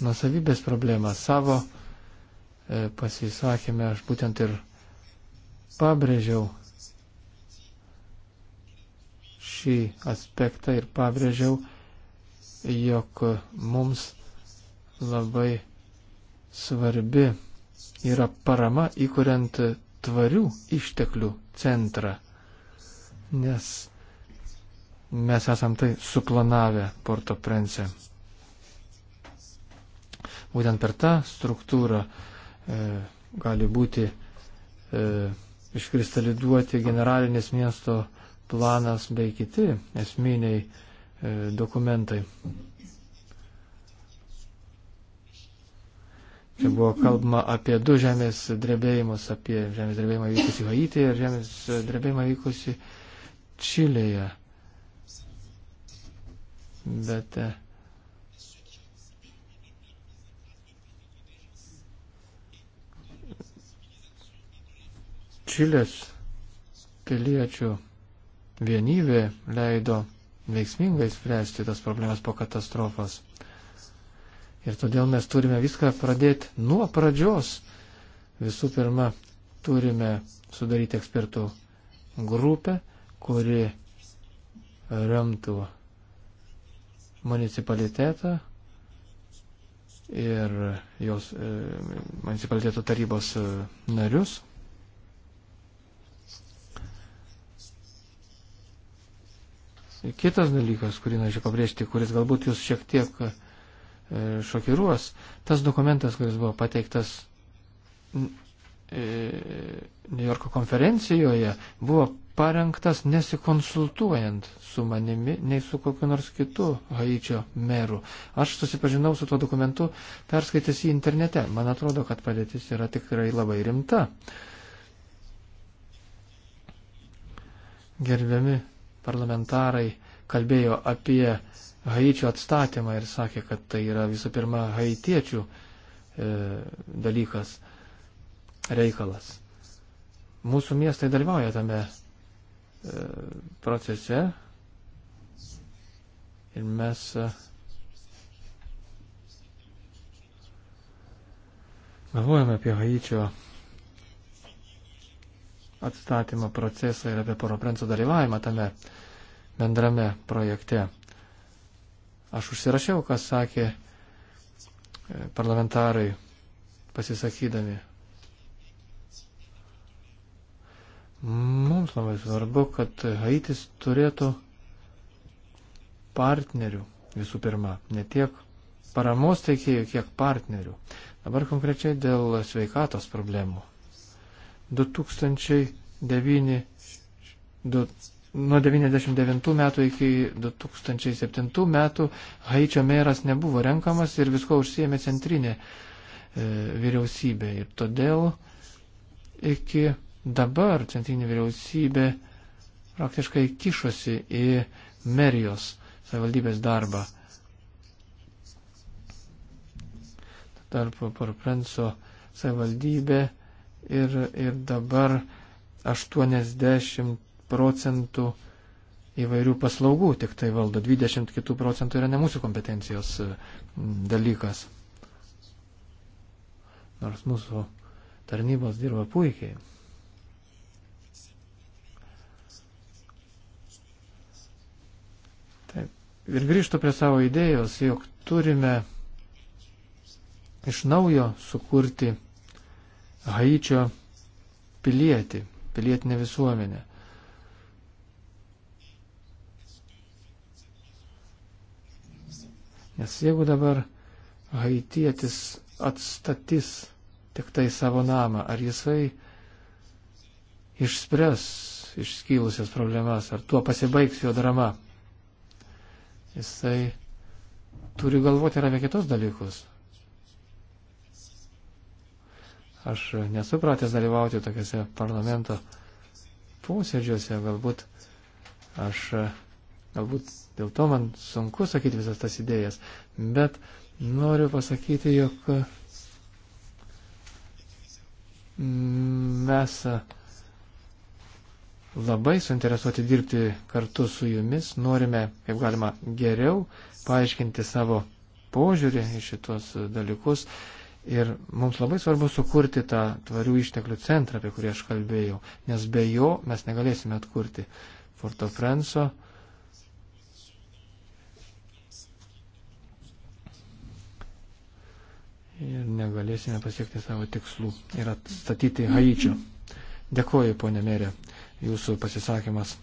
nusavybės problemą savo e, pasisakymę, aš būtent ir pabrėžiau šį aspektą ir pabrėžiau, jog mums labai svarbi yra parama įkuriant tvarių išteklių centrą, nes mes esam tai suplanavę Porto Prince. Būtent per tą struktūrą e, gali būti e, iškristaliduoti generalinis miesto e, planas bei kiti esminiai e, dokumentai. Čia buvo kalbama apie du žemės drebėjimus, apie žemės drebėjimą vykusi Haityje ir žemės drebėjimą vykusi Čilėje. Bet e, Čilės piliečių vienybė leido veiksmingai spręsti tas problemas po katastrofos. Ir todėl mes turime viską pradėti nuo pradžios. Visų pirma, turime sudaryti ekspertų grupę, kuri remtų municipalitetą ir jos e, municipaliteto tarybos e, narius, Kitas dalykas, kurį norėčiau pabrėžti, kuris galbūt jūs šiek tiek e, šokiruos, tas dokumentas, kuris buvo pateiktas e, New Yorko konferencijoje, buvo parengtas nesikonsultuojant su manimi, nei su kokiu nors kitu Haičio meru. Aš susipažinau su tuo dokumentu, perskaitęs jį internete. Man atrodo, kad padėtis yra tikrai labai rimta. Gerbiami parlamentarai kalbėjo apie Haičio atstatymą ir sakė, kad tai yra visų pirma haitiečių e, dalykas, reikalas. Mūsų miestai dalyvauja tame e, procese ir mes. E, Galvojame apie Haičio atstatymo procesą ir apie Poroprenco dalyvavimą tame bendrame projekte. Aš užsirašiau, kas sakė e, parlamentarai pasisakydami. Mums labai svarbu, kad Haitis turėtų partnerių visų pirma, ne tiek paramos teikėjų, kiek partnerių. Dabar konkrečiai dėl sveikatos problemų. 2009, du, nuo 99 metų iki 2007 metų Haičio meras nebuvo renkamas ir visko užsiemė centrinė e, vyriausybė. Ir todėl iki dabar centrinė vyriausybė praktiškai kišosi į merijos savivaldybės darbą. Tarp Porprenso savivaldybė ir, ir dabar 80 procentų įvairių paslaugų tik tai valdo, 20 kitų procentų yra ne mūsų kompetencijos e, dalykas. Nors mūsų tarnybos dirba puikiai. Taip. Ir grįžtų prie savo idėjos, jog turime iš naujo sukurti Haičio pilietį, pilietinę visuomenę. Nes jeigu dabar haitietis atstatys tik tai savo namą, ar jisai išspręs išskylusias problemas, ar tuo pasibaigs jo drama. Jisai turi galvoti ir apie kitus dalykus. Aš nesupratęs dalyvauti tokiuose parlamento posėdžiuose, galbūt aš, galbūt dėl to man sunku sakyti visas tas idėjas, bet noriu pasakyti, jog mes labai suinteresuoti dirbti kartu su jumis, norime, kaip galima, geriau paaiškinti savo požiūrį į šitos dalykus Ir mums labai svarbu sukurti tą tvarių išteklių centrą, apie kurį aš kalbėjau, nes be jo mes negalėsime atkurti Forto Frenso. Ir negalėsime pasiekti savo tikslų ir atstatyti Haičio. Dėkuoju, ponė Merė, jūsų pasisakymas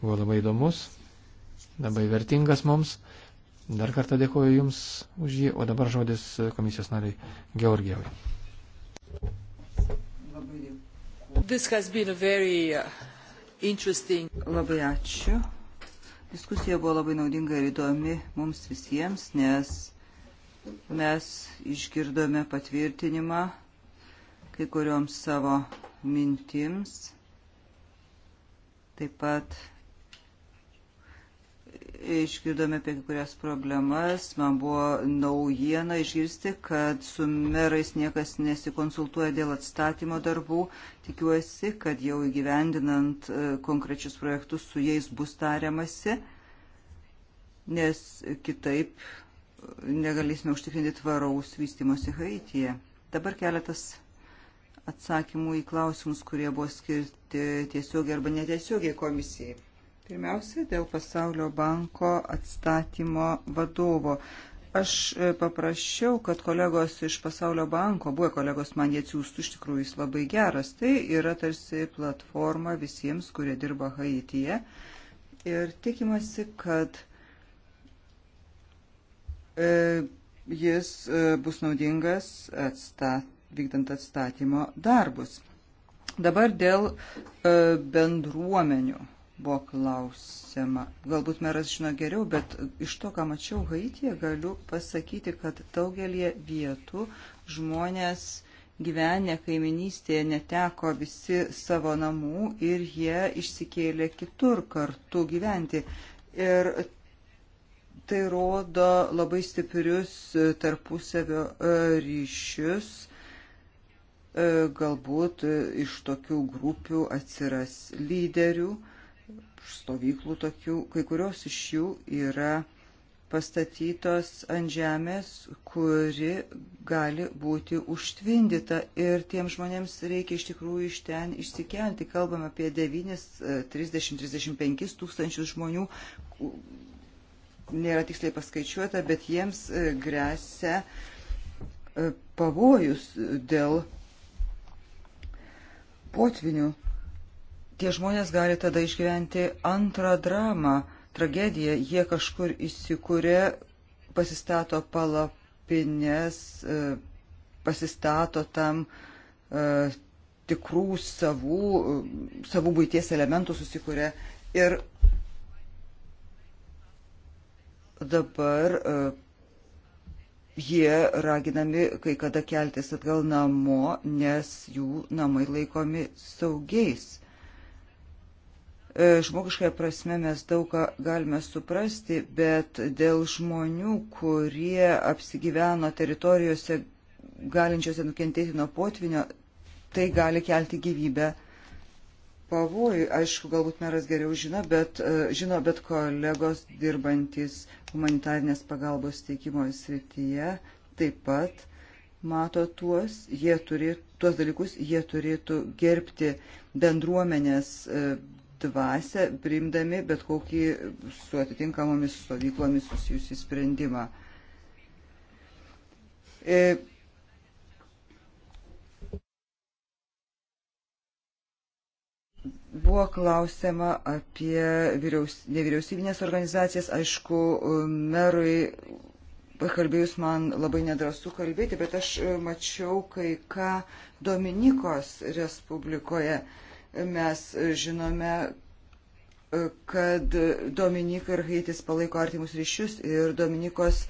buvo labai įdomus, labai vertingas mums. Dar kartą dėkuoju Jums už jį, o dabar žodis komisijos nariai Georgijevai. Uh, labai ačiū. Diskusija buvo labai naudinga ir įdomi mums visiems, nes mes išgirdome patvirtinimą kai kurioms savo mintims. Taip pat išgirdome apie kurias problemas. Man buvo naujiena išgirsti, kad su merais niekas nesikonsultuoja dėl atstatymo darbų. Tikiuosi, kad jau įgyvendinant e, konkrečius projektus su jais bus tariamasi, nes kitaip negalėsime užtikrinti tvaraus vystimosi Haityje. Dabar keletas atsakymų į klausimus, kurie buvo skirti tiesiogiai arba netiesiogiai komisijai. Pirmiausia, dėl Pasaulio banko atstatymo vadovo. Aš e, paprašiau, kad kolegos iš Pasaulio banko, buvę kolegos man jie atsiųstų, iš tikrųjų jis labai geras. Tai yra tarsi platforma visiems, kurie dirba Haityje. Ir tikimasi, kad e, jis e, bus naudingas atstat, vykdant atstatymo darbus. Dabar dėl e, bendruomenių buvo klausima. Galbūt meras žino geriau, bet iš to, ką mačiau Haityje, galiu pasakyti, kad daugelie vietų žmonės gyvenę kaiminystėje neteko visi savo namų ir jie išsikėlė kitur kartu gyventi. Ir tai rodo labai stiprius tarpusavio e, ryšius. E, galbūt iš tokių grupių atsiras lyderių stovyklų tokių, kai kurios iš jų yra pastatytos ant žemės, kuri gali būti užtvindyta ir tiem žmonėms reikia iš tikrųjų iš ten išsikelti. Kalbam apie 9, 30-35 e, tūkstančius žmonių, nėra tiksliai paskaičiuota, bet jiems e, grėsia e, pavojus dėl potvinių tie žmonės gali tada išgyventi antrą dramą, tragediją. Jie kažkur įsikūrė, pasistato palapinės, e, pasistato tam e, tikrų savų, e, savų būties elementų susikūrė. Ir dabar jie raginami kai kada keltis atgal namo, nes jų namai laikomi saugiais. E, Žmogiškai prasme mes daug ką galime suprasti, bet dėl žmonių, kurie apsigyveno teritorijose galinčiose nukentėti nuo potvinio, tai gali kelti gyvybę pavojų. Aišku, galbūt meras geriau žino, bet, e, žino, bet kolegos dirbantis humanitarnės pagalbos teikimo srityje taip pat mato tuos, jie turėtų, tuos dalykus jie turėtų gerbti bendruomenės e, dvasę, primdami bet kokį su atitinkamomis stovyklomis susijusį sprendimą. E, Buvo klausima apie vyriaus, nevyriausybinės organizacijas. Aišku, merui pakalbėjus man labai nedrasu kalbėti, bet aš mačiau kai ką Dominikos Respublikoje. E, Mes žinome, e, kad Dominika ir Haitis palaiko artimus ryšius ir Dominikos e,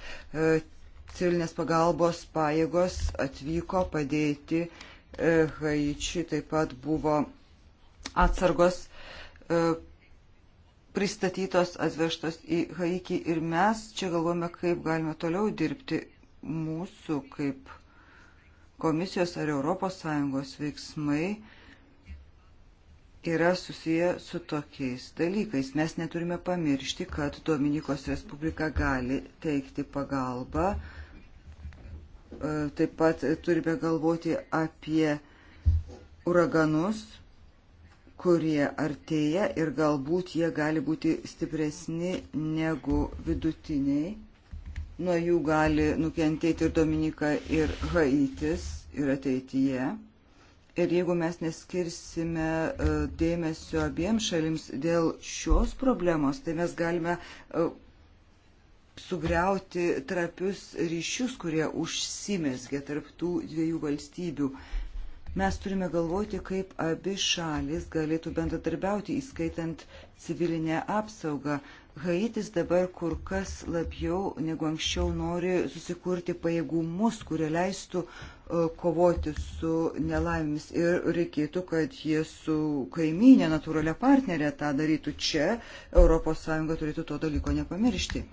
civilinės pagalbos pajėgos atvyko padėti e, Haičiui, taip pat buvo atsargos pristatytos, atvežtos į Haikį ir mes čia galvome, kaip galime toliau dirbti mūsų kaip komisijos ar ES veiksmai yra susiję su tokiais dalykais. Mes neturime pamiršti, kad Dominikos Respublika gali teikti pagalbą. E, taip pat turime galvoti apie uraganus, kurie artėja ir galbūt jie gali būti stipresni negu vidutiniai. Nuo jų gali nukentėti ir Dominika, ir Haitis, ir ateityje. Ir jeigu mes neskirsime e, dėmesio abiem šalims dėl šios problemos, tai mes galime e, sugriauti trapius ryšius, kurie užsimesgė tarptų dviejų valstybių. Mes turime galvoti, kaip abi šalis galėtų bendradarbiauti, įskaitant civilinę apsaugą. Haitis dabar kur kas labiau negu anksčiau nori susikurti pajėgumus, kurie leistų uh, E, kovoti su nelaimėmis ir reikėtų, kad jie su kaiminė natūralia partnerė tą darytų čia, ES turėtų to dalyko nepamiršti.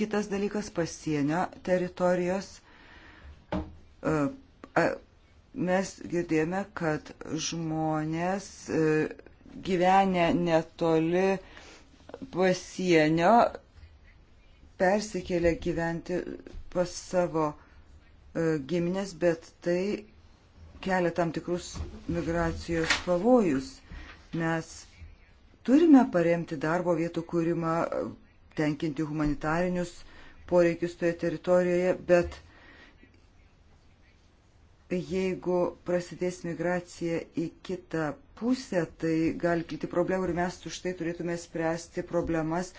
Kitas dalykas - pasienio teritorijos. E, mes girdėjome, kad žmonės e, gyvenę netoli pasienio persikėlė gyventi pas savo E, giminės, bet tai kelia tam tikrus migracijos pavojus. Mes turime paremti darbo vietų kūrimą, tenkinti humanitarinius poreikius toje teritorijoje, bet jeigu prasidės migracija į kitą pusę, tai gali kilti problemų ir mes už tai turėtume spręsti problemas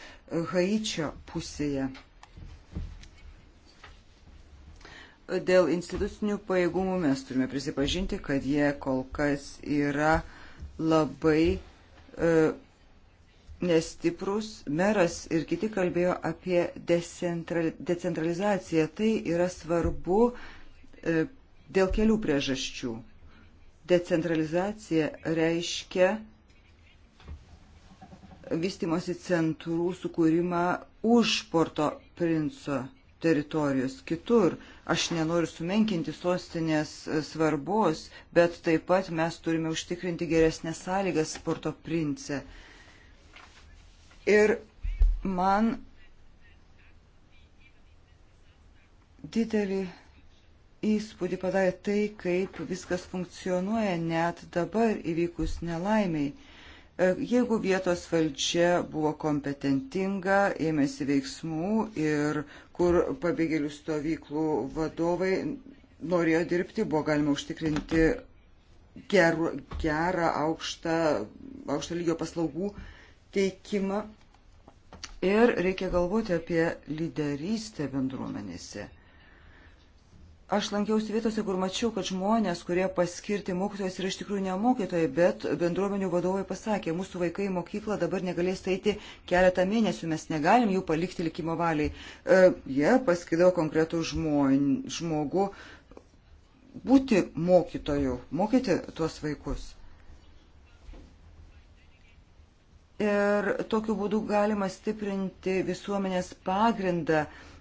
Haičio pusėje. Dėl institucinių pajėgumų mes turime prisipažinti, kad jie kol kas yra labai e, nestiprus. Meras ir kiti kalbėjo apie decentralizaciją. Tai yra svarbu e, dėl kelių priežasčių. Decentralizacija reiškia vystimosi centrų sukūrimą už Porto Princo teritorijos kitur. Aš nenoriu sumenkinti sostinės e, svarbos, bet taip pat mes turime užtikrinti geresnės sąlygas sporto prince. Ir man didelį įspūdį padarė tai, kaip viskas funkcionuoja net dabar įvykus nelaimiai. E, jeigu vietos valdžia buvo kompetentinga, ėmėsi veiksmų ir kur pabėgėlių stovyklų vadovai norėjo dirbti, buvo galima užtikrinti ger, gerą aukštą, aukštą lygio paslaugų teikimą. Ir reikia galvoti apie lyderystę bendruomenėse. Aš lankiausi vietose, kur mačiau, kad žmonės, kurie paskirti mokytojais, yra iš tikrųjų ne mokytojai, bet bendruomenių vadovai pasakė, mūsų vaikai į mokyklą dabar negalės eiti keletą mėnesių, mes negalim jų palikti likimo valiai. E, jie paskido konkretų žmon, žmogų būti mokytoju, mokyti tuos vaikus. Ir tokiu būdu galima stiprinti visuomenės pagrindą. E,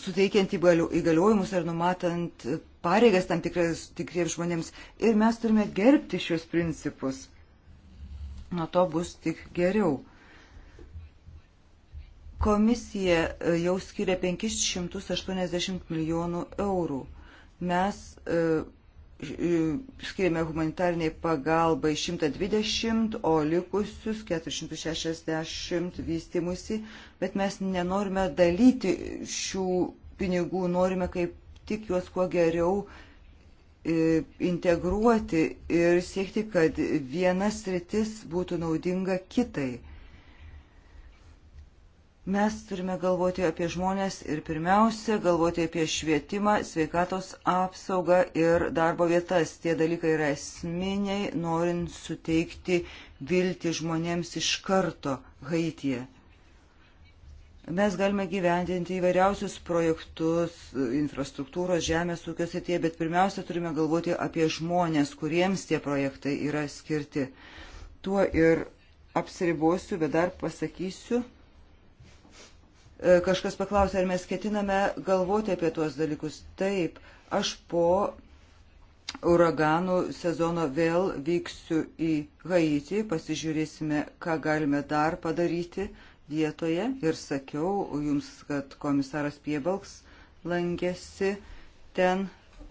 suteikiant įgaliojimus ar numatant pareigas tam tikras, tikriems žmonėms. Ir mes turime gerbti šios principus. Nuo to bus tik geriau. Komisija e, jau skiria 580 milijonų eurų. Mes e, skiriame humanitarniai pagalbai 120, o likusius 460 vystimusi, bet mes nenorime dalyti šių pinigų, norime kaip tik juos kuo geriau e, integruoti ir siekti, kad vienas rytis būtų naudinga kitai. Mes turime galvoti apie žmonės ir pirmiausia galvoti apie švietimą, sveikatos apsaugą ir darbo vietas. Tie dalykai yra esminiai, norint suteikti viltį žmonėms iš karto Haityje. Mes galime gyvendinti įvairiausius projektus, infrastruktūros, žemės ūkio srityje, bet pirmiausia turime galvoti apie žmonės, kuriems tie projektai yra skirti. Tuo ir apsiribosiu, bet dar pasakysiu E, kažkas paklausė, ar mes ketiname galvoti apie tuos dalykus. Taip, aš po uraganų sezono vėl vyksiu į Haitį, pasižiūrėsime, ką galime dar padaryti vietoje. Ir sakiau jums, kad komisaras Piebalks lankėsi ten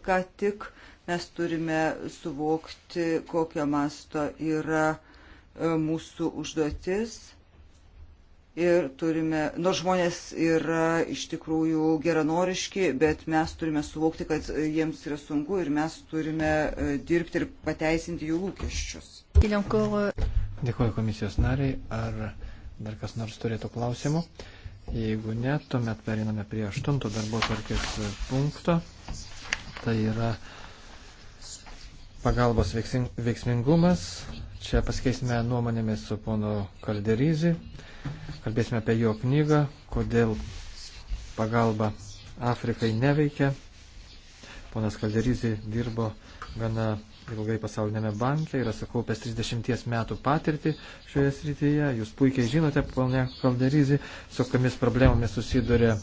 ką tik. Mes turime suvokti, kokio masto yra e, mūsų užduotis ir turime, nors žmonės yra iš tikrųjų geranoriški, bet mes turime suvokti, kad jiems yra sunku ir mes turime e, dirbti ir pateisinti jų lūkesčius. Euh, Dėkuoju komisijos nariai. Ar dar kas nors turėtų klausimų? Jeigu ne, tuomet periname prie aštunto darbo tvarkės e, punkto. Tai yra pagalbos veiksmingumas. Čia pasikeisime nuomonėmis su pono Kalderyzi kalbėsime apie jo knygą, kodėl pagalba Afrikai neveikia. Ponas Kalderizė dirbo gana ilgai pasaulinėme banke, yra sukaupęs 30 metų patirtį šioje srityje. Jūs puikiai žinote, ponė Kalderizė, su kokiamis problemomis susiduria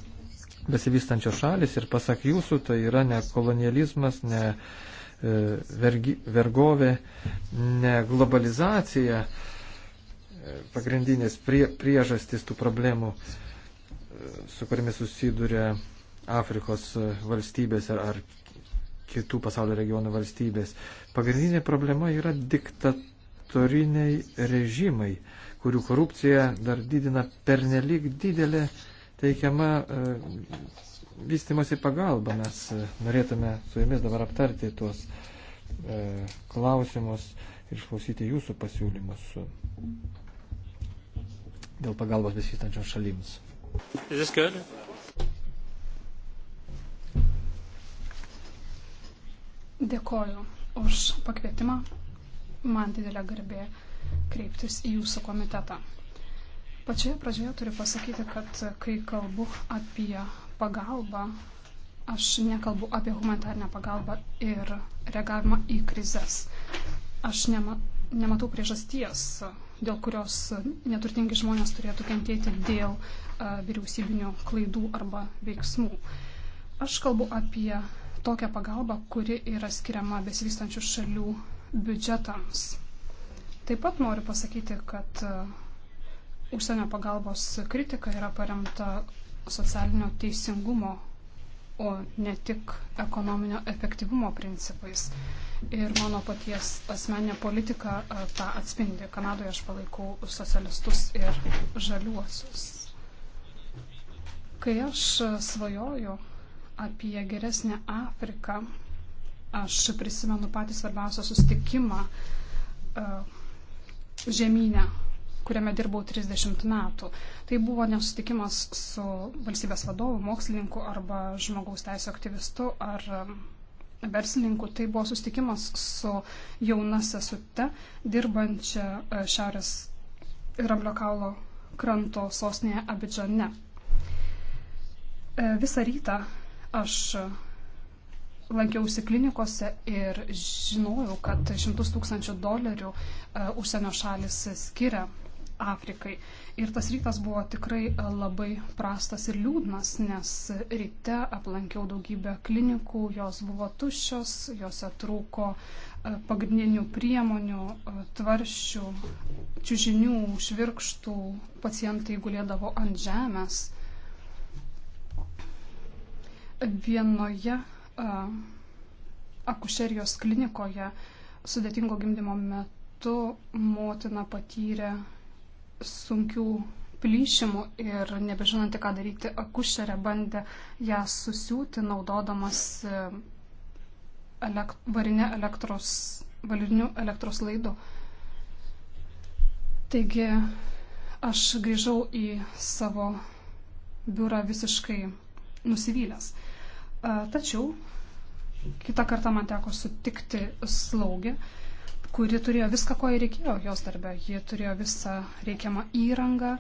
besivystančios šalis ir pasak jūsų, tai yra ne kolonializmas, ne e, vergi, vergovė, ne globalizacija. E, pagrindinės prie, priežastis tų problemų, e, su kuriamis susiduria Afrikos e, valstybės ar, ar kitų pasaulio regionų valstybės. Pagrindinė problema yra diktatoriniai režimai, kurių korupcija dar didina pernelyg didelę teikiamą e, vystimosi pagalbą. Mes e, norėtume su jumis dabar aptarti tuos e, klausimus ir išklausyti jūsų pasiūlymus dėl pagalbos besivystančioms šalims. Dėkoju už pakvietimą. Man didelė garbė kreiptis į jūsų komitetą. Pačioje pradžioje turiu pasakyti, kad kai kalbu apie pagalbą, aš nekalbu apie humanitarnę pagalbą ir reagavimą į krizes. Aš nema, nematau priežasties dėl kurios neturtingi žmonės turėtų kentėti dėl vyriausybinių klaidų arba veiksmų. Aš kalbu apie tokią pagalbą, kuri yra skiriama besivystančių šalių biudžetams. Taip pat noriu pasakyti, kad užsienio pagalbos kritika yra paremta socialinio teisingumo o ne tik ekonominio efektyvumo principais. Ir mano paties asmeninė politika tą atspindi. Kanadoje aš palaikau socialistus ir žaliuosius. Kai aš svajoju apie geresnę Afriką, aš prisimenu patį svarbiausią sustikimą žemynę kuriame dirbau 30 metų. Tai buvo nesusitikimas su valstybės vadovu, mokslininku arba žmogaus teisų aktyvistu ar um, verslininku. Tai buvo susitikimas su jauna sesute, dirbančia uh, Šiaurės Ramblio kaulo kranto sostinėje Abidžane. Uh, visą rytą aš uh, lankiausi klinikose ir žinojau, kad šimtus tūkstančių dolerių užsienio šalis skiria Afrikai. Ir tas rytas buvo tikrai e, labai prastas ir liūdnas, nes ryte aplankiau daugybę klinikų, jos buvo tuščios, jose trūko e, pagrindinių priemonių, e, tvaršių, čiužinių, švirkštų, pacientai gulėdavo ant žemės. Vienoje akušerijos klinikoje sudėtingo gimdymo metu motina patyrė sunkių plyšimų ir nebežinanti, ką daryti, akušerė bandė ją susiūti, naudodamas e, elekt, varinę elektros, valinių elektros laidų. Taigi aš grįžau į savo biurą visiškai nusivylęs. E, tačiau kitą kartą man teko sutikti slaugę kuri turėjo viską, ko jai reikėjo jos darbę. Ji turėjo visą reikiamą įrangą,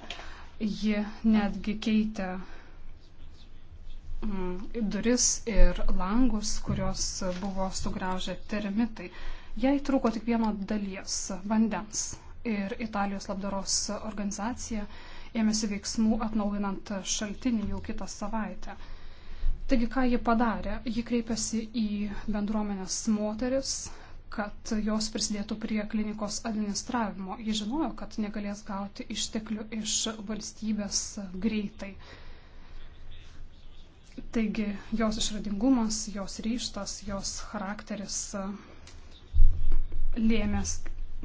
ji netgi keitė mm, duris ir langus, kurios buvo sugraužę termitai. Jai trūko tik vieno dalies - vandens. Ir Italijos labdaros organizacija ėmėsi veiksmų atnaujinant šaltinį jau kitą savaitę. Taigi, ką ji padarė? Ji kreipėsi į bendruomenės moteris, kad jos prisidėtų prie klinikos administravimo. Ji žinojo, kad negalės gauti išteklių iš valstybės greitai. Taigi jos išradingumas, jos ryštas, jos charakteris e, lėmė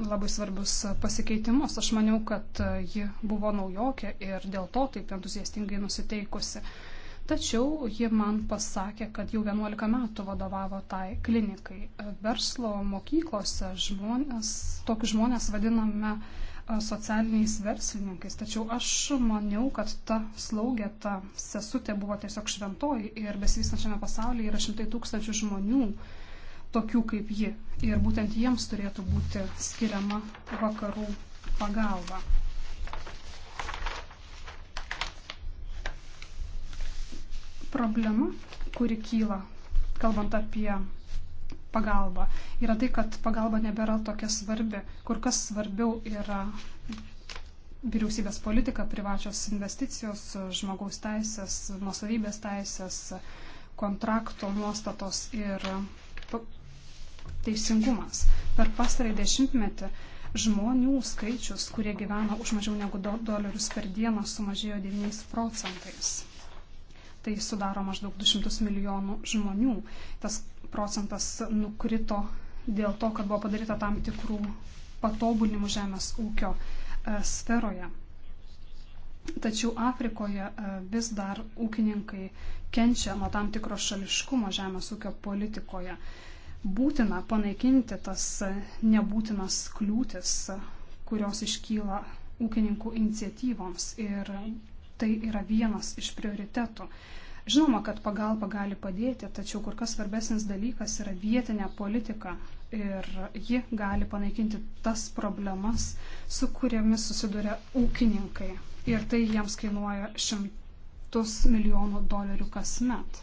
labai svarbius pasikeitimus. Aš maniau, kad e, ji buvo naujokė ir dėl to taip entuziastingai nusiteikusi. Tačiau ji man pasakė, kad jau 11 metų vadovavo tai klinikai. Verslo mokyklose žmonės, tokius žmonės vadiname e, socialiniais verslininkais. Tačiau aš maniau, kad ta slaugė, ta sesutė buvo tiesiog šventoji ir besivystančiame pasaulyje yra šimtai tūkstančių žmonių tokių kaip ji. Ir būtent jiems turėtų būti skiriama vakarų pagalba. Problema, kuri kyla, kalbant apie pagalbą, yra tai, kad pagalba nebėra tokia svarbi. Kur kas svarbiau yra vyriausybės politika, privačios investicijos, žmogaus teisės, nusavybės teisės, kontrakto nuostatos ir teisingumas. Per pastarąjį dešimtmetį žmonių skaičius, kurie gyvena už mažiau negu 2 dolerius per dieną, sumažėjo 9 procentais tai sudaro maždaug 200 milijonų žmonių. Tas procentas nukrito dėl to, kad buvo padaryta tam tikrų patobulinimų žemės ūkio e, sferoje. Tačiau Afrikoje e, vis dar ūkininkai kenčia nuo tam tikro šališkumo žemės ūkio politikoje. Būtina panaikinti tas e, nebūtinas kliūtis, kurios iškyla ūkininkų iniciatyvoms ir Tai yra vienas iš prioritetų. Žinoma, kad pagalba gali padėti, tačiau kur kas svarbesnis dalykas yra vietinė politika ir ji gali panaikinti tas problemas, su kuriamis susiduria ūkininkai. Ir tai jiems kainuoja šimtus milijonų dolerių kasmet.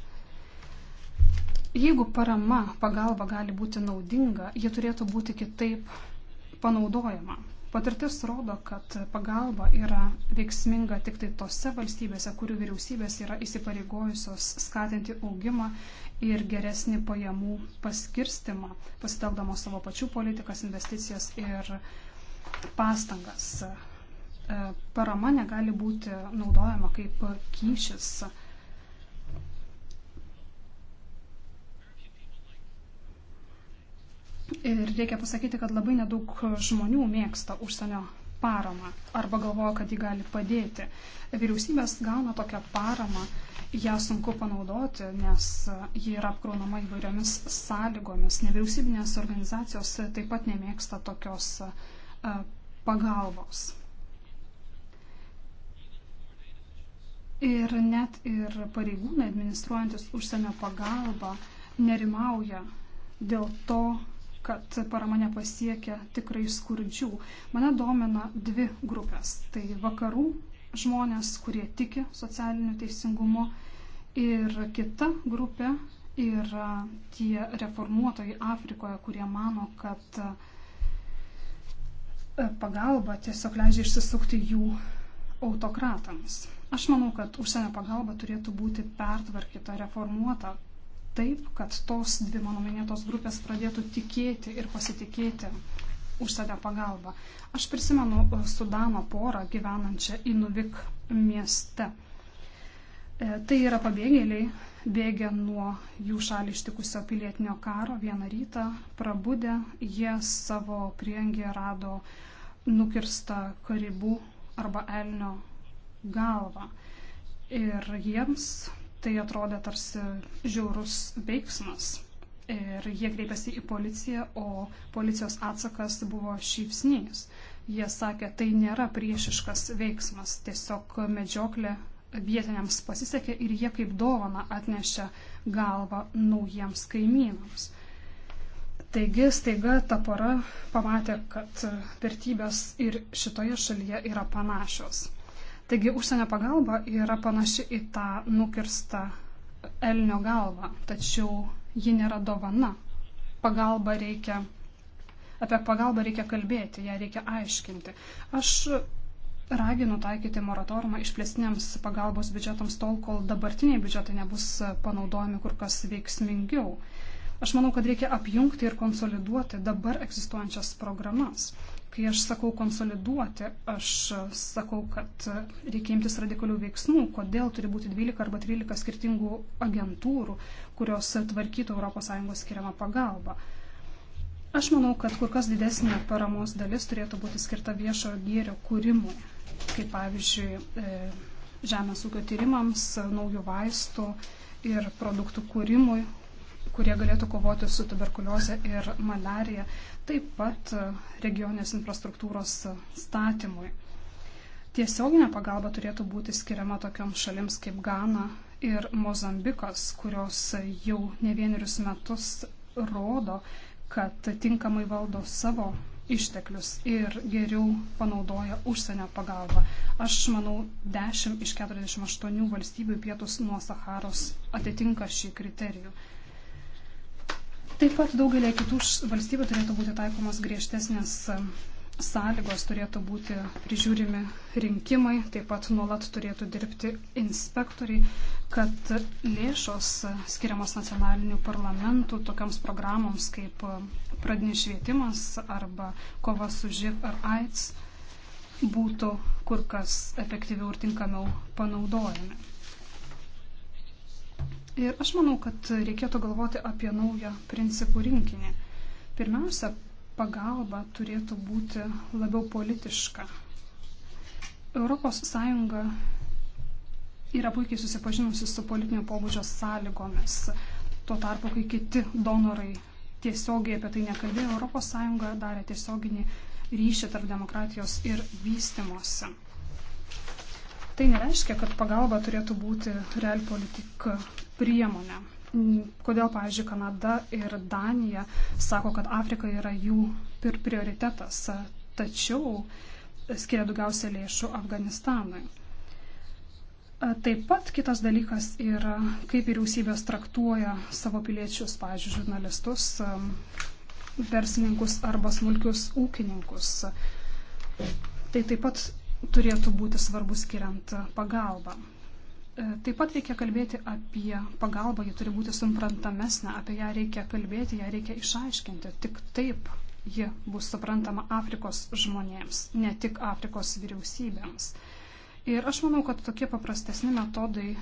Jeigu parama, pagalba gali būti naudinga, ji turėtų būti kitaip panaudojama. Patirtis rodo, kad pagalba yra veiksminga tik tai tose valstybėse, kurių vyriausybės yra įsipareigojusios skatinti augimą ir geresnį pajamų paskirstimą, pasitelkdamos savo pačių politikas, investicijas ir pastangas. E, parama negali būti naudojama kaip kyšis Ir reikia pasakyti, kad labai nedaug žmonių mėgsta užsienio paramą arba galvoja, kad ji gali padėti. Vyriausybės gauna tokią paramą, ją sunku panaudoti, nes ji yra apkraunama įvairiomis sąlygomis. Nevyriausybinės organizacijos taip pat nemėgsta tokios e, pagalbos. Ir net ir pareigūnai administruojantis užsienio pagalbą nerimauja dėl to, kad parama nepasiekia tikrai skurdžių. Mane domina dvi grupės. Tai vakarų žmonės, kurie tiki socialiniu teisingumu ir kita grupė yra tie reformuotojai Afrikoje, kurie mano, kad e, pagalba tiesiog leidžia išsisukti jų autokratams. Aš manau, kad užsienio pagalba turėtų būti pertvarkyta, reformuota, taip, kad tos dvi mano minėtos grupės pradėtų tikėti ir pasitikėti užsienio pagalbą. Aš prisimenu e, Sudano porą gyvenančią Inuvik mieste. E, tai yra pabėgėliai, bėgę nuo jų šalį ištikusio pilietinio karo. Vieną rytą prabudę jie savo priengė rado nukirstą karibų arba elnio galvą. Ir jiems Tai atrodė tarsi žiaurus veiksmas. Ir jie kreipėsi į policiją, o policijos atsakas buvo šypsnys. Jie sakė, tai nėra priešiškas veiksmas, tiesiog medžioklė vietiniams pasisekė ir jie kaip dovana atnešė galvą naujiems kaimynams. Taigi staiga ta pora pamatė, kad vertybės ir šitoje šalyje yra panašios. Taigi užsienio pagalba yra panaši į tą nukirstą elnio galvą, tačiau ji nėra dovana. Pagalba reikia, apie pagalbą reikia kalbėti, ją reikia aiškinti. Aš raginu taikyti moratoriumą išplėstiniams pagalbos biudžetams tol, kol dabartiniai biudžetai nebus panaudojami kur kas veiksmingiau. Aš manau, kad reikia apjungti ir konsoliduoti dabar egzistuojančias programas. Kai aš sakau konsoliduoti, aš sakau, kad reikia imtis radikalių veiksmų, kodėl turi būti 12 arba 13 skirtingų agentūrų, kurios tvarkytų ES skiriamą pagalbą. Aš manau, kad kur kas didesnė paramos dalis turėtų būti skirta viešojo gėrio kūrimui, kaip pavyzdžiui, e, žemės ūkio tyrimams, naujų vaistų ir produktų kūrimui, kurie galėtų kovoti su tuberkulioze ir malarija, taip pat e, regionės infrastruktūros e, statymui. Tiesioginė pagalba turėtų būti skiriama tokioms šalims kaip Gana ir Mozambikas, kurios e, jau ne vienerius metus rodo, kad tinkamai valdo savo išteklius ir geriau panaudoja užsienio pagalbą. Aš manau, 10 iš 48 valstybių pietus nuo Saharos atitinka šį kriterijų. Taip pat daugelį kitų valstybių turėtų būti taikomos griežtesnės sąlygos, turėtų būti prižiūrimi rinkimai, taip pat nuolat turėtų dirbti inspektoriai, kad lėšos e, skiriamos nacionalinių parlamentų tokioms programoms kaip e, pradinis švietimas arba kova su živ ar AIDS būtų kur kas efektyviau ir tinkamiau panaudojami. Ir aš manau, kad reikėtų galvoti apie naują principų rinkinį. Pirmiausia, pagalba turėtų būti labiau politiška. ES yra puikiai susipažinusi su politinio pobūdžio sąlygomis. Tuo tarpu, kai kiti donorai tiesiogiai apie tai nekalbėjo, ES darė tiesioginį ryšį tarp demokratijos ir vystimosi. Tai nereiškia, kad pagalba turėtų būti realpolitik priemonė. Kodėl, pavyzdžiui, Kanada ir Danija sako, kad Afrika yra jų prioritetas, tačiau skiria daugiausia lėšų Afganistanui. Taip pat kitas dalykas yra, kaip vyriausybės traktuoja savo piliečius, pavyzdžiui, žurnalistus, verslininkus arba smulkius ūkininkus. Tai taip pat turėtų būti svarbus skiriant pagalbą. E, taip pat reikia kalbėti apie pagalbą, ji turi būti suprantamesnė, apie ją reikia kalbėti, ją reikia išaiškinti. Tik taip ji bus suprantama Afrikos žmonėms, ne tik Afrikos vyriausybėms. Ir aš manau, kad tokie paprastesni metodai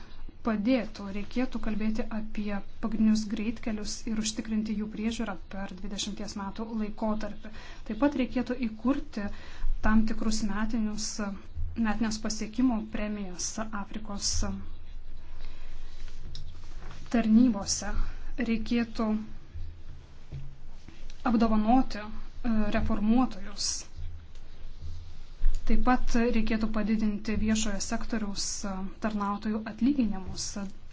padėtų. Reikėtų kalbėti apie pagrindinius greitkelius ir užtikrinti jų priežiūrą per 20 metų laikotarpį. Taip pat reikėtų įkurti uh, tam tikrus metinius, metinės pasiekimų premijas Afrikos tarnybose. Reikėtų apdovanoti e, reformuotojus. Taip pat reikėtų padidinti viešojo sektoriaus e, tarnautojų atlyginimus,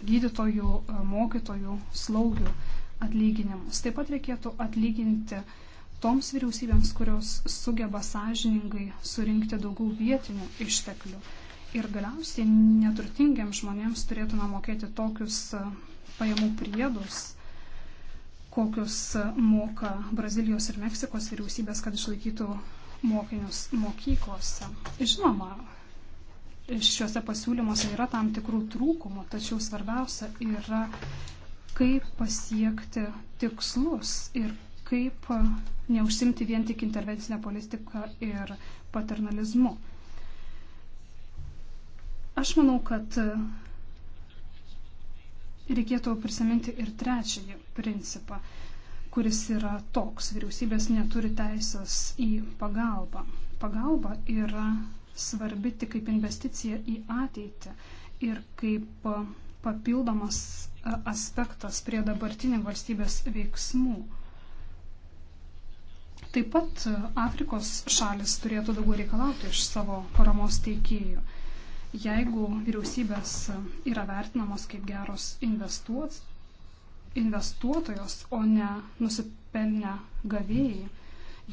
gydytojų, e, mokytojų, slaugių atlyginimus. Taip pat reikėtų atlyginti uh, toms vyriausybėms, kurios sugeba sąžiningai surinkti daugiau vietinių išteklių. Ir galiausiai neturtingiems žmonėms turėtume mokėti tokius e, pajamų priedus, kokius e, moka Brazilijos ir Meksikos vyriausybės, kad išlaikytų mokinius mokyklose. Žinoma, šiuose pasiūlymuose yra tam tikrų trūkumų, tačiau svarbiausia yra, kaip pasiekti tikslus ir kaip e, neužsimti vien tik intervencinę politiką ir paternalizmu. Aš manau, kad e, reikėtų prisiminti ir trečiąjį principą, kuris yra toks. Vyriausybės neturi teisės į pagalbą. Pagalba yra svarbi tik kaip investicija į ateitį ir kaip e, papildomas aspektas prie dabartinių valstybės veiksmų. Taip pat Afrikos šalis turėtų daugiau reikalauti iš savo paramos teikėjų. Jeigu vyriausybės yra vertinamos kaip geros investuot, investuotojos, o ne nusipelnę gavėjai,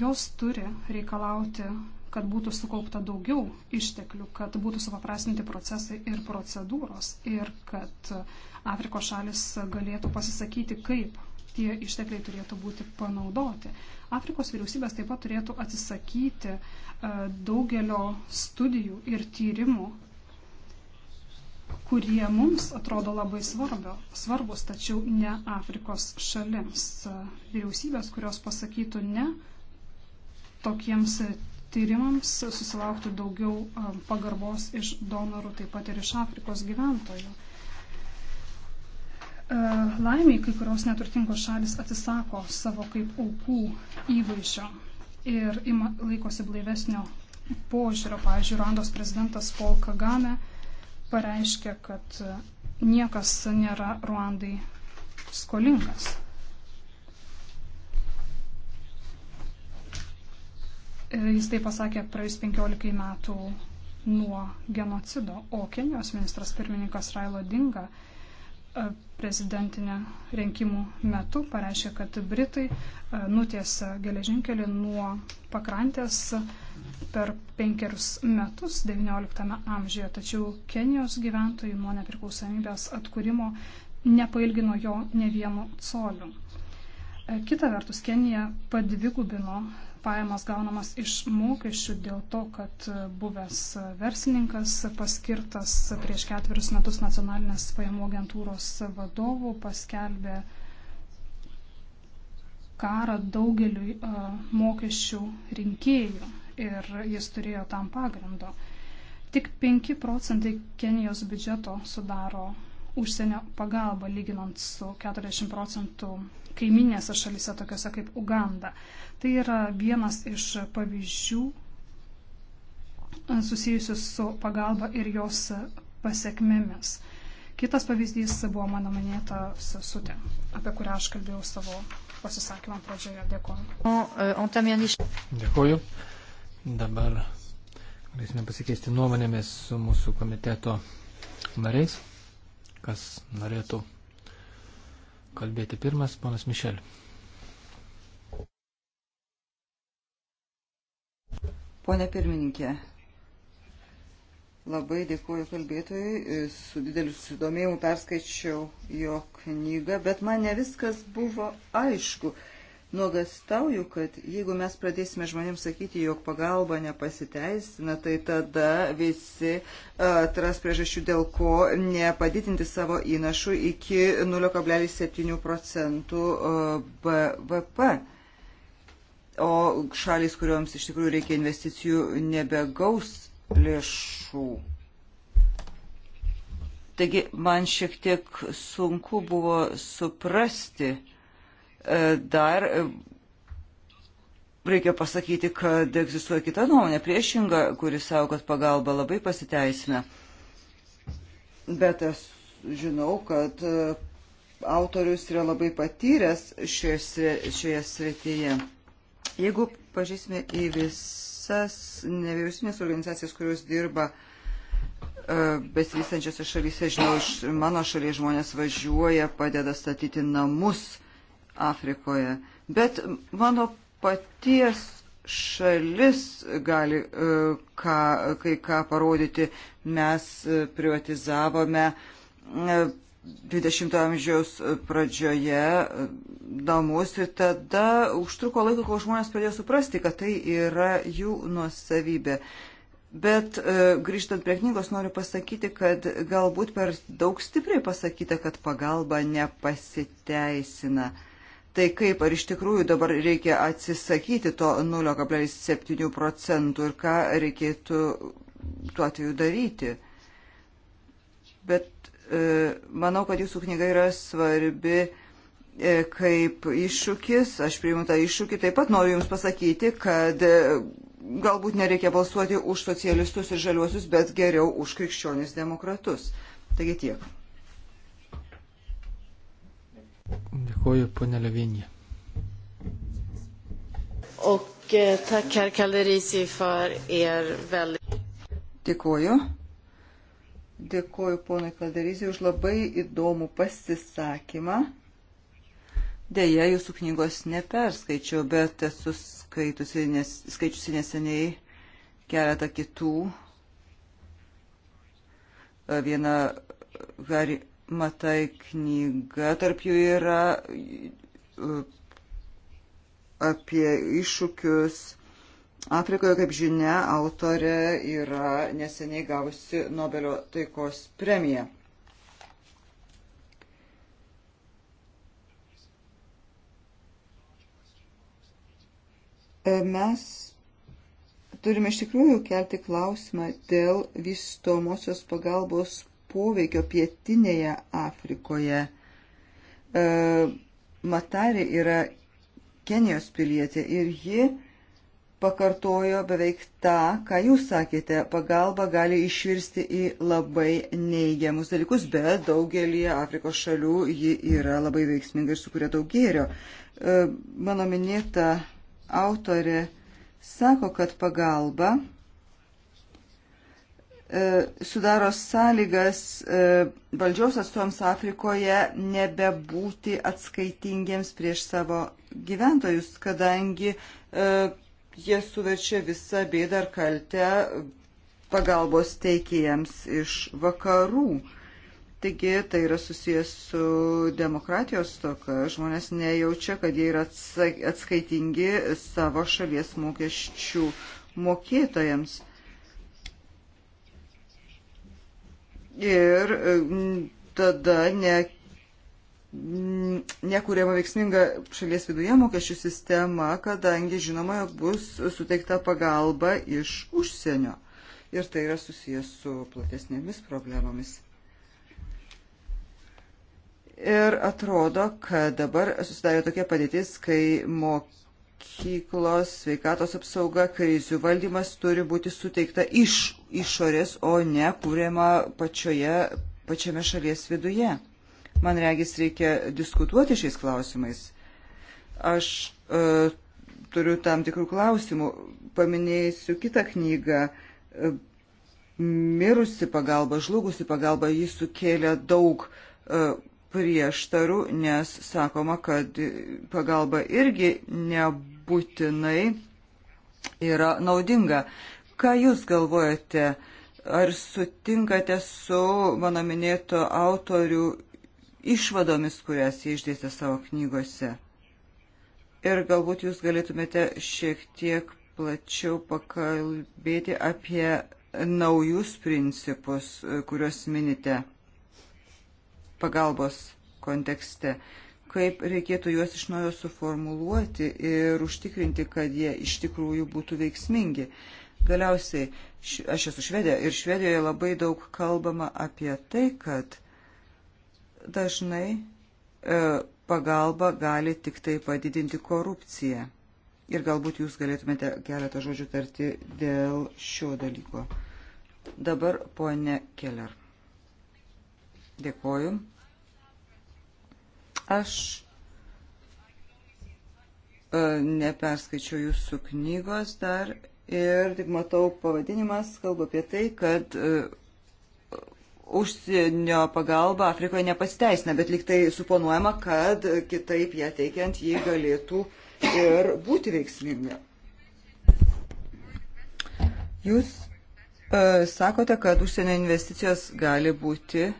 jos turi reikalauti kad būtų sukaupta daugiau išteklių, kad būtų supaprastinti procesai ir procedūros ir kad Afrikos šalis galėtų pasisakyti, kaip tie ištekliai turėtų būti panaudoti. Afrikos vyriausybės taip pat turėtų atsisakyti e, daugelio studijų ir tyrimų, kurie mums atrodo labai svarbio, svarbus, tačiau ne Afrikos šalims. E, vyriausybės, kurios pasakytų ne tokiems tyrimams, susilauktų daugiau e, pagarbos iš donorų, taip pat ir iš Afrikos gyventojų. E, Laimiai kai kurios neturtingos šalis atsisako savo kaip aukų įvaizdžio ir ima, laikosi blaivesnio požiūrio. Pavyzdžiui, Ruandos prezidentas Paul Kagame pareiškė, kad niekas nėra Ruandai skolingas. E, jis tai pasakė praėjus 15 metų nuo genocido, o Kenijos ministras pirmininkas Railo Dinga E, prezidentinė rinkimų metu pareiškė, kad Britai e, nutiesa geležinkelį nuo pakrantės per penkerius metus XIX amžiuje, tačiau Kenijos gyventojai nuo nepriklausomybės atkūrimo nepailgino jo ne vienu coliu. E, kita vertus, Kenija padvigubino pajamos gaunamos iš mokesčių dėl to, kad buvęs verslininkas paskirtas prieš ketverius metus nacionalinės pajamų agentūros vadovų paskelbė karą daugeliui mokesčių rinkėjų ir jis turėjo tam pagrindo. Tik 5 procentai Kenijos biudžeto sudaro užsienio pagalbą, lyginant su 40 procentų kaiminėse šalise, tokiuose kaip Uganda. Tai yra vienas iš pavyzdžių e, susijusius su pagalba ir jos pasiekmėmis. Kitas pavyzdys buvo mano minėta sesutė, apie kurią aš kalbėjau savo pasisakymą pradžioje. Dėkuoju. Dėkuoju. Dabar galėsime pasikeisti nuomonėmis su mūsų komiteto nariais kas norėtų kalbėti pirmas, ponas Mišel. Pone pirmininkė, labai dėkuoju kalbėtojui, su dideliu susidomėjimu perskaičiau jo knygą, bet man ne viskas buvo aišku. Nuogastauju, kad jeigu mes pradėsime žmonėms sakyti, jog pagalba nepasiteisina, tai tada visi atras priežasčių, dėl ko nepadidinti savo įnašų iki 0,7 procentų BVP. O šalis, kuriuoms iš tikrųjų reikia investicijų, nebegaus lėšų. Taigi man šiek tiek sunku buvo suprasti E, dar e, reikia pasakyti, kad egzistuoja kita nuomonė priešinga, kuris savo, kad pagalba labai pasiteisina. Bet aš žinau, kad e, autorius yra labai patyręs šioje, šioje srityje. Jeigu pažįsime į visas nevyriausybinės organizacijas, kurios dirba besivystančiose šalyse, žinau, iš mano šalies žmonės važiuoja, padeda statyti namus Afrikoje. Bet mano paties šalis gali e, ką, kai ką parodyti. Mes e, privatizavome 20 e, amžiaus pradžioje namus ir tada užtruko laiko, kol žmonės pradėjo suprasti, kad tai yra jų nuosavybė. Bet grįžtant prie knygos noriu pasakyti, kad galbūt per daug stipriai pasakyta, kad pagalba nepasiteisina. Tai kaip ar iš tikrųjų dabar reikia atsisakyti to 0,7 procentų ir ką reikėtų tuo atveju daryti? Bet e, manau, kad jūsų knyga yra svarbi e, kaip iššūkis. Aš priimu tą iššūkį. Taip pat noriu Jums pasakyti, kad e, galbūt nereikia balsuoti už socialistus ir žaliuosius, bet geriau už krikščionis demokratus. Taigi tiek. Dėkuoju, ponė Levinė. Eh, er Dėkuoju. Dėkuoju ponui Kalderyzijai už labai įdomų pasisakymą. Deja, jūsų knygos neperskaičiau, bet esu skaitusi, nes, skaičiusi neseniai keletą kitų. Viena Gari matai knyga, tarp jų yra e, apie iššūkius. Afrikoje, kaip žinia, autorė yra neseniai gavusi Nobelio taikos premiją. E, mes turime iš tikrųjų kelti klausimą dėl vystomosios pagalbos poveikio pietinėje Afrikoje. E, Matari yra Kenijos pilietė ir ji pakartojo beveik tą, ką jūs sakėte, pagalba gali išvirsti į labai neigiamus dalykus, bet daugelį Afrikos šalių ji yra labai veiksminga ir sukuria daug gėrio. E, mano minėta autorė sako, kad pagalba E, sudaro sąlygas e, valdžios atstovams Afrikoje nebebūti atskaitingiems prieš savo gyventojus, kadangi e, jie suverčia visą bėdą ar kaltę pagalbos teikėjams iš vakarų. Taigi tai yra susijęs su demokratijos toka. Žmonės nejaučia, kad jie yra atskaitingi savo šalies mokesčių mokėtojams. ir e, tada ne, nekuriama veiksminga šalies viduje mokesčių sistema, kadangi žinoma, bus suteikta pagalba iš užsienio. Ir tai yra susijęs su platesnėmis problemomis. Ir atrodo, kad dabar susidarė tokia padėtis, kai mokesčių mokyklos, sveikatos apsauga, krizių valdymas turi būti suteikta iš išorės, o ne kūriama pačioje, pačiame šalies viduje. Man regis reikia diskutuoti šiais klausimais. Aš e, turiu tam tikrų klausimų. Paminėsiu kitą knygą. E, mirusi pagalba, žlugusi pagalba, jis sukėlė daug e, prieštarų, nes sakoma, kad pagalba irgi nebuvo būtinai yra naudinga. Ką Jūs galvojate, ar sutinkate su mano minėto autorių išvadomis, kurias jie išdėstė savo knygose? Ir galbūt Jūs galėtumėte šiek tiek plačiau pakalbėti apie naujus principus, kuriuos minite pagalbos kontekste kaip reikėtų juos iš naujo suformuluoti ir užtikrinti, kad jie iš tikrųjų būtų veiksmingi. Galiausiai, aš esu švedė ir švedijoje labai daug kalbama apie tai, kad dažnai e, pagalba gali tik tai padidinti korupciją. Ir galbūt jūs galėtumėte keletą žodžių tarti dėl šio dalyko. Dabar ponė Keller. Dėkoju. Aš e, neperskaičiau jūsų knygos dar ir tik matau pavadinimas, kalba apie tai, kad e, užsienio pagalba Afrikoje nepasiteisina, bet liktai suponuojama, kad kitaip ją teikiant jį galėtų ir būti veiksminga. Jūs e, sakote, kad užsienio investicijos gali būti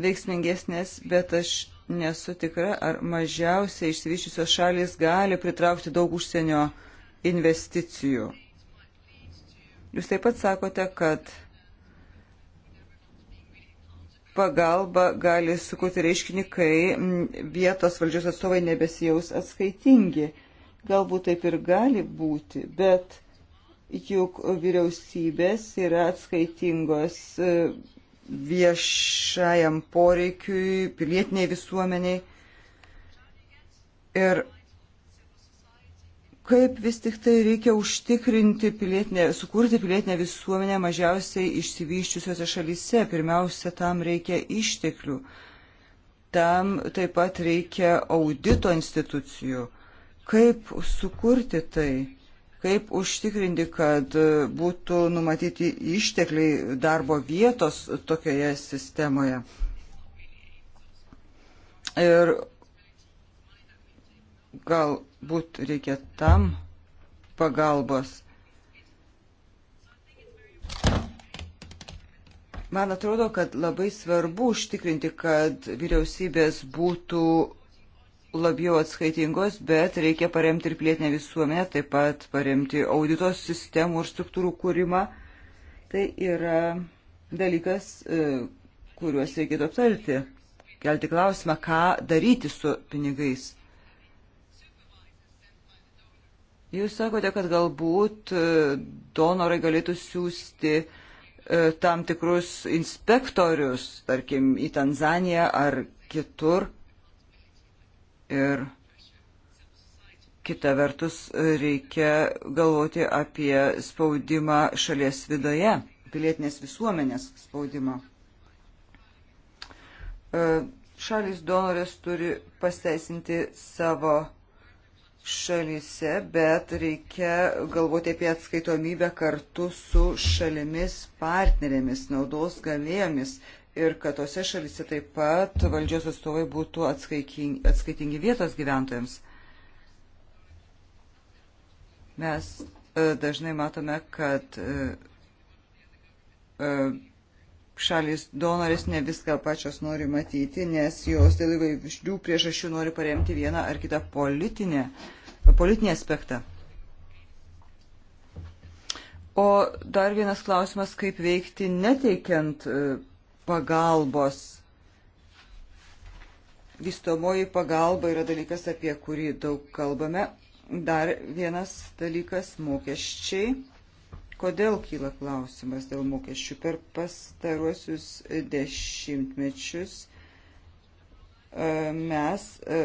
veiksmingesnės, bet aš nesu tikra, ar mažiausiai išsivyščiusios šalis gali pritraukti daug užsienio investicijų. Jūs taip pat sakote, kad pagalba gali sukurti reiškinį, kai vietos valdžios atstovai nebesijaus atskaitingi. Galbūt taip ir gali būti, bet juk vyriausybės yra atskaitingos e, viešajam poreikiui, pilietiniai visuomeniai. Ir kaip vis tik tai reikia užtikrinti pilietinę, sukurti pilietinę visuomenę mažiausiai išsivyščiusiuose šalyse. Pirmiausia, tam reikia išteklių. Tam taip pat reikia audito institucijų. Kaip sukurti tai? kaip užtikrinti, kad būtų numatyti ištekliai darbo vietos tokioje sistemoje. Ir galbūt reikia tam pagalbos. Man atrodo, kad labai svarbu užtikrinti, kad vyriausybės būtų labiau atskaitingos, bet reikia paremti ir plėtinę visuomenę, taip pat paremti auditos sistemų ir struktūrų kūrimą. Tai yra dalykas, e, kuriuos reikėtų aptarti. Kelti klausimą, ką daryti su pinigais. Jūs sakote, kad galbūt e, donorai galėtų siūsti e, tam tikrus inspektorius, tarkim, į Tanzaniją ar kitur Ir kita vertus reikia galvoti apie spaudimą šalies viduje, pilietinės visuomenės spaudimą. E, šalis donorės turi pasteisinti savo šalyse, bet reikia galvoti apie atskaitomybę kartu su šalimis partnerėmis, naudos gavėjomis ir kad tose šalise taip pat valdžios atstovai būtų atskaitingi, atskaitingi vietos gyventojams. Mes e, dažnai matome, kad e, e, šalis donoris ne viską pačios nori matyti, nes jos dėl įvairių priežasčių nori paremti vieną ar kitą politinę, politinį aspektą. O dar vienas klausimas, kaip veikti neteikiant pagalbos. Vystomoji pagalba yra dalykas, apie kurį daug kalbame. Dar vienas dalykas - mokesčiai. Kodėl kyla klausimas dėl mokesčių? Per pastaruosius dešimtmečius e, mes e,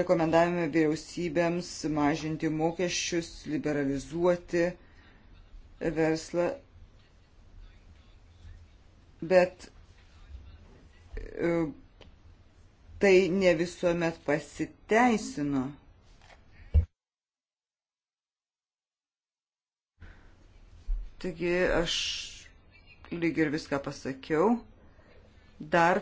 rekomendavome vyriausybėms mažinti mokesčius, liberalizuoti verslą bet e, tai ne visuomet pasiteisino. Taigi aš lyg ir viską pasakiau. Dar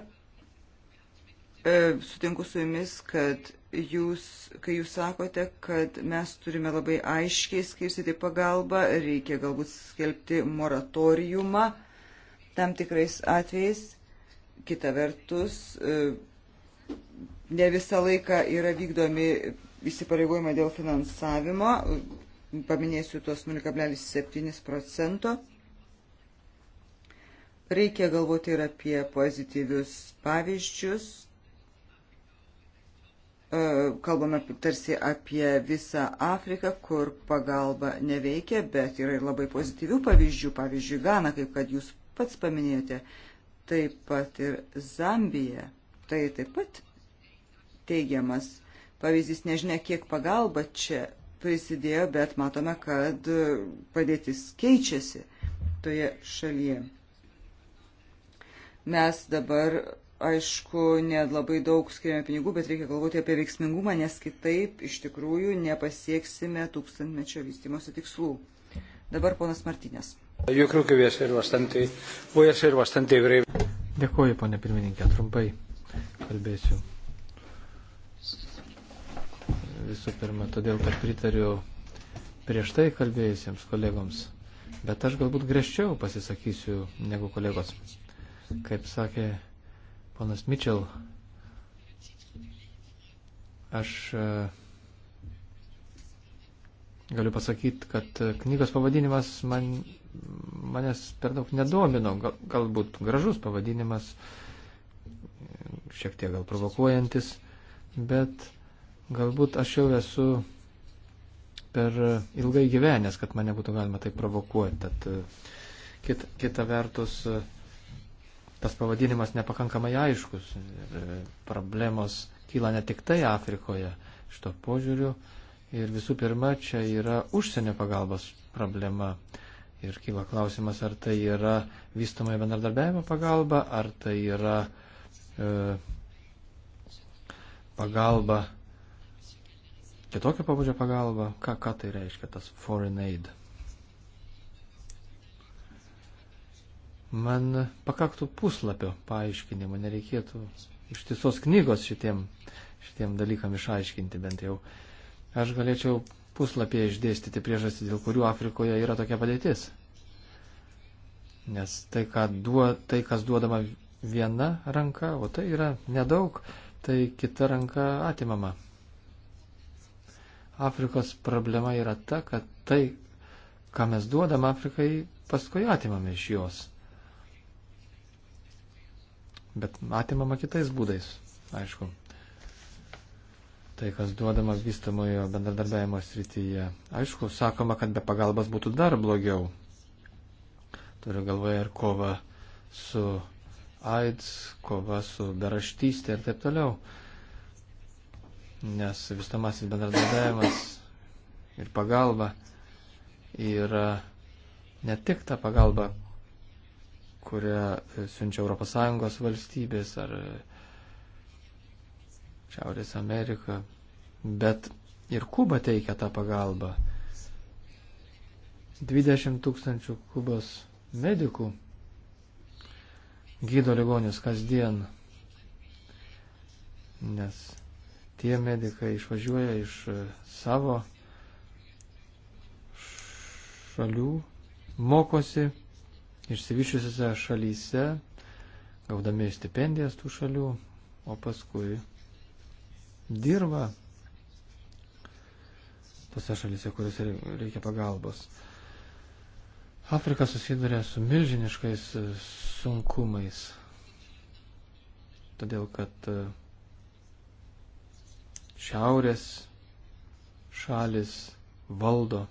e, sutinku su jumis, kad jūs, kai jūs sakote, kad mes turime labai aiškiai skirstyti pagalbą, reikia galbūt skelbti moratoriumą. E, tam tikrais atvejais. Kita vertus, e, ne visą laiką yra vykdomi įsipareigojimai dėl finansavimo. Paminėsiu tuos 0,7 procento. Reikia galvoti ir apie pozityvius pavyzdžius, e, kalbame tarsi apie visą Afriką, kur pagalba neveikia, bet yra ir labai pozityvių pavyzdžių, pavyzdžiui, Gana, kaip kad jūs pats paminėjote. Taip pat ir Zambija. Tai taip pat teigiamas pavyzdys. Nežinia, kiek pagalba čia prisidėjo, bet matome, kad padėtis keičiasi toje šalyje. Mes dabar, aišku, nelabai daug skiriame pinigų, bet reikia galvoti apie veiksmingumą, nes kitaip iš tikrųjų nepasieksime tūkstantmečio vystimosi tikslų. Dabar ponas Martinės. Dėkuoju, ponė pirmininkė, trumpai kalbėsiu. Visų pirma, todėl, kad pritariu prieš tai kalbėjusiems kolegoms, bet aš galbūt greščiau pasisakysiu negu kolegos. Kaip sakė ponas Mitchell, aš uh, Galiu pasakyti, kad e, knygos pavadinimas man, manęs per daug nedomino, gal, galbūt gražus pavadinimas, e, šiek tiek gal provokuojantis, bet galbūt aš jau esu per e, ilgai gyvenęs, kad mane būtų galima tai provokuoti. Tad kita, kita vertus, tas pavadinimas nepakankamai aiškus. Ir problemos kyla ne tik tai Afrikoje. Šito požiūriu Ir visų pirma, čia yra užsienio pagalbos problema. Ir kyla klausimas, ar tai yra vystamojo bendradarbiavimo pagalba, ar tai yra e, pagalba, kitokio pabudžio pagalba. Ką, ką tai reiškia tas foreign aid? Man pakaktų puslapio paaiškinimo, nereikėtų ištisos knygos šitiem, šitiem dalykam išaiškinti bent jau. E, Aš galėčiau puslapyje išdėstyti priežastį, dėl kurių Afrikoje yra tokia padėtis. Nes tai, duo, tai kas duodama viena ranka, o tai yra nedaug, tai kita ranka atimama. Afrikos problema yra ta, kad tai, ką mes duodam Afrikai, paskui atimame iš jos. Bet atimama kitais būdais, aišku tai, kas duodama vystamojo bendradarbiajimo srityje. Aišku, sakoma, kad be pagalbos būtų dar blogiau. Turiu galvoje ir kova su AIDS, kova su beraštystė ir taip toliau. Nes vystamasis bendradarbiavimas ir pagalba yra ne tik ta pagalba, kurią siunčia ES valstybės ar Šiaurės Amerika, bet ir Kuba teikia tą pagalbą. 20 tūkstančių Kubos medikų gydo ligonius kasdien, nes tie medikai išvažiuoja iš e, savo šalių, mokosi išsivyščiusiose šalyse, gaudami stipendijas tų šalių, o paskui dirba tose šalise, kuriuose reikia pagalbos. Afrika susiduria su milžiniškais e, sunkumais, todėl kad e, šiaurės šalis valdo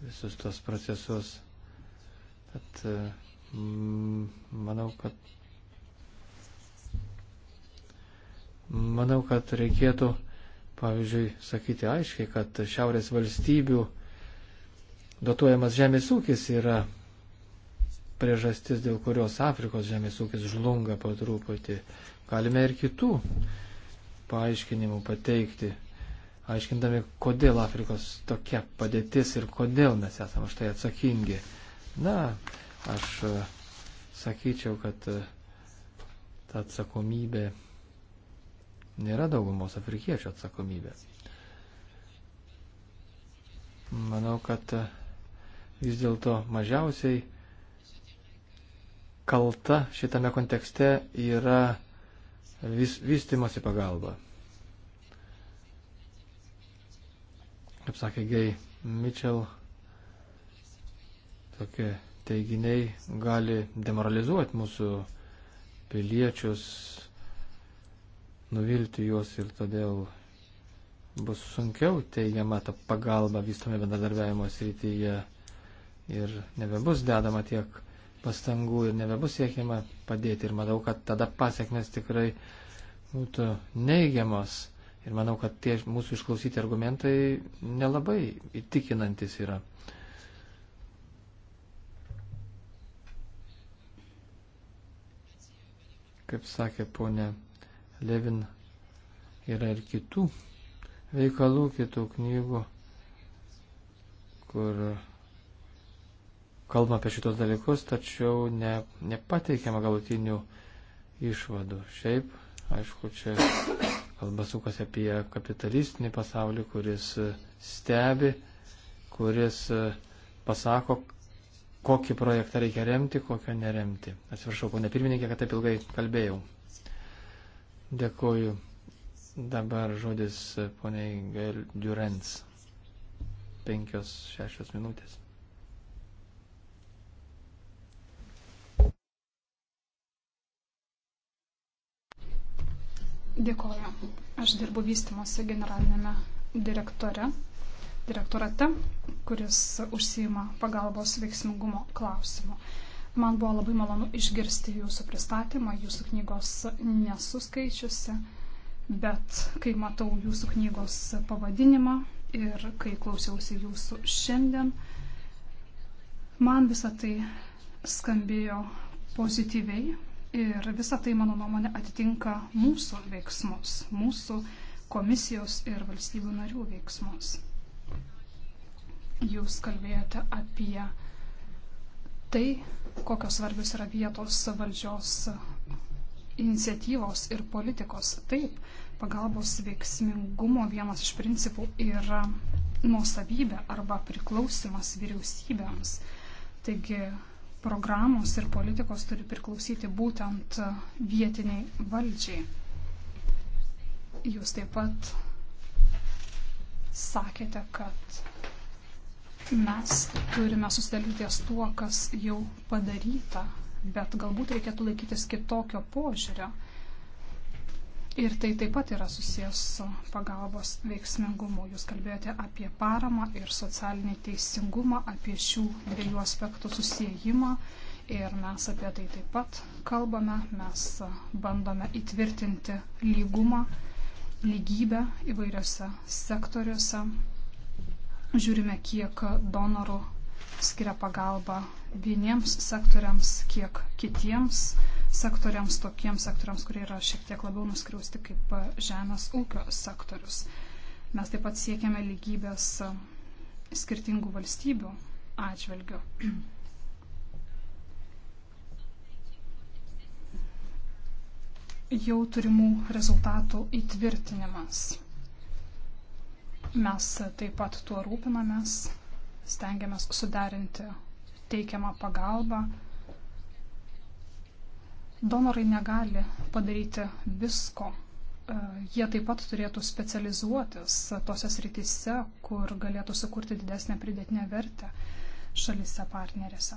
visus tos procesus. Tad e, manau, kad Manau, kad reikėtų, pavyzdžiui, sakyti aiškiai, kad šiaurės valstybių dotuojamas žemės ūkis yra priežastis, dėl kurios Afrikos žemės ūkis žlunga po truputį. Galime ir kitų paaiškinimų pateikti, aiškindami, kodėl Afrikos tokia padėtis ir kodėl mes esame už tai atsakingi. Na, aš e, sakyčiau, kad e, ta atsakomybė nėra daugumos afrikiečių atsakomybė. Manau, kad e, vis dėlto mažiausiai kalta šitame kontekste yra vis, vystimosi pagalba. Kaip sakė Gay Mitchell, tokie teiginiai gali demoralizuoti mūsų piliečius, nuvilti juos ir todėl bus sunkiau teigiama ta pagalba vystome bendradarbiavimo srityje ir nebebus dedama tiek pastangų ir nebebus siekiama padėti. Ir manau, kad tada pasiekmes tikrai būtų neigiamos. Ir manau, kad tie mūsų išklausyti argumentai nelabai įtikinantis yra. Kaip sakė ponė Levin yra ir kitų veikalų, kitų knygų, kur kalbama apie šitos dalykus, tačiau ne, nepateikiama galutinių išvadų. Šiaip, aišku, čia kalba sukasi apie kapitalistinį pasaulį, kuris stebi, kuris pasako, kokį projektą reikia remti, kokio neremti. Atsiprašau, ponė pirmininkė, kad taip ilgai kalbėjau. Dėkoju. Dabar žodis poniai Gail Durens. Penkios, šešios minutės. Dėkoju. Aš dirbu vystimuose generalinėme direktore, direktorate, kuris užsima pagalbos veiksmingumo klausimu. Man buvo labai malonu išgirsti jūsų pristatymą, jūsų knygos nesu skaičiusi, bet kai matau jūsų knygos pavadinimą ir kai klausiausi jūsų šiandien, man visa tai skambėjo pozityviai ir visa tai, mano nuomonė, atitinka mūsų veiksmus, mūsų komisijos ir valstybių narių veiksmus. Jūs kalbėjote apie tai, kokios svarbios yra vietos valdžios iniciatyvos ir politikos. Taip, pagalbos veiksmingumo vienas iš principų yra nuosavybė arba priklausimas vyriausybėms. Taigi programos ir politikos turi priklausyti būtent vietiniai valdžiai. Jūs taip pat sakėte, kad Mes turime susidaryti ties tuo, kas jau padaryta, bet galbūt reikėtų laikytis kitokio požiūrio. Ir tai taip pat yra susijęs su pagalbos veiksmingumu. Jūs kalbėjote apie paramą ir socialinį teisingumą, apie šių dviejų aspektų susijimą. Ir mes apie tai taip pat kalbame, mes bandome įtvirtinti lygumą, lygybę įvairiose sektoriuose. Žiūrime, kiek donorų skiria pagalbą vieniems sektoriams, kiek kitiems sektoriams, tokiems sektoriams, kurie yra šiek tiek labiau nuskriausti kaip žemės ūkio sektorius. Mes taip pat siekiame lygybės skirtingų valstybių atžvilgių. Jau turimų rezultatų įtvirtinimas. Mes taip pat tuo rūpinamės, stengiamės suderinti teikiamą pagalbą. Donorai negali padaryti visko. E, jie taip pat turėtų specializuotis tose srityse, kur galėtų sukurti didesnę pridėtinę vertę šalise partnerėse.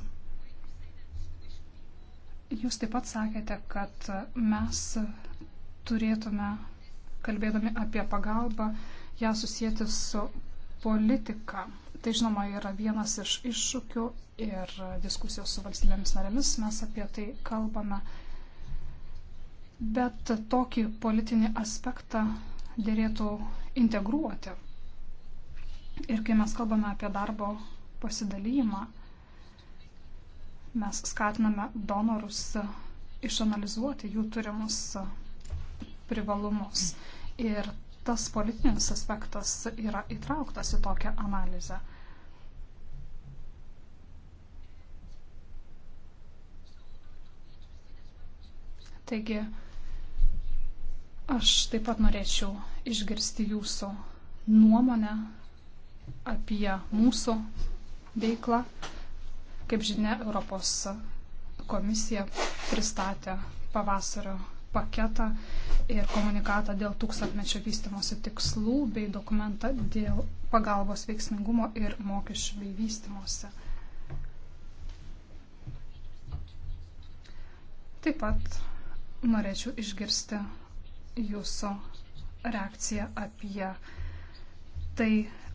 Jūs taip pat sakėte, kad mes turėtume, kalbėdami apie pagalbą, ją susijęti su politika. Tai žinoma yra vienas iš iššūkių ir diskusijos su valstybėmis narėmis mes apie tai kalbame. Bet tokį politinį aspektą dėrėtų integruoti. Ir kai mes kalbame apie darbo pasidalymą, mes skatiname donorus išanalizuoti jų turimus privalumus. Ir tas politinis aspektas yra įtrauktas į tokią analizę. Taigi, aš taip pat norėčiau išgirsti jūsų nuomonę apie mūsų veiklą. Kaip žinia, Europos komisija pristatė pavasario paketą ir komunikatą dėl tūkstantmečio vystimosi tikslų bei dokumentą dėl pagalbos veiksmingumo ir mokesčių bei vystimosi. Taip pat norėčiau išgirsti jūsų reakciją apie tai,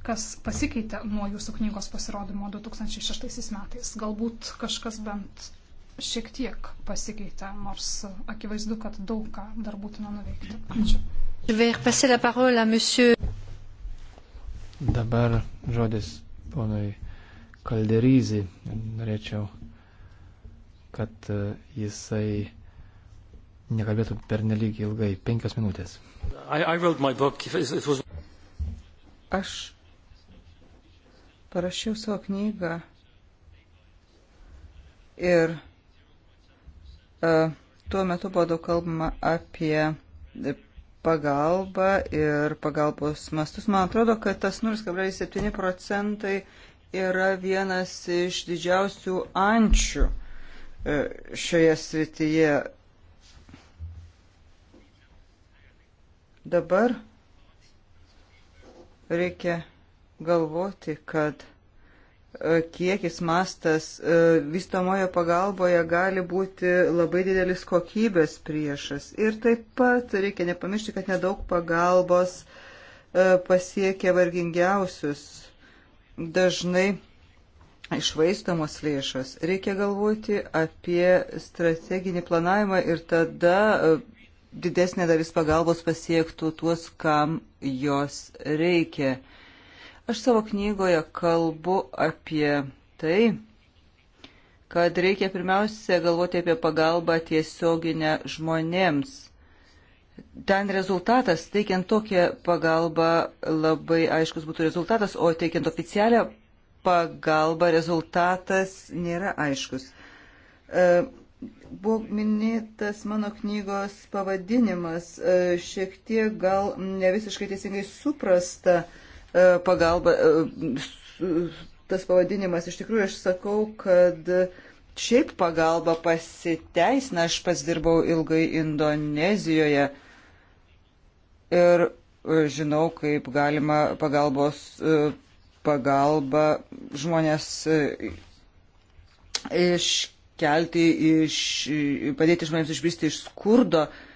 kas pasikeitė nuo jūsų knygos pasirodymo 2006 metais. Galbūt kažkas bent šiek tiek pasikeitė, nors akivaizdu, kad daug ką dar būtina nuveikti. Ačiū. Dabar žodis ponui Kalderyzį. Norėčiau, kad e, jisai nekalbėtų per nelik ilgai, penkios minutės. I, I was... Aš parašiau savo knygą ir E, tuo metu buvo daug kalbama apie pagalbą ir pagalbos mastus. Man atrodo, kad tas 0,7 procentai yra vienas iš didžiausių ančių e, šioje srityje. Dabar reikia galvoti, kad E, kiekis, mastas e, vystomojo pagalboje gali būti labai didelis kokybės priešas. Ir taip pat reikia nepamiršti, kad nedaug pagalbos e, pasiekia vargingiausius, dažnai išvaistamos lėšos. Reikia galvoti apie strateginį planavimą ir tada didesnė dalis pagalbos pasiektų tuos, kam jos reikia Aš savo knygoje kalbu apie tai, kad reikia pirmiausia galvoti apie pagalbą tiesioginę žmonėms. Ten rezultatas, teikiant tokią pagalbą, labai aiškus būtų rezultatas, o teikiant oficialią pagalbą rezultatas nėra aiškus. E, buvo minėtas mano knygos pavadinimas, e, šiek tiek gal ne visiškai teisingai suprasta, E, pagalba. E, tas pavadinimas, iš tikrųjų, aš sakau, kad šiaip pagalba pasiteisina. Aš pats dirbau ilgai Indonezijoje ir e, žinau, kaip galima pagalbos pagalba žmonės iškelti, iš, padėti žmonėms išbristi iš skurdo. Uh,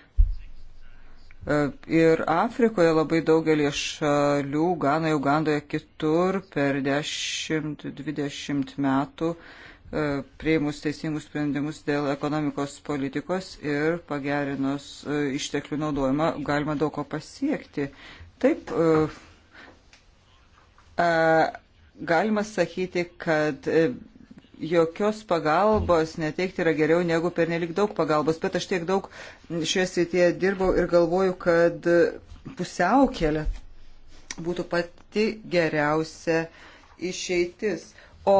E, ir Afrikoje labai daugelį šalių, Ganoje, Ugandoje, kitur per 10-20 metų e, prieimus teisingus sprendimus dėl ekonomikos politikos ir pagerinus e, išteklių naudojimą galima daug ko pasiekti. Taip, galima sakyti, kad jokios pagalbos neteikti yra geriau negu pernelik daug pagalbos, bet aš tiek daug šioje srityje dirbau ir galvoju, kad pusiaukelė būtų pati geriausia išeitis. O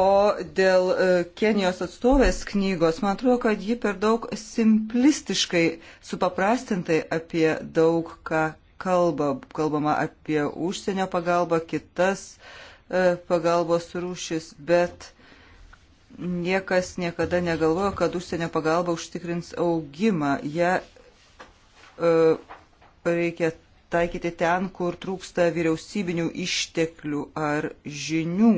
dėl e, Kenijos atstovės knygos, man atrodo, kad ji per daug simplistiškai, supaprastintai apie daug ką kalba. Kalbama apie užsienio pagalbą, kitas e, pagalbos rūšis, bet niekas niekada negalvojo, kad užsienio pagalba užtikrins augimą. Ja e, reikia taikyti ten, kur trūksta vyriausybinių išteklių ar žinių.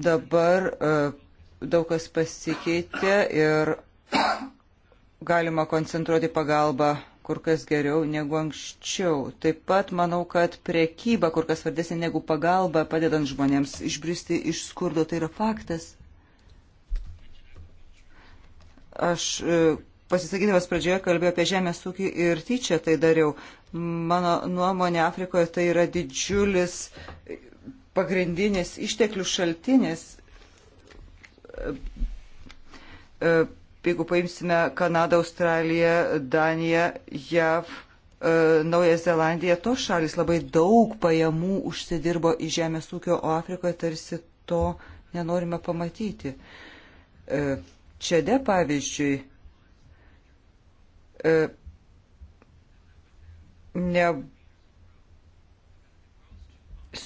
Dabar e, daug kas pasikeitė ir galima koncentruoti pagalbą kur kas geriau negu anksčiau. Taip pat manau, kad priekyba kur kas svarbesnė negu pagalba padedant žmonėms išbristi iš skurdo, tai yra faktas. Aš e, pasisakydamas pradžioje kalbėjau apie žemės ūkį ir tyčia tai dariau. Mano nuomonė Afrikoje tai yra didžiulis pagrindinis išteklių šaltinis e, e, Jeigu paimsime Kanadą, Australiją, Daniją, JAV, e, Naują Zelandiją, tos šalis labai daug pajamų užsidirbo į žemės ūkio, o Afrikoje tarsi to nenorime pamatyti. E, Čede, pavyzdžiui, e, ne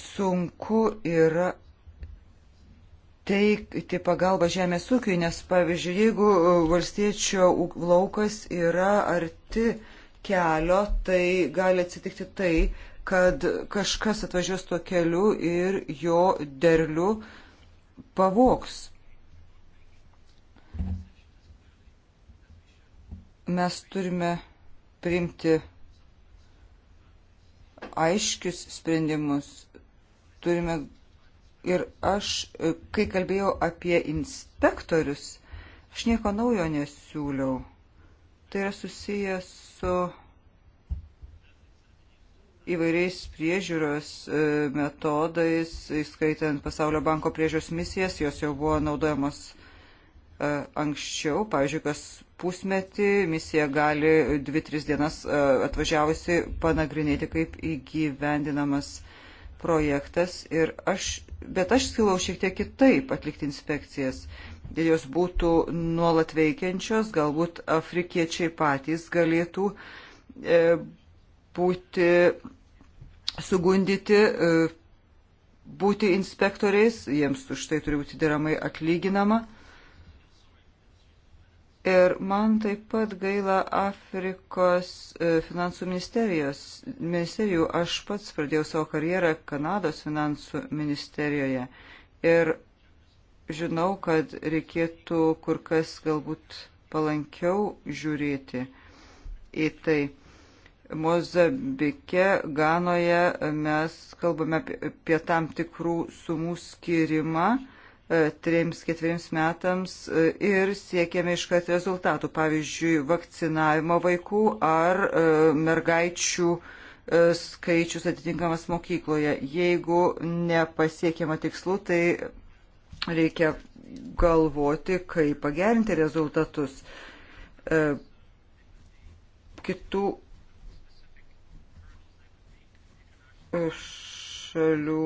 sunku yra teikti pagalbą žemės ūkiui, nes pavyzdžiui, jeigu e, valstiečio laukas yra arti kelio, tai gali atsitikti tai, kad kažkas atvažiuos tuo keliu ir jo derlių pavoks. Mes turime priimti aiškius sprendimus, turime Ir aš, e, kai kalbėjau apie inspektorius, aš nieko naujo nesiūliau. Tai yra susijęs su įvairiais priežiūros e, metodais, įskaitant Pasaulio banko priežiūros misijas, jos jau buvo naudojamos e, anksčiau, pavyzdžiui, kas pusmetį misija gali 2-3 dienas atvažiavusi panagrinėti, kaip įgyvendinamas projektas. Ir aš bet aš siūlau šiek tiek kitaip atlikti inspekcijas. Jos būtų nuolat veikiančios, galbūt afrikiečiai patys galėtų e, būti sugundyti, e, būti inspektoriais, jiems už tai turi būti deramai atlyginama. Ir man taip pat gaila Afrikos e, finansų ministerijos. Ministerijų aš pats pradėjau savo karjerą Kanados finansų ministerijoje. Ir žinau, kad reikėtų kur kas galbūt palankiau žiūrėti į tai. Mozambike, Ganoje mes kalbame apie tam tikrų sumų skirimą E, trims, ketveriems metams e, ir siekiame iškart rezultatų, pavyzdžiui, vakcinavimo vaikų ar e, mergaičių skaičius atitinkamas mokykloje. Jeigu nepasiekiama tikslų, tai reikia galvoti, kaip pagerinti rezultatus. Kitų šalių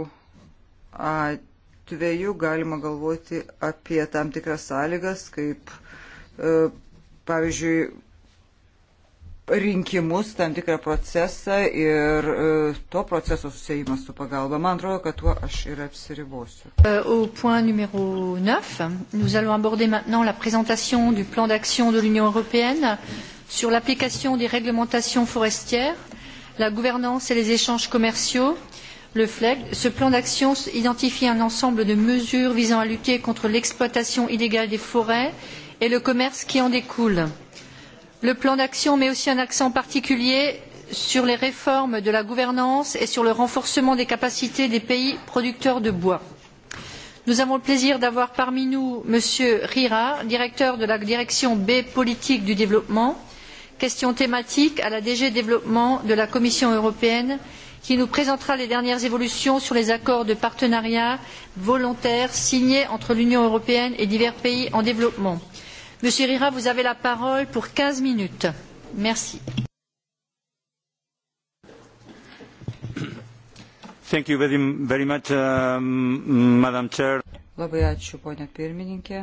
at atveju galima galvoti apie tam tikras sąlygas, kaip e, pavyzdžiui rinkimus, tam tikrą procesą ir e, to proceso susijimas su pagalba. Man atrodo, kad tuo aš ir apsiribosiu. Euh, au point numéro 9, nous allons aborder maintenant la présentation du plan d'action de l'Union européenne sur l'application des réglementations forestières, la gouvernance et les échanges commerciaux le FLEG. Ce plan d'action identifie un ensemble de mesures visant à lutter contre l'exploitation illégale des forêts et le commerce qui en découle. Le plan d'action met aussi un accent particulier sur les réformes de la gouvernance et sur le renforcement des capacités des pays producteurs de bois. Nous avons le plaisir d'avoir parmi nous M. Rira, directeur de la direction B politique du développement, question thématique à la DG développement de la Commission européenne qui nous présentera les dernières évolutions sur les accords de partenariat volontaire signés entre l'Union européenne et divers pays en développement. Monsieur Rira, vous avez la parole pour 15 minutes. Merci. Thank you very, very much, uh, Madam Chair. Labai ačiū, ponia pirmininkė.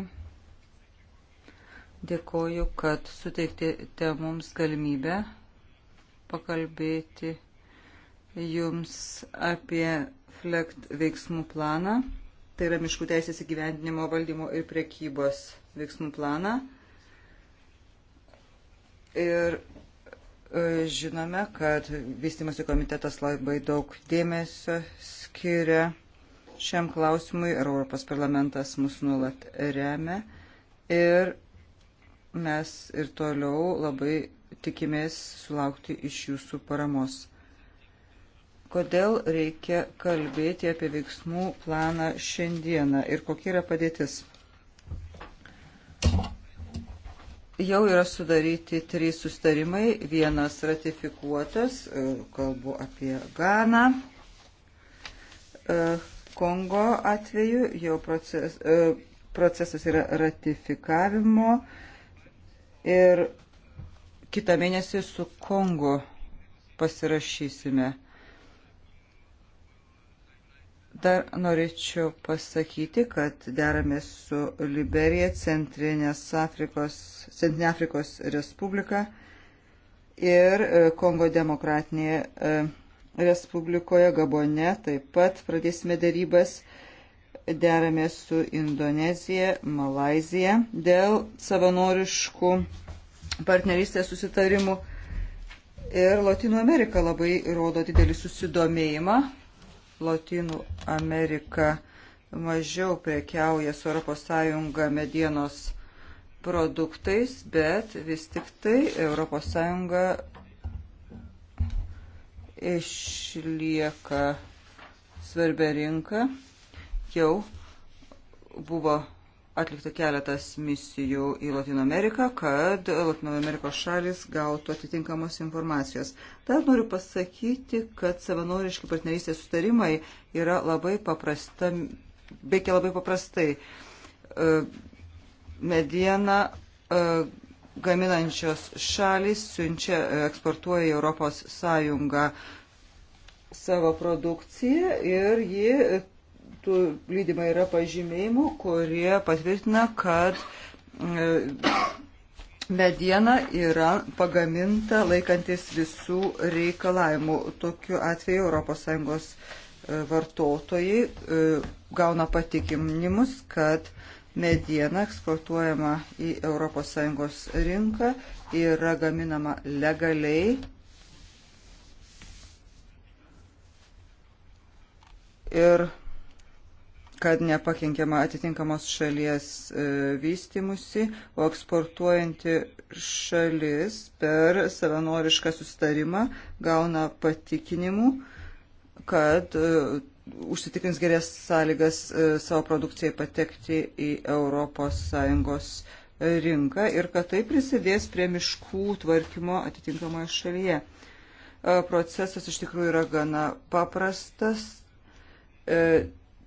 Dėkoju, kad suteikėte mums galimybę pakalbėti Jums apie FLECT veiksmų planą, tai yra miškų teisės įgyvendinimo valdymo ir prekybos veiksmų planą. Ir e, žinome, kad vystimosi komitetas labai daug dėmesio skiria šiam klausimui ir Europos parlamentas mus nuolat remia. Ir mes ir toliau labai tikimės sulaukti iš jūsų paramos. Kodėl reikia kalbėti apie veiksmų planą šiandieną ir kokia yra padėtis? Jau yra sudaryti trys sustarimai, vienas ratifikuotas, e, kalbu apie Ganą, e, Kongo atveju, jau proces, e, procesas yra ratifikavimo ir kitą mėnesį su Kongo pasirašysime. Dar norėčiau pasakyti, kad deramės su Liberija, Centrinės Afrikos, Centrinė Afrikos Respublika ir e, Kongo Demokratinėje e, Respublikoje, Gabone taip pat pradėsime darybas. Deramės su Indonezija, Malazija dėl savanoriškų partnerystės susitarimų. Ir Latino Amerika labai rodo didelį susidomėjimą Latinų Amerika mažiau prekiauja su ES medienos produktais, bet vis tik tai ES išlieka svarbia rinka. Jau buvo atlikta keletas misijų į Latino Ameriką, kad Latino Amerikos šalis gautų atitinkamos informacijos. Dar noriu pasakyti, kad savanoriški partnerystės sutarimai yra labai paprasta, veikia labai paprastai. E, Medieną e, gaminančios šalis siunčia, e, eksportuoja į Europos Sąjungą savo produkciją ir ji metų lydima yra pažymėjimų, kurie patvirtina, kad e, mediena yra pagaminta laikantis visų reikalavimų. Tokiu atveju ES e, vartotojai e, gauna patikinimus, kad mediena eksportuojama į ES rinką yra gaminama legaliai. Ir kad nepakenkiama atitinkamos šalies e, vystimusi, o eksportuojanti šalis per savanorišką sustarimą gauna patikinimų, kad e, užsitikrins gerės sąlygas e, savo produkcijai patekti į ES rinką ir kad tai prisidės prie miškų tvarkymo atitinkamoje šalyje. Procesas iš tikrųjų yra gana paprastas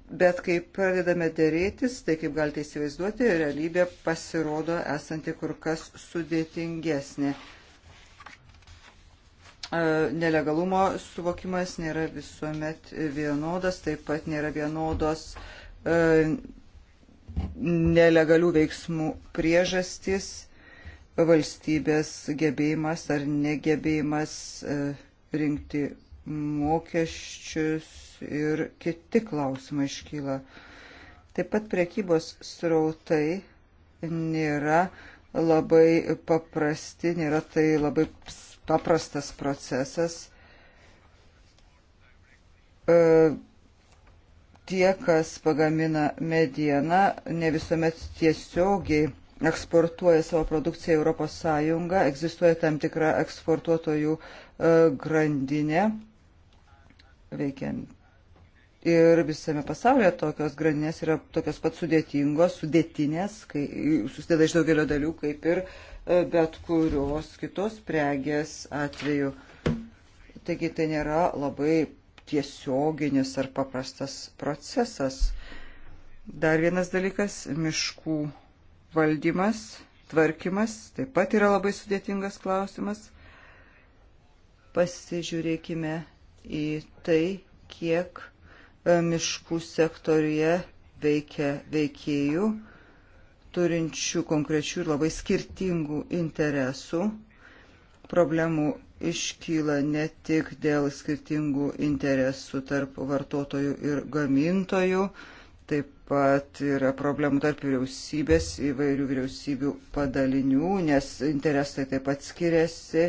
Bet kai pradedame dėrėtis, tai kaip galite įsivaizduoti, realybė pasirodo esanti kur kas sudėtingesnė. E, nelegalumo suvokimas nėra visuomet vienodas, taip pat nėra vienodos e, nelegalių veiksmų priežastis, valstybės gebėjimas ar negebėjimas e, rinkti mokesčius ir kiti klausimai iškyla. Taip pat prekybos srautai nėra labai paprasti, nėra tai labai paprastas procesas. E, tie, kas pagamina medieną, ne visuomet tiesiogiai eksportuoja savo produkciją į Europos Sąjungą, egzistuoja tam tikra eksportuotojų e, grandinė, veikiant Ir visame pasaulyje tokios grandinės yra tokios pat sudėtingos, sudėtinės, kai susideda iš daugelio dalių, kaip ir e, bet kurios kitos prekės atveju. Taigi tai nėra labai tiesioginis ar paprastas procesas. Dar vienas dalykas - miškų valdymas, tvarkymas, taip pat yra labai sudėtingas klausimas. Pasižiūrėkime į tai, kiek E, miškų sektoriuje veikia veikėjų, turinčių konkrečių ir labai skirtingų interesų. Problemų iškyla ne tik dėl skirtingų interesų tarp vartotojų ir gamintojų, Taip pat yra problemų tarp vyriausybės įvairių vyriausybių padalinių, nes interesai taip pat skiriasi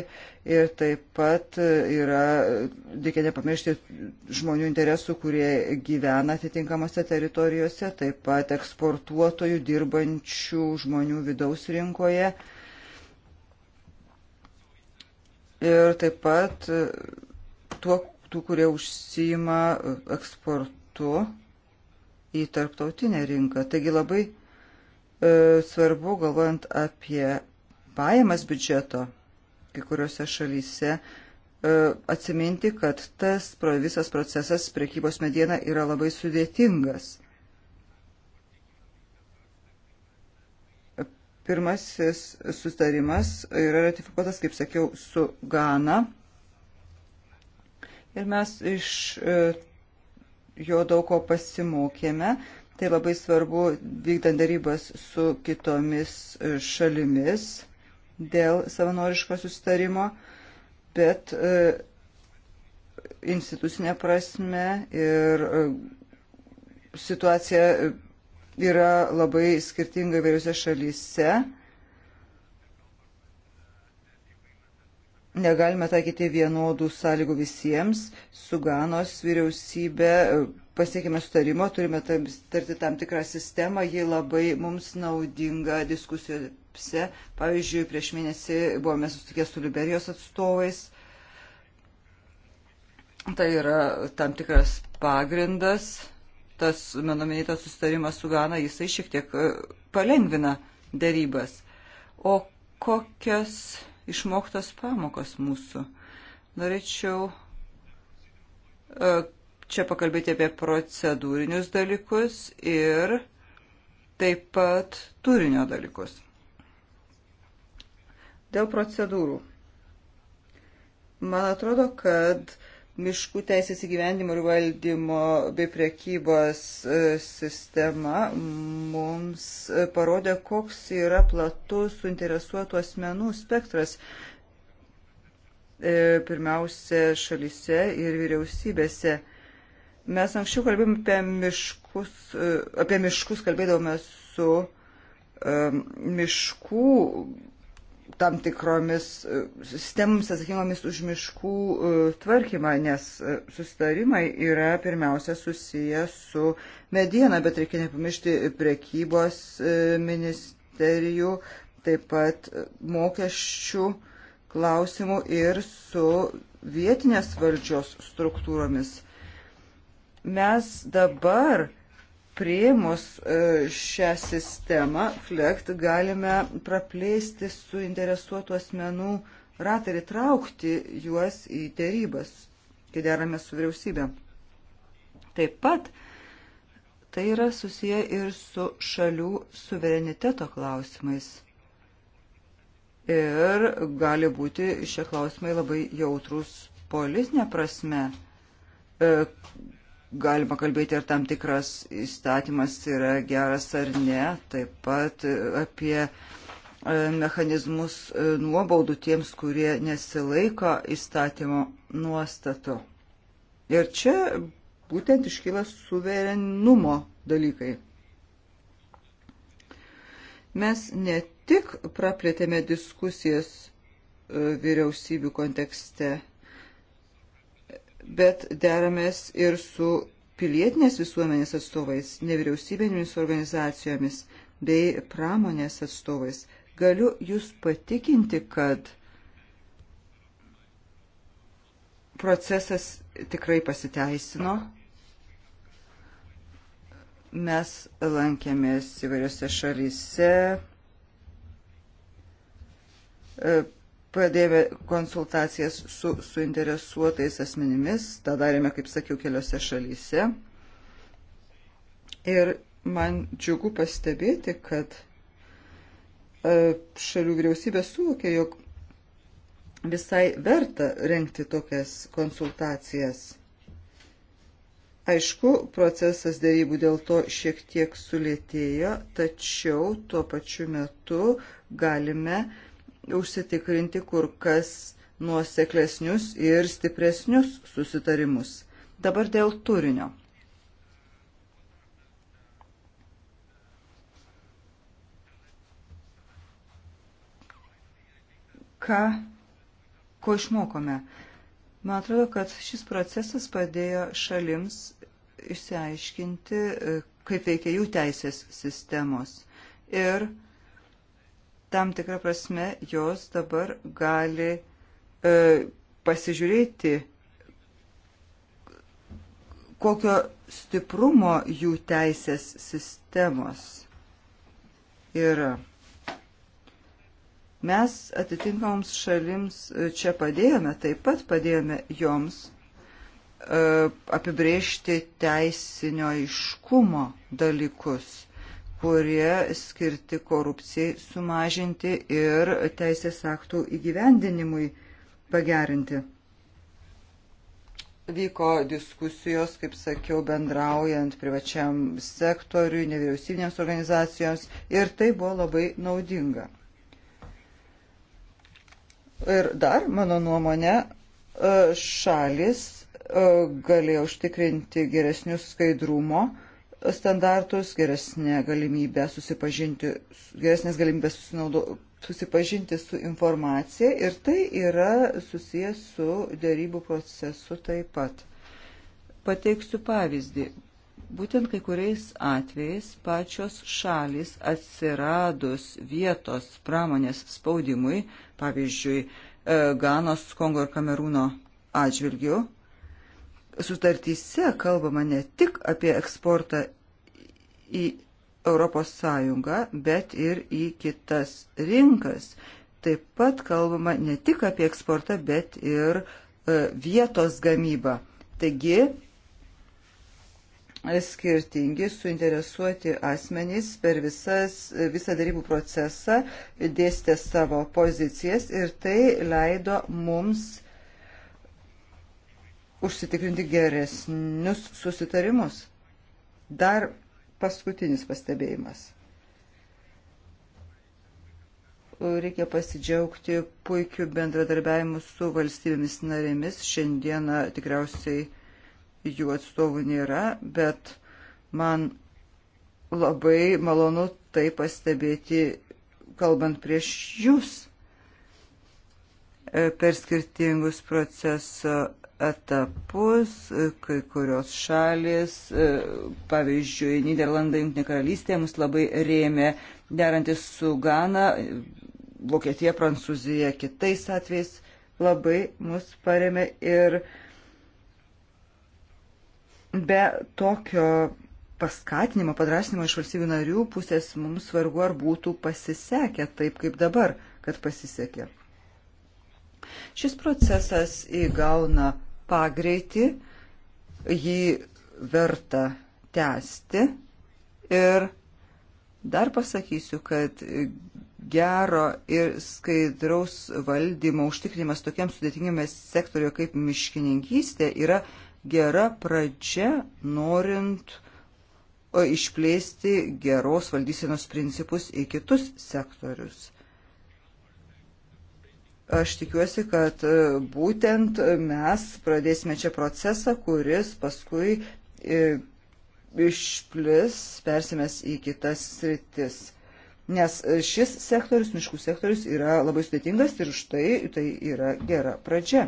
ir taip pat yra, reikia nepamiršti, žmonių interesų, kurie gyvena atitinkamose teritorijose, taip pat eksportuotojų dirbančių žmonių vidaus rinkoje. Ir taip pat tuo, tų, kurie užsima eksportu į tarptautinę rinką. Taigi labai e, svarbu, galvojant apie pajamas biudžeto kai kuriuose šalyse, e, atsiminti, kad tas pro, visas procesas priekybos mediena yra labai sudėtingas. Pirmasis sustarimas yra ratifikuotas, kaip sakiau, su Gana. Ir mes iš e, jo daug ko pasimokėme. Tai labai svarbu vykdant darybas su kitomis e, šalimis dėl savanoriško sustarimo, bet e, institucinė prasme ir e, situacija yra labai skirtinga įvairiose šalyse negalime taikyti vienodų sąlygų visiems. Su Ganos vyriausybė e, pasiekime sutarimo, turime tarti tam tikrą sistemą, ji labai mums naudinga diskusijose. Pavyzdžiui, prieš mėnesį buvome susitikę su Liberijos atstovais. Tai yra tam tikras pagrindas, tas mano minėtas sustarimas su Gana, jisai šiek tiek e, palengvina dėrybas. O kokias išmoktos pamokos mūsų. Norėčiau e, čia pakalbėti apie procedūrinius dalykus ir taip pat turinio dalykus. Dėl procedūrų. Man atrodo, kad uh, miškų teisės įgyvendimo ir valdymo bei prekybos e, sistema mums e, parodė, koks yra platus suinteresuotų asmenų spektras. E, pirmiausia, šalyse ir vyriausybėse. Mes anksčiau kalbėjome apie miškus, apie miškus kalbėdavome su miškų tam tikromis e, sistemomis atsakingomis už miškų e, tvarkymą, nes e, sustarimai yra pirmiausia susiję su mediena, bet reikia nepamiršti prekybos ministerijų, taip pat mokesčių klausimų ir su vietinės valdžios struktūromis. Mes dabar prieimus e, šią sistemą, FLECT, galime praplėsti su interesuotų asmenų ratą ir įtraukti juos į dėrybas, kai derame su vyriausybė. Taip pat tai yra susiję ir su šalių suvereniteto klausimais. Ir gali būti šie klausimai labai jautrus politinė prasme e, galima kalbėti, ar tam tikras įstatymas yra geras ar ne, taip pat e, apie e, mechanizmus e, nuobaudų tiems, kurie nesilaiko įstatymo nuostato. Ir čia būtent iškyla suverenumo dalykai. Mes ne tik praplėtėme diskusijas vyriausybių kontekste bet deramės ir su pilietinės visuomenės atstovais, nevyriausybinėmis organizacijomis bei pramonės atstovais. Galiu Jūs patikinti, kad procesas tikrai pasiteisino. Mes lankėmės įvairiose šalyse, padėjome konsultacijas su suinteresuotais asmenimis, tą darėme, kaip sakiau, keliose šalyse. Ir man džiugu pastebėti, kad e, šalių vyriausybė suvokė, jog visai verta renkti tokias konsultacijas. Aišku, procesas dėrybų dėl to šiek tiek sulėtėjo, tačiau tuo pačiu metu galime uh, užsitikrinti kur kas nuoseklesnius ir stipresnius susitarimus. Dabar dėl turinio. Ką, ko išmokome? Man atrodo, kad šis procesas padėjo šalims išsiaiškinti, e, kaip veikia jų teisės sistemos ir tam tikrą prasme jos dabar gali e, pasižiūrėti, kokio stiprumo jų teisės sistemos yra. Mes atitinkamoms šalims čia padėjome, taip pat padėjome joms e, apibriežti teisinio iškumo dalykus kurie skirti korupcijai sumažinti ir teisės aktų įgyvendinimui pagerinti. Vyko diskusijos, kaip sakiau, bendraujant privačiam sektoriui, nevyriausybinėms organizacijoms ir tai buvo labai naudinga. Ir dar, mano nuomonė, e, šalis e, galėjo užtikrinti geresnius skaidrumo standartus, geresnė galimybė susipažinti, geresnės galimybės susipažinti su informacija ir tai yra susijęs su dėrybų procesu taip pat. Pateiksiu pavyzdį. Būtent kai kuriais atvejais pačios šalis atsiradus vietos pramonės spaudimui, pavyzdžiui, e, Ganos, Kongo ir Kamerūno atžvilgių, sutartyse kalbama ne tik apie eksportą į Europos Sąjungą, bet ir į kitas rinkas. Taip pat kalbama ne tik apie eksportą, bet ir e, vietos gamybą. Taigi, skirtingi suinteresuoti asmenys per visas, visą darybų procesą dėstė savo pozicijas ir tai leido mums užsitikrinti geresnius susitarimus. Dar paskutinis pastebėjimas. Reikia pasidžiaugti puikiu bendradarbiavimu su valstybėmis narėmis. Šiandieną tikriausiai jų atstovų nėra, bet man labai malonu tai pastebėti, kalbant prieš jūs e, per skirtingus proceso etapus, kai kurios šalis, e, pavyzdžiui, Niderlandai, Junktinė karalystė mus labai rėmė derantis su Gana, Vokietija, Prancūzija, kitais atvejais labai mus paremė ir be tokio paskatinimo, padrasinimo iš valstybių narių pusės mums svarbu ar būtų pasisekę taip kaip dabar, kad pasisekė. Šis procesas įgauna pagreitį, jį verta tęsti. Ir dar pasakysiu, kad gero ir skaidraus valdymo užtikrinimas tokiam sudėtingame sektoriu kaip miškininkystė yra gera pradžia norint išplėsti geros valdysenos principus į kitus sektorius. Aš tikiuosi, kad e, būtent e, mes pradėsime čia procesą, kuris paskui e, išplis, persimės į kitas sritis. Nes šis sektorius, miškų sektorius, yra labai sudėtingas ir už tai tai yra gera pradžia.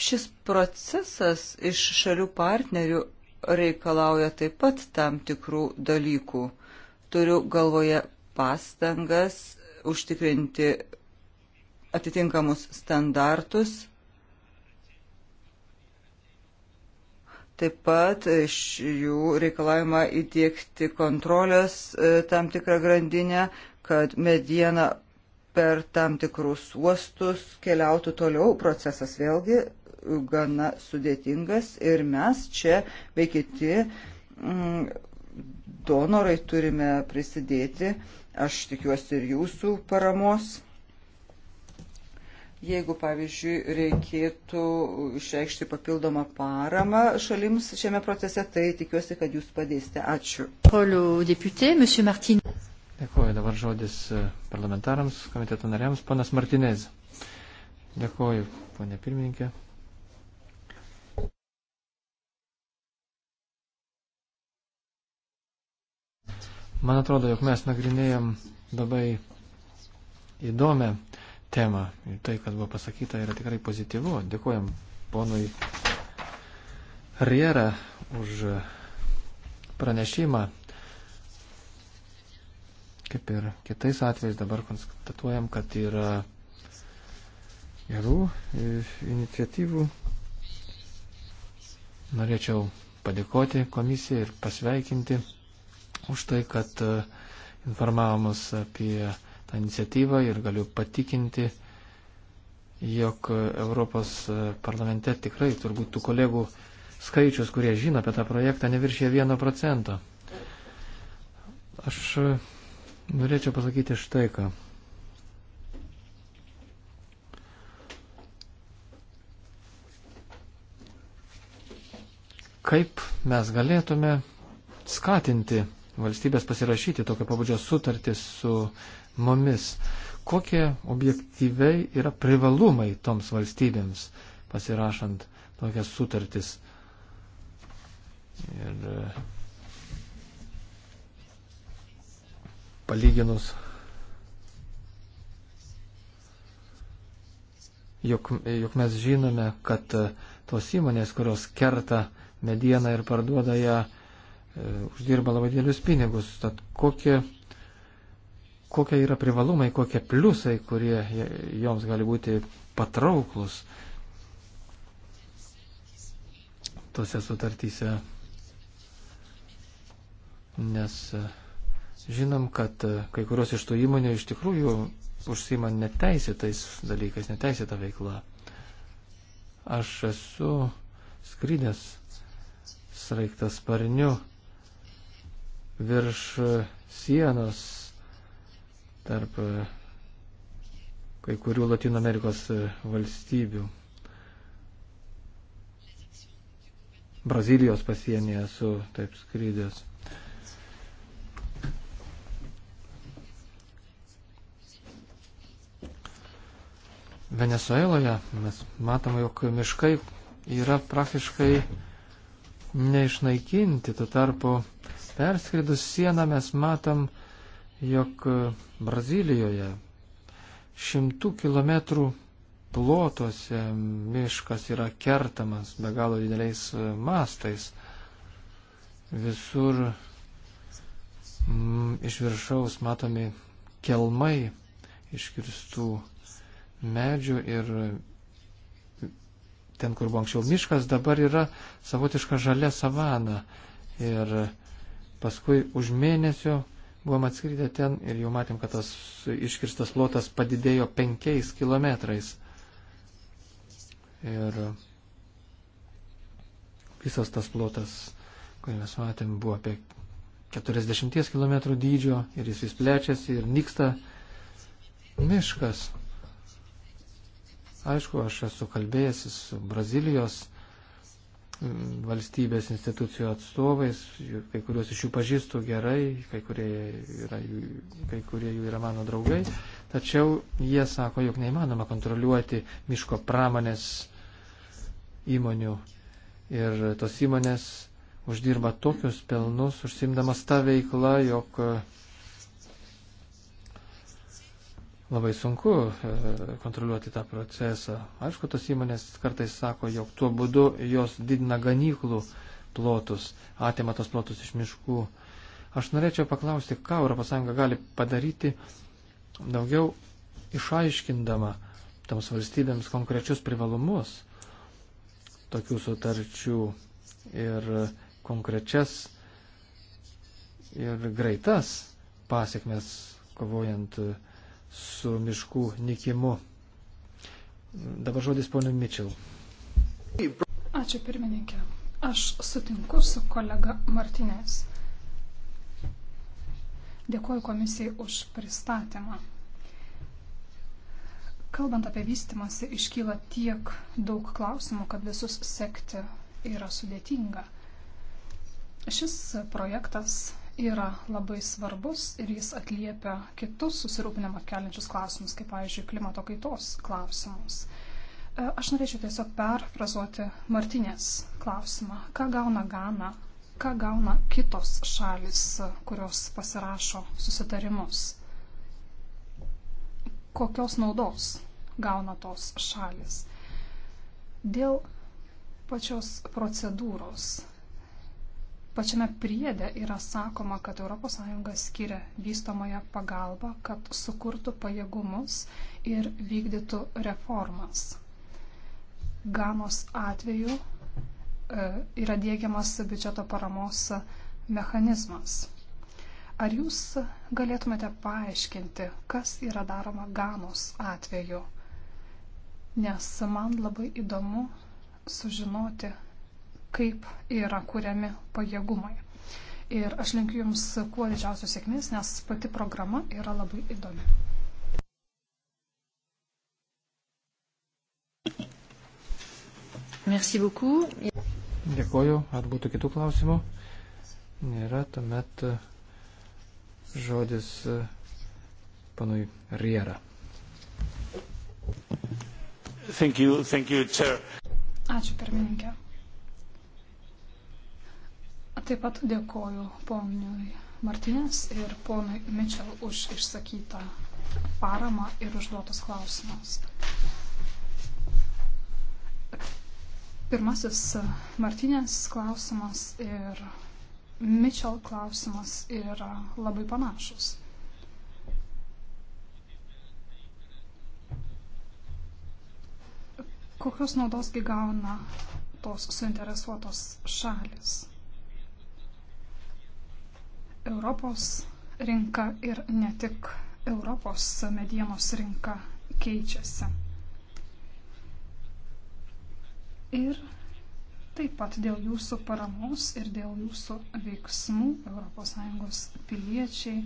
Šis procesas iš šalių partnerių reikalauja taip pat tam tikrų dalykų Turiu galvoje pastangas užtikrinti atitinkamus standartus. Taip pat iš jų reikalavimą įdėkti kontrolės e, tam tikrą grandinę, kad mediena per tam tikrus uostus keliautų toliau. Procesas vėlgi gana sudėtingas ir mes čia bei kiti mm, to norai turime prisidėti. Aš tikiuosi ir jūsų paramos. Jeigu, pavyzdžiui, reikėtų išreikšti papildomą paramą šalims šiame procese, tai tikiuosi, kad jūs padėsite. Ačiū. Dėkuoju dabar žodis e, parlamentarams, komiteto nariams, ponas Martinez. Dėkuoju, ponė pirmininkė. Man atrodo, jog mes nagrinėjom labai įdomią temą. Tai, kas buvo pasakyta, yra tikrai pozityvu. Dėkojam ponui Riera už pranešimą. Kaip ir kitais atvejais dabar konstatuojam, kad yra gerų iniciatyvų. Norėčiau padėkoti komisijai ir pasveikinti už tai, kad e, informavomus apie tą iniciatyvą ir galiu patikinti, jog Europos e, parlamente tikrai turbūt tų kolegų skaičius, kurie žino apie tą projektą, neviršė vieno procento. Aš e, norėčiau pasakyti štai ką. Kaip mes galėtume skatinti valstybės pasirašyti tokio pabudžio sutartis su mumis. Kokie objektyviai yra privalumai toms valstybėms pasirašant tokias sutartis? Ir e, palyginus, juk, juk mes žinome, kad e, tos įmonės, kurios kerta medieną ir parduoda ją, E, uždirba labai didelius pinigus. Tad kokie, kokie yra privalumai, kokie pliusai, kurie joms gali būti patrauklus tose sutartyse. Nes e, žinom, kad e, kai kurios iš tų įmonių iš tikrųjų užsima neteisėtais dalykais, neteisėta veikla. Aš esu skrydęs sraigtas sparniu virš e, sienos tarp e, kai kurių Latino Amerikos e, valstybių. Brazilijos pasienyje su taip skrydės. Venezueloje mes matome, jog miškai yra praktiškai neišnaikinti, tuo tarpu Perskridus sieną mes matom, jog Brazilijoje šimtų kilometrų plotuose miškas yra kertamas be galo dideliais mastais. Visur mm, iš viršaus matomi kelmai iškirstų medžių ir ten, kur buvo anksčiau miškas, dabar yra savotiška žalia savana. Ir paskui už mėnesio buvom atskridę ten ir jau matėm, kad tas iškirstas plotas padidėjo penkiais kilometrais. Ir visas tas plotas, kurį mes matėm, buvo apie 40 km dydžio ir jis vis plečiasi ir nyksta miškas. Aišku, aš esu kalbėjęs su Brazilijos valstybės institucijų atstovais, kai kuriuos iš jų pažįstu gerai, kai kurie, yra, kai kurie jų yra mano draugai, tačiau jie sako, jog neįmanoma kontroliuoti miško pramonės įmonių ir tos įmonės uždirba tokius pelnus, užsimdamas tą veiklą, jog uh, labai sunku e, kontroliuoti tą procesą. Aišku, tos įmonės kartais sako, jog tuo būdu jos didina ganyklų plotus, atima tos plotus iš miškų. Aš norėčiau paklausti, ką ES gali padaryti daugiau išaiškindama toms valstybėms konkrečius privalumus tokių sutarčių ir konkrečias ir greitas pasiekmes kovojant uh, su miškų nikimu. Dabar žodis ponui Mitchell. Ačiū pirmininkė. Aš sutinku su kolega Martinės. Dėkuoju komisijai už pristatymą. Kalbant apie vystimąsi, iškyla tiek daug klausimų, kad visus sekti yra sudėtinga. Šis projektas yra labai svarbus ir jis atliepia kitus susirūpinimą keliančius klausimus, kaip, pavyzdžiui, klimato kaitos klausimus. E, aš norėčiau tiesiog perfrazuoti Martinės klausimą. Ką gauna Gana, ką gauna kitos šalis, kurios pasirašo susitarimus? Kokios naudos gauna tos šalis? Dėl pačios procedūros Pačiame priede yra sakoma, kad ES skiria vystomąją pagalbą, kad sukurtų pajėgumus ir vykdytų reformas. Ganos atveju e, yra dėgiamas biudžeto paramos mechanizmas. Ar jūs galėtumėte paaiškinti, kas yra daroma Ganos atveju? Nes man labai įdomu sužinoti, kaip yra kuriami pajėgumai. Ir aš linkiu Jums kuo didžiausios sėkmės, nes pati programa yra labai įdomi. Merci beaucoup. Dėkoju. Ar būtų kitų klausimų? Nėra. Tuomet e, žodis e, panui Riera. Thank you, thank you, chair. Ačiū pirmininkė. Taip pat dėkoju poniui Martinės ir ponui Mitchell už išsakytą paramą ir užduotus klausimus. Pirmasis Martinės klausimas ir Mitchell klausimas yra labai panašus. Kokios naudos gauna tos suinteresuotos šalis? Europos rinka ir ne tik Europos medienos rinka keičiasi. Ir taip pat dėl jūsų paramos ir dėl jūsų veiksmų ES piliečiai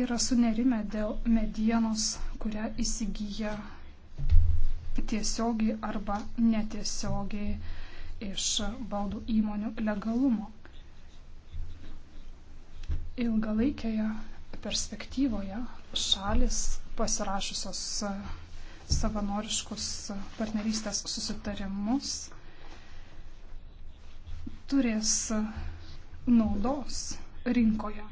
yra sunerime dėl medienos, kurią įsigyja tiesiogiai arba netiesiogiai iš baldų įmonių legalumo. Ilgalaikėje perspektyvoje šalis pasirašusios e, savanoriškus e, partnerystės susitarimus turės e, naudos rinkoje,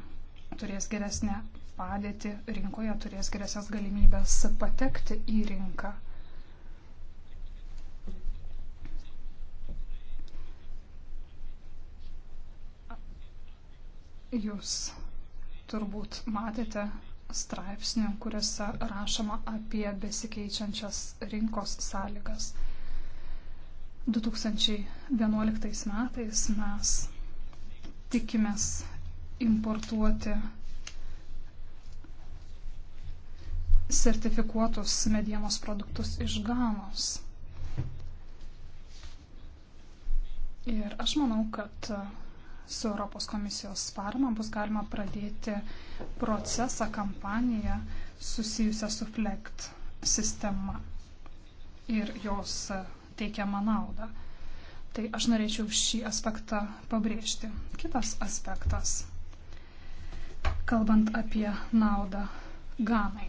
turės geresnę padėtį rinkoje, turės geresnės galimybės patekti į rinką. Jūs turbūt matėte straipsnių, kuriuose rašoma apie besikeičiančias rinkos sąlygas. 2011 metais mes tikimės importuoti sertifikuotus medienos produktus iš Ganos. Ir aš manau, kad su Europos komisijos parama bus galima pradėti procesą, kampaniją susijusią su FLECT sistema ir jos teikiamą naudą. Tai aš norėčiau šį aspektą pabrėžti. Kitas aspektas, kalbant apie naudą Ganai.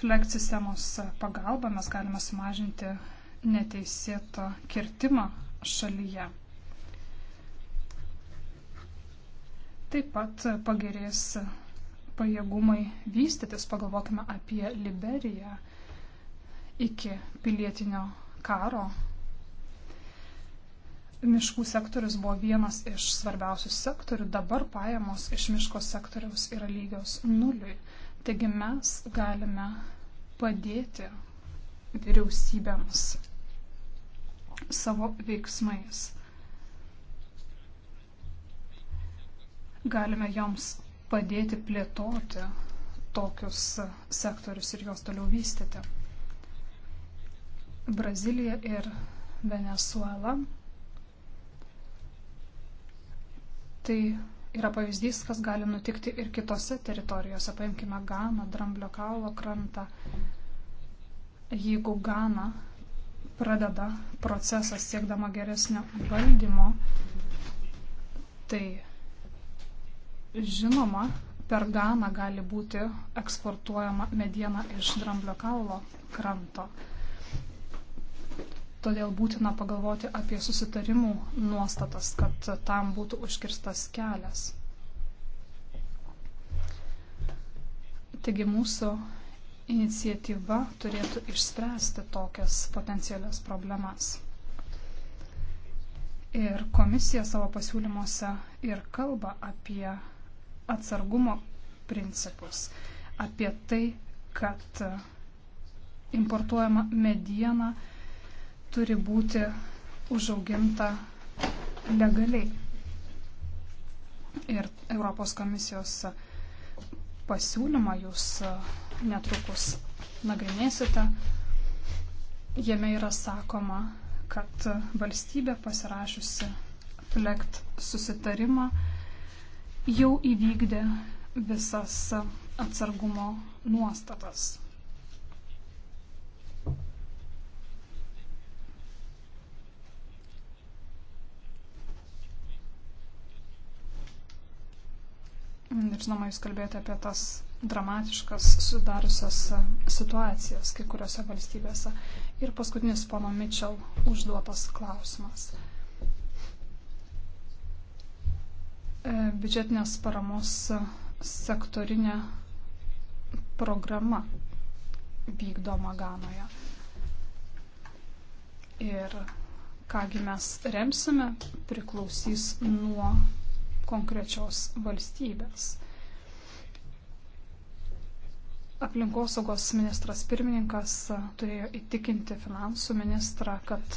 FLECT sistemos pagalba mes galime sumažinti neteisėtą kirtimą šalyje. Taip pat pagerės pajėgumai vystytis, pagalvokime apie Liberiją iki pilietinio karo. Miškų sektorius buvo vienas iš svarbiausių sektorių, dabar pajamos iš miško sektoriaus yra lygios nuliui. Taigi mes galime padėti vyriausybėms savo veiksmais. Galime joms padėti plėtoti tokius sektorius ir juos toliau vystyti. Brazilija ir Venezuela. Tai yra pavyzdys, kas gali nutikti ir kitose teritorijose. Paimkime Ganą, Dramblio kaulo krantą. Jeigu Gana pradeda procesą siekdama geresnio valdymo, tai žinoma, per Ganą gali būti eksportuojama mediena iš dramblio kaulo kranto. Todėl būtina pagalvoti apie susitarimų nuostatas, kad tam būtų užkirstas kelias. Taigi mūsų iniciatyva turėtų išspręsti tokias potencialias problemas. Ir komisija savo pasiūlymuose ir kalba apie atsargumo principus, apie tai, kad importuojama mediena turi būti užauginta legaliai. Ir Europos komisijos pasiūlymą jūs netrukus nagrinėsite. Jame yra sakoma, kad valstybė pasirašiusi flekt susitarimą jau įvykdė visas atsargumo nuostatas. Ir žinoma, jūs kalbėjote apie tas dramatiškas sudariusias situacijas kai kuriuose valstybėse. Ir paskutinis pono Mitchell užduotas klausimas. E, biudžetinės paramos sektorinė programa vykdoma Ganoje. Ir kągi mes remsime priklausys nuo konkrečios valstybės. Aplinkosaugos ministras pirmininkas turėjo įtikinti finansų ministrą, kad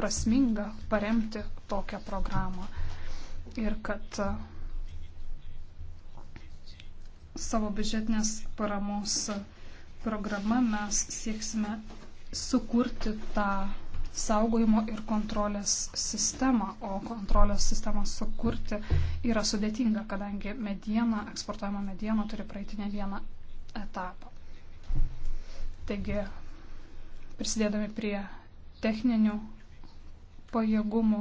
prasminga paremti tokią programą ir kad savo biudžetinės paramos programa mes sieksime sukurti tą saugojimo ir kontrolės sistemą, o kontrolės sistemą sukurti yra sudėtinga, kadangi mediena, eksportuojama mediena turi praeiti ne vieną etapo. Taigi, prisidėdami prie techninių pajėgumų,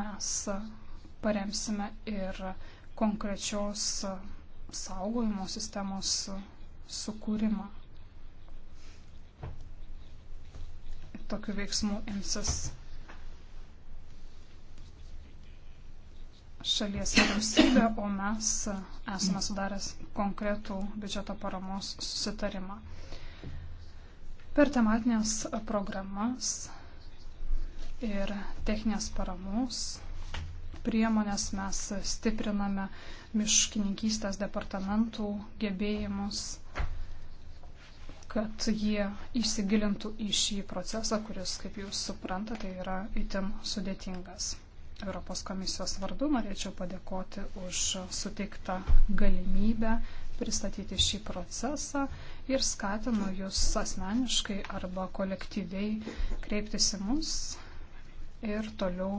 mes paremsime ir konkrečios saugojimo sistemos sukūrimą. Tokių veiksmų imsis šalies vyriausybė, o mes esame sudaręs konkretų biudžeto paramos susitarimą. Per tematinės programas ir techninės paramos priemonės mes stipriname miškininkystės departamentų gebėjimus, kad jie įsigilintų į šį procesą, kuris, kaip jūs suprantate, yra itin sudėtingas. Europos komisijos vardu norėčiau padėkoti už suteiktą galimybę pristatyti šį procesą ir skatinu jūs asmeniškai arba kolektyviai kreiptis į mus ir toliau